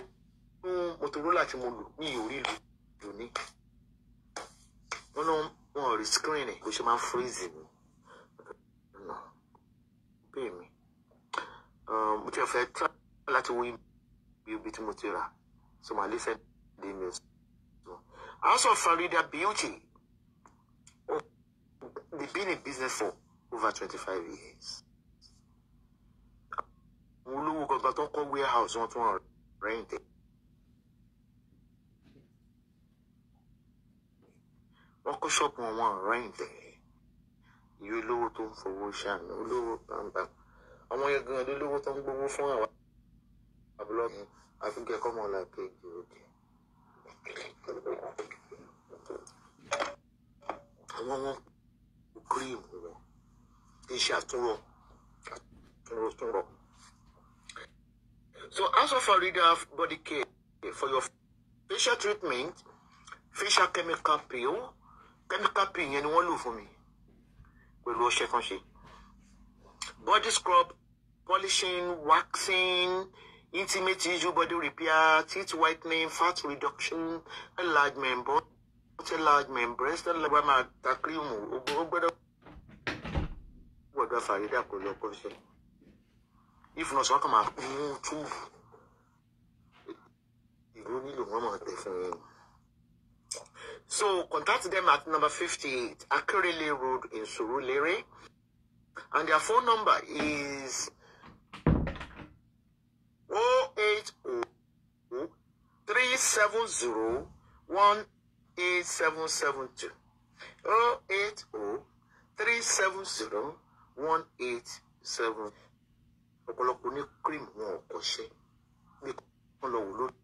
motorola tí mo lò ní ìyórí lò lò wọn náà wọn ò rí screen kò ṣe máa ń freeze mi bẹ́ẹ̀ mi mo ti fẹ́ tí wọ́n láti wo ibi tí mo ti rà so màá lè fẹ́ dé mi o. House of Farida Beauty. Oh, they've been in business for over twenty five years. àwọn olówó gangan tó ń warehouse wọn tún hàn rẹ́yìn tẹ́. wọ́n kó ṣọ́ọ̀bù wọn wọn rẹ́yìn tẹ́. ìyá olówó tó ń fowó ṣàánú olówó bàbá àwọn yẹn gan olówó tó ń gbowó fún àwọn àbúrò mi àfikẹ́kọ̀ọ́ mọ́lá kejì òkè àwọn wọn kírìmù rẹ ìṣàtúnrọ̀ àtúnrọ̀túnrọ̀. So as of Florida body care for your facial treatment facial chemical peel chemical peel yẹn ni wọ́n lò fún mi pẹ̀lú ọṣẹ kan ṣe body scrub polishing waxing intimate tissue body repair teeth whitening fat reduction enlargement body enlargement breast enlargement ta cream ọ̀dọ̀ Farida kò lọ kọ́ iṣẹ́ ìfúnná sọ wọn kàn máa pín túùbù ìlú nílò wọn máa tẹ̀ fún So contact them at number fifty eight Akérèlé road in Surulere and their phone number is o oh eight o oh three seven zero one eight seven seven two o oh eight o three seven zero one eight seven ọ̀pọ̀lọpọ̀ ní cream wọn ò kọ́ṣẹ́ bí wọ́n lọ wò lórí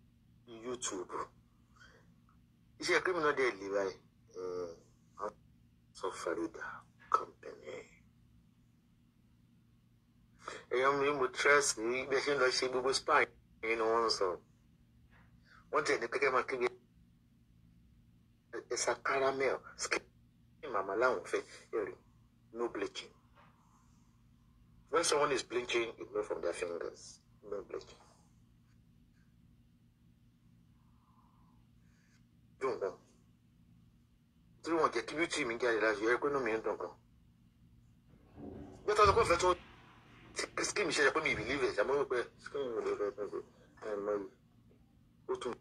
YouTube iṣẹ́ cream náà dẹ̀ lè báyìí eh, sọ Farida company èèyàn mi mo trust ní bí ẹ ṣe ń lọ ṣe gbogbo spa yẹn ni wọ́n ń sọ wọ́n tẹ̀ ní kẹ́kẹ́ máa kébi ẹ̀sà caramel skin màmá láwọn fẹ́ ẹ̀rí no bleaching. When someone is blinking, ignore from their fingers. No blinking. Don't know. Three one get you team in Galilee, you're going to mean don't go. But as a confessor, Skim Michelle, I believe it. I'm over there. Skim, I'm over there.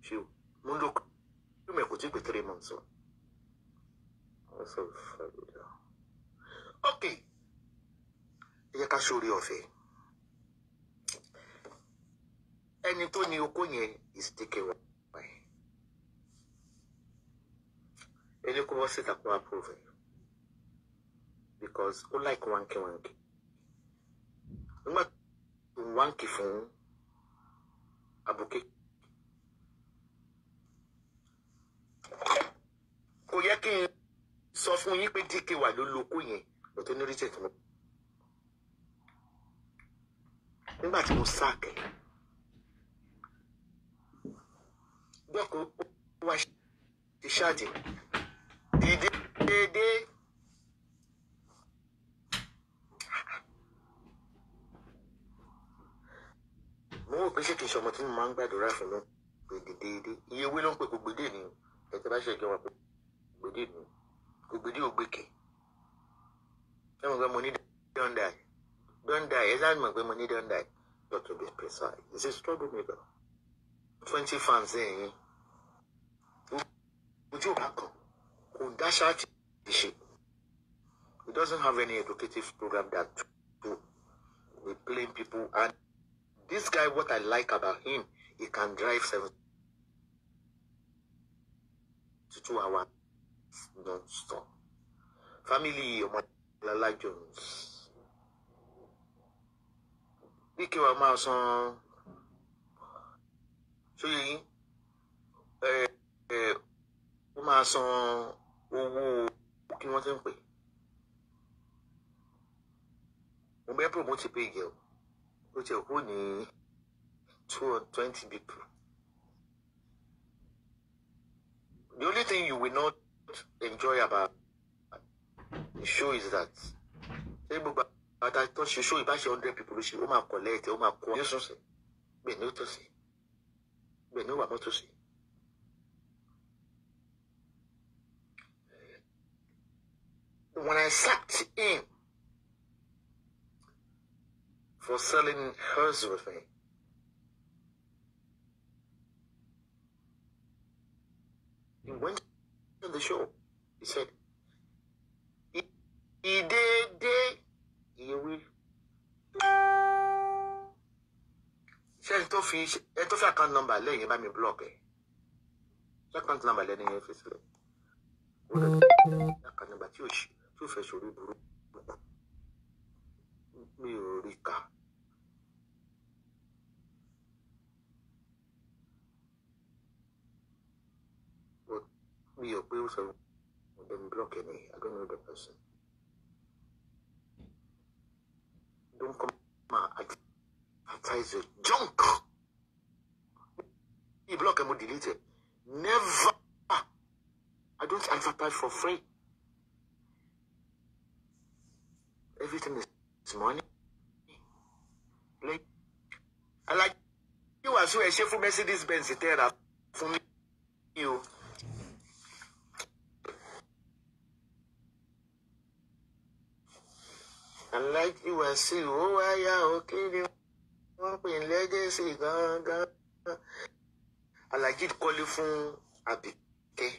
She won't You may go take three months. Okay ẹ jẹ́ ká ṣoore ọ̀fẹ́ ẹni tó ní oko yẹn is take a while ẹni kó bọ́ síta kó approve because ó like wankiwanki nígbà tó wanki fún abuké kò yẹ kí n sọ fún yín pé DK wà ló lo oko yẹn lọ́tọ́ ní orí tẹ̀tún. nígbà tí mo sáàkì gbọ́ kó wá ṣe ṣáàjì dìde déédé mo rò pé ṣé kìí ṣe ọmọ tí mo máa ń gbàdúrà fún mi gbèdé déédé iye owó ló ń pè kó gbèdé ni ẹ ti bá ṣe ìjọba pé gbèdé ni gbèdé ògbèkè ẹ mọ̀ pé mo ní dandai. don't die. Ezan money, don't die. Got to be precise. It's a struggle maker. 20 fans in. Would you back up? Could dash out issue? It doesn't have any educative program that to we plain people and this guy what I like about him, he can drive seven to two hours non stop. Family like Jones. Wike wa máa san sóyè yín ó máa san owó kí wọ́n ti ń pè. Mo bẹ́ promote page ẹ̀ ó ti kú ní two twenty people. The only thing you will not enjoy about the show is that bàtà tó ṣe ṣó ìbáṣe hundred people ló ṣe collect ó máa kọ ní sọ̀sẹ̀ bẹ́ẹ̀ ni ó tọ̀ sí bẹ́ẹ̀ ni ó When I sacked him for selling hers with me, he went on the show. He said, "He, he did, did." ewé. ṣé ẹni tó fi ẹni tó fi account number lẹ́yìn bá mi block ẹ̀ ṣé account number lẹ́ni yẹn fi sílẹ̀ ó lọ sí account number tí ò ṣe tí ò fẹ́ sórí burú mi ò rí kà. mi ò pé ó sọ ọ́ dem block ẹ̀ ní I don't know the person. Don't come advertise your junk. You block and delete it. Never. I don't advertise for free. Everything is money. Like, I like you as well. a Mercedes Benz. Tell that for me. You. aláàjì wàsíù ó wá yá o kí ni wọ́n pè ń lẹ́gẹ̀ẹ́sì gangan aláàjì kọ́lé fún àbíkẹ́.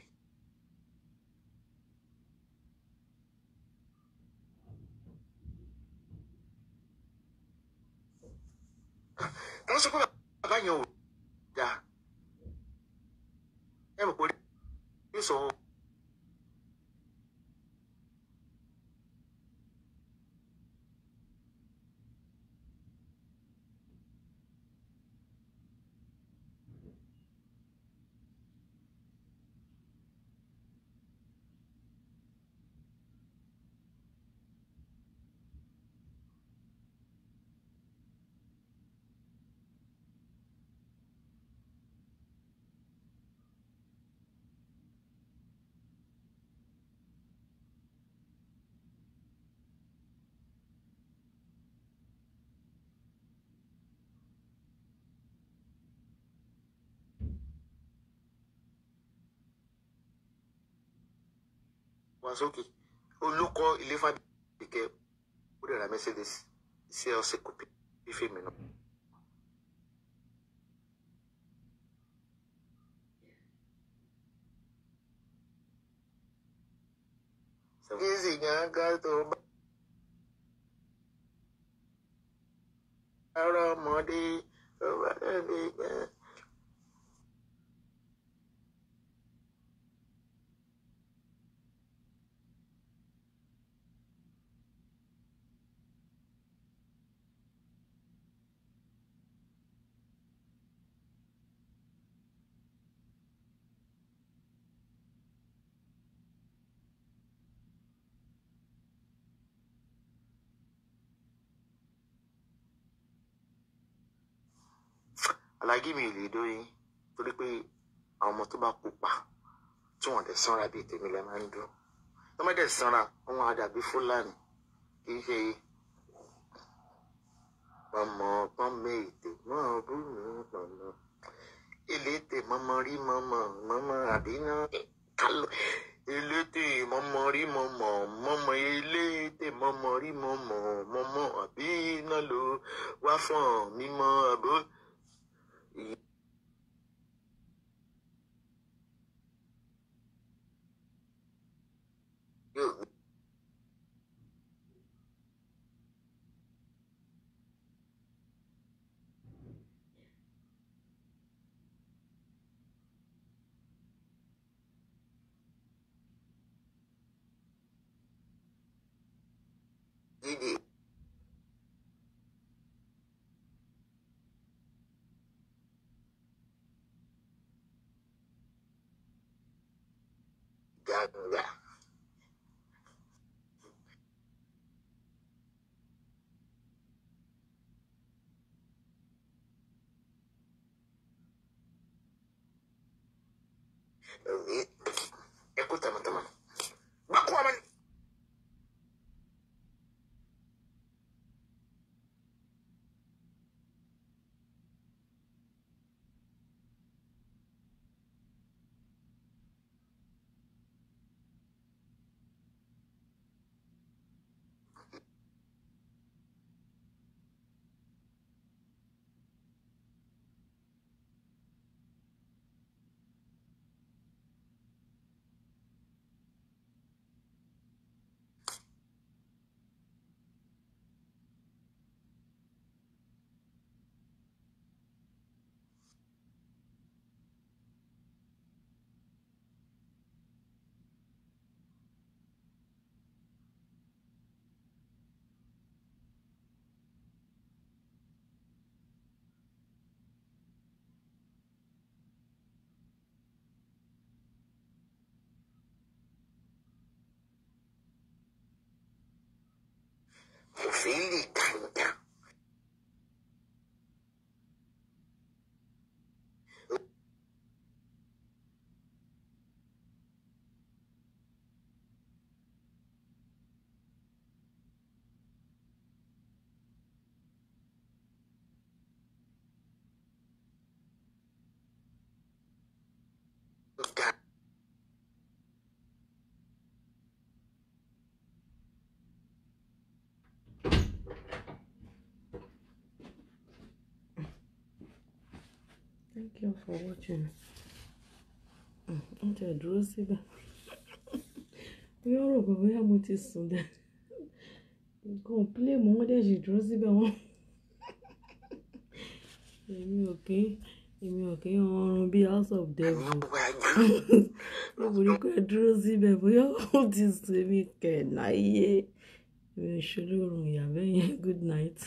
wọ́n sọ pé bàbá yẹn ò dáa ẹ̀ mọ̀ pé yóò sọ ọ́. wá sókè olùkọ́ ilé fàbíkẹ́ ó dẹ̀ ra mercedes sí ọ̀sẹ̀ kò pé fèmí náà. easy gangan tó bá. ọ̀rọ̀ ọmọdé tó bá alágí mi lè dóyin torí pé àwọn ọmọ tó bá pupa tí wọn dẹ̀ sanra bíi tèmi lẹ máa ń dún wọn máa dẹ̀ sanra mama, á dàbí fúlàní kì í ṣe pọmọ pọmọ ètè mọ mama, pọmọ mama, mama, rí mọmọ mọmọ àbínú mama, elétè mama, mama, mọmọ mọmọ mama, mọmọ mama, mama, mọmọ àbínú ló wá fún mímọ àbó. and it evangélica Thank you for watching. Ó tẹ̀ dúró síbẹ̀. Bí ó rò pé bóyá mo ti sùn dẹ̀. Nǹkan play mọ́ wọ́n dẹ̀ sì dúró síbẹ̀ wọ́n. Èmi ò kí èmi ò kí ọrùn bíi House of Devil. Mo kò ní kó ẹ dúró síbẹ̀ bóyá ó ti sùn èmi kẹ̀ láyé. Mi ò ṣe olórun ìyàbẹ̀ yẹn good night.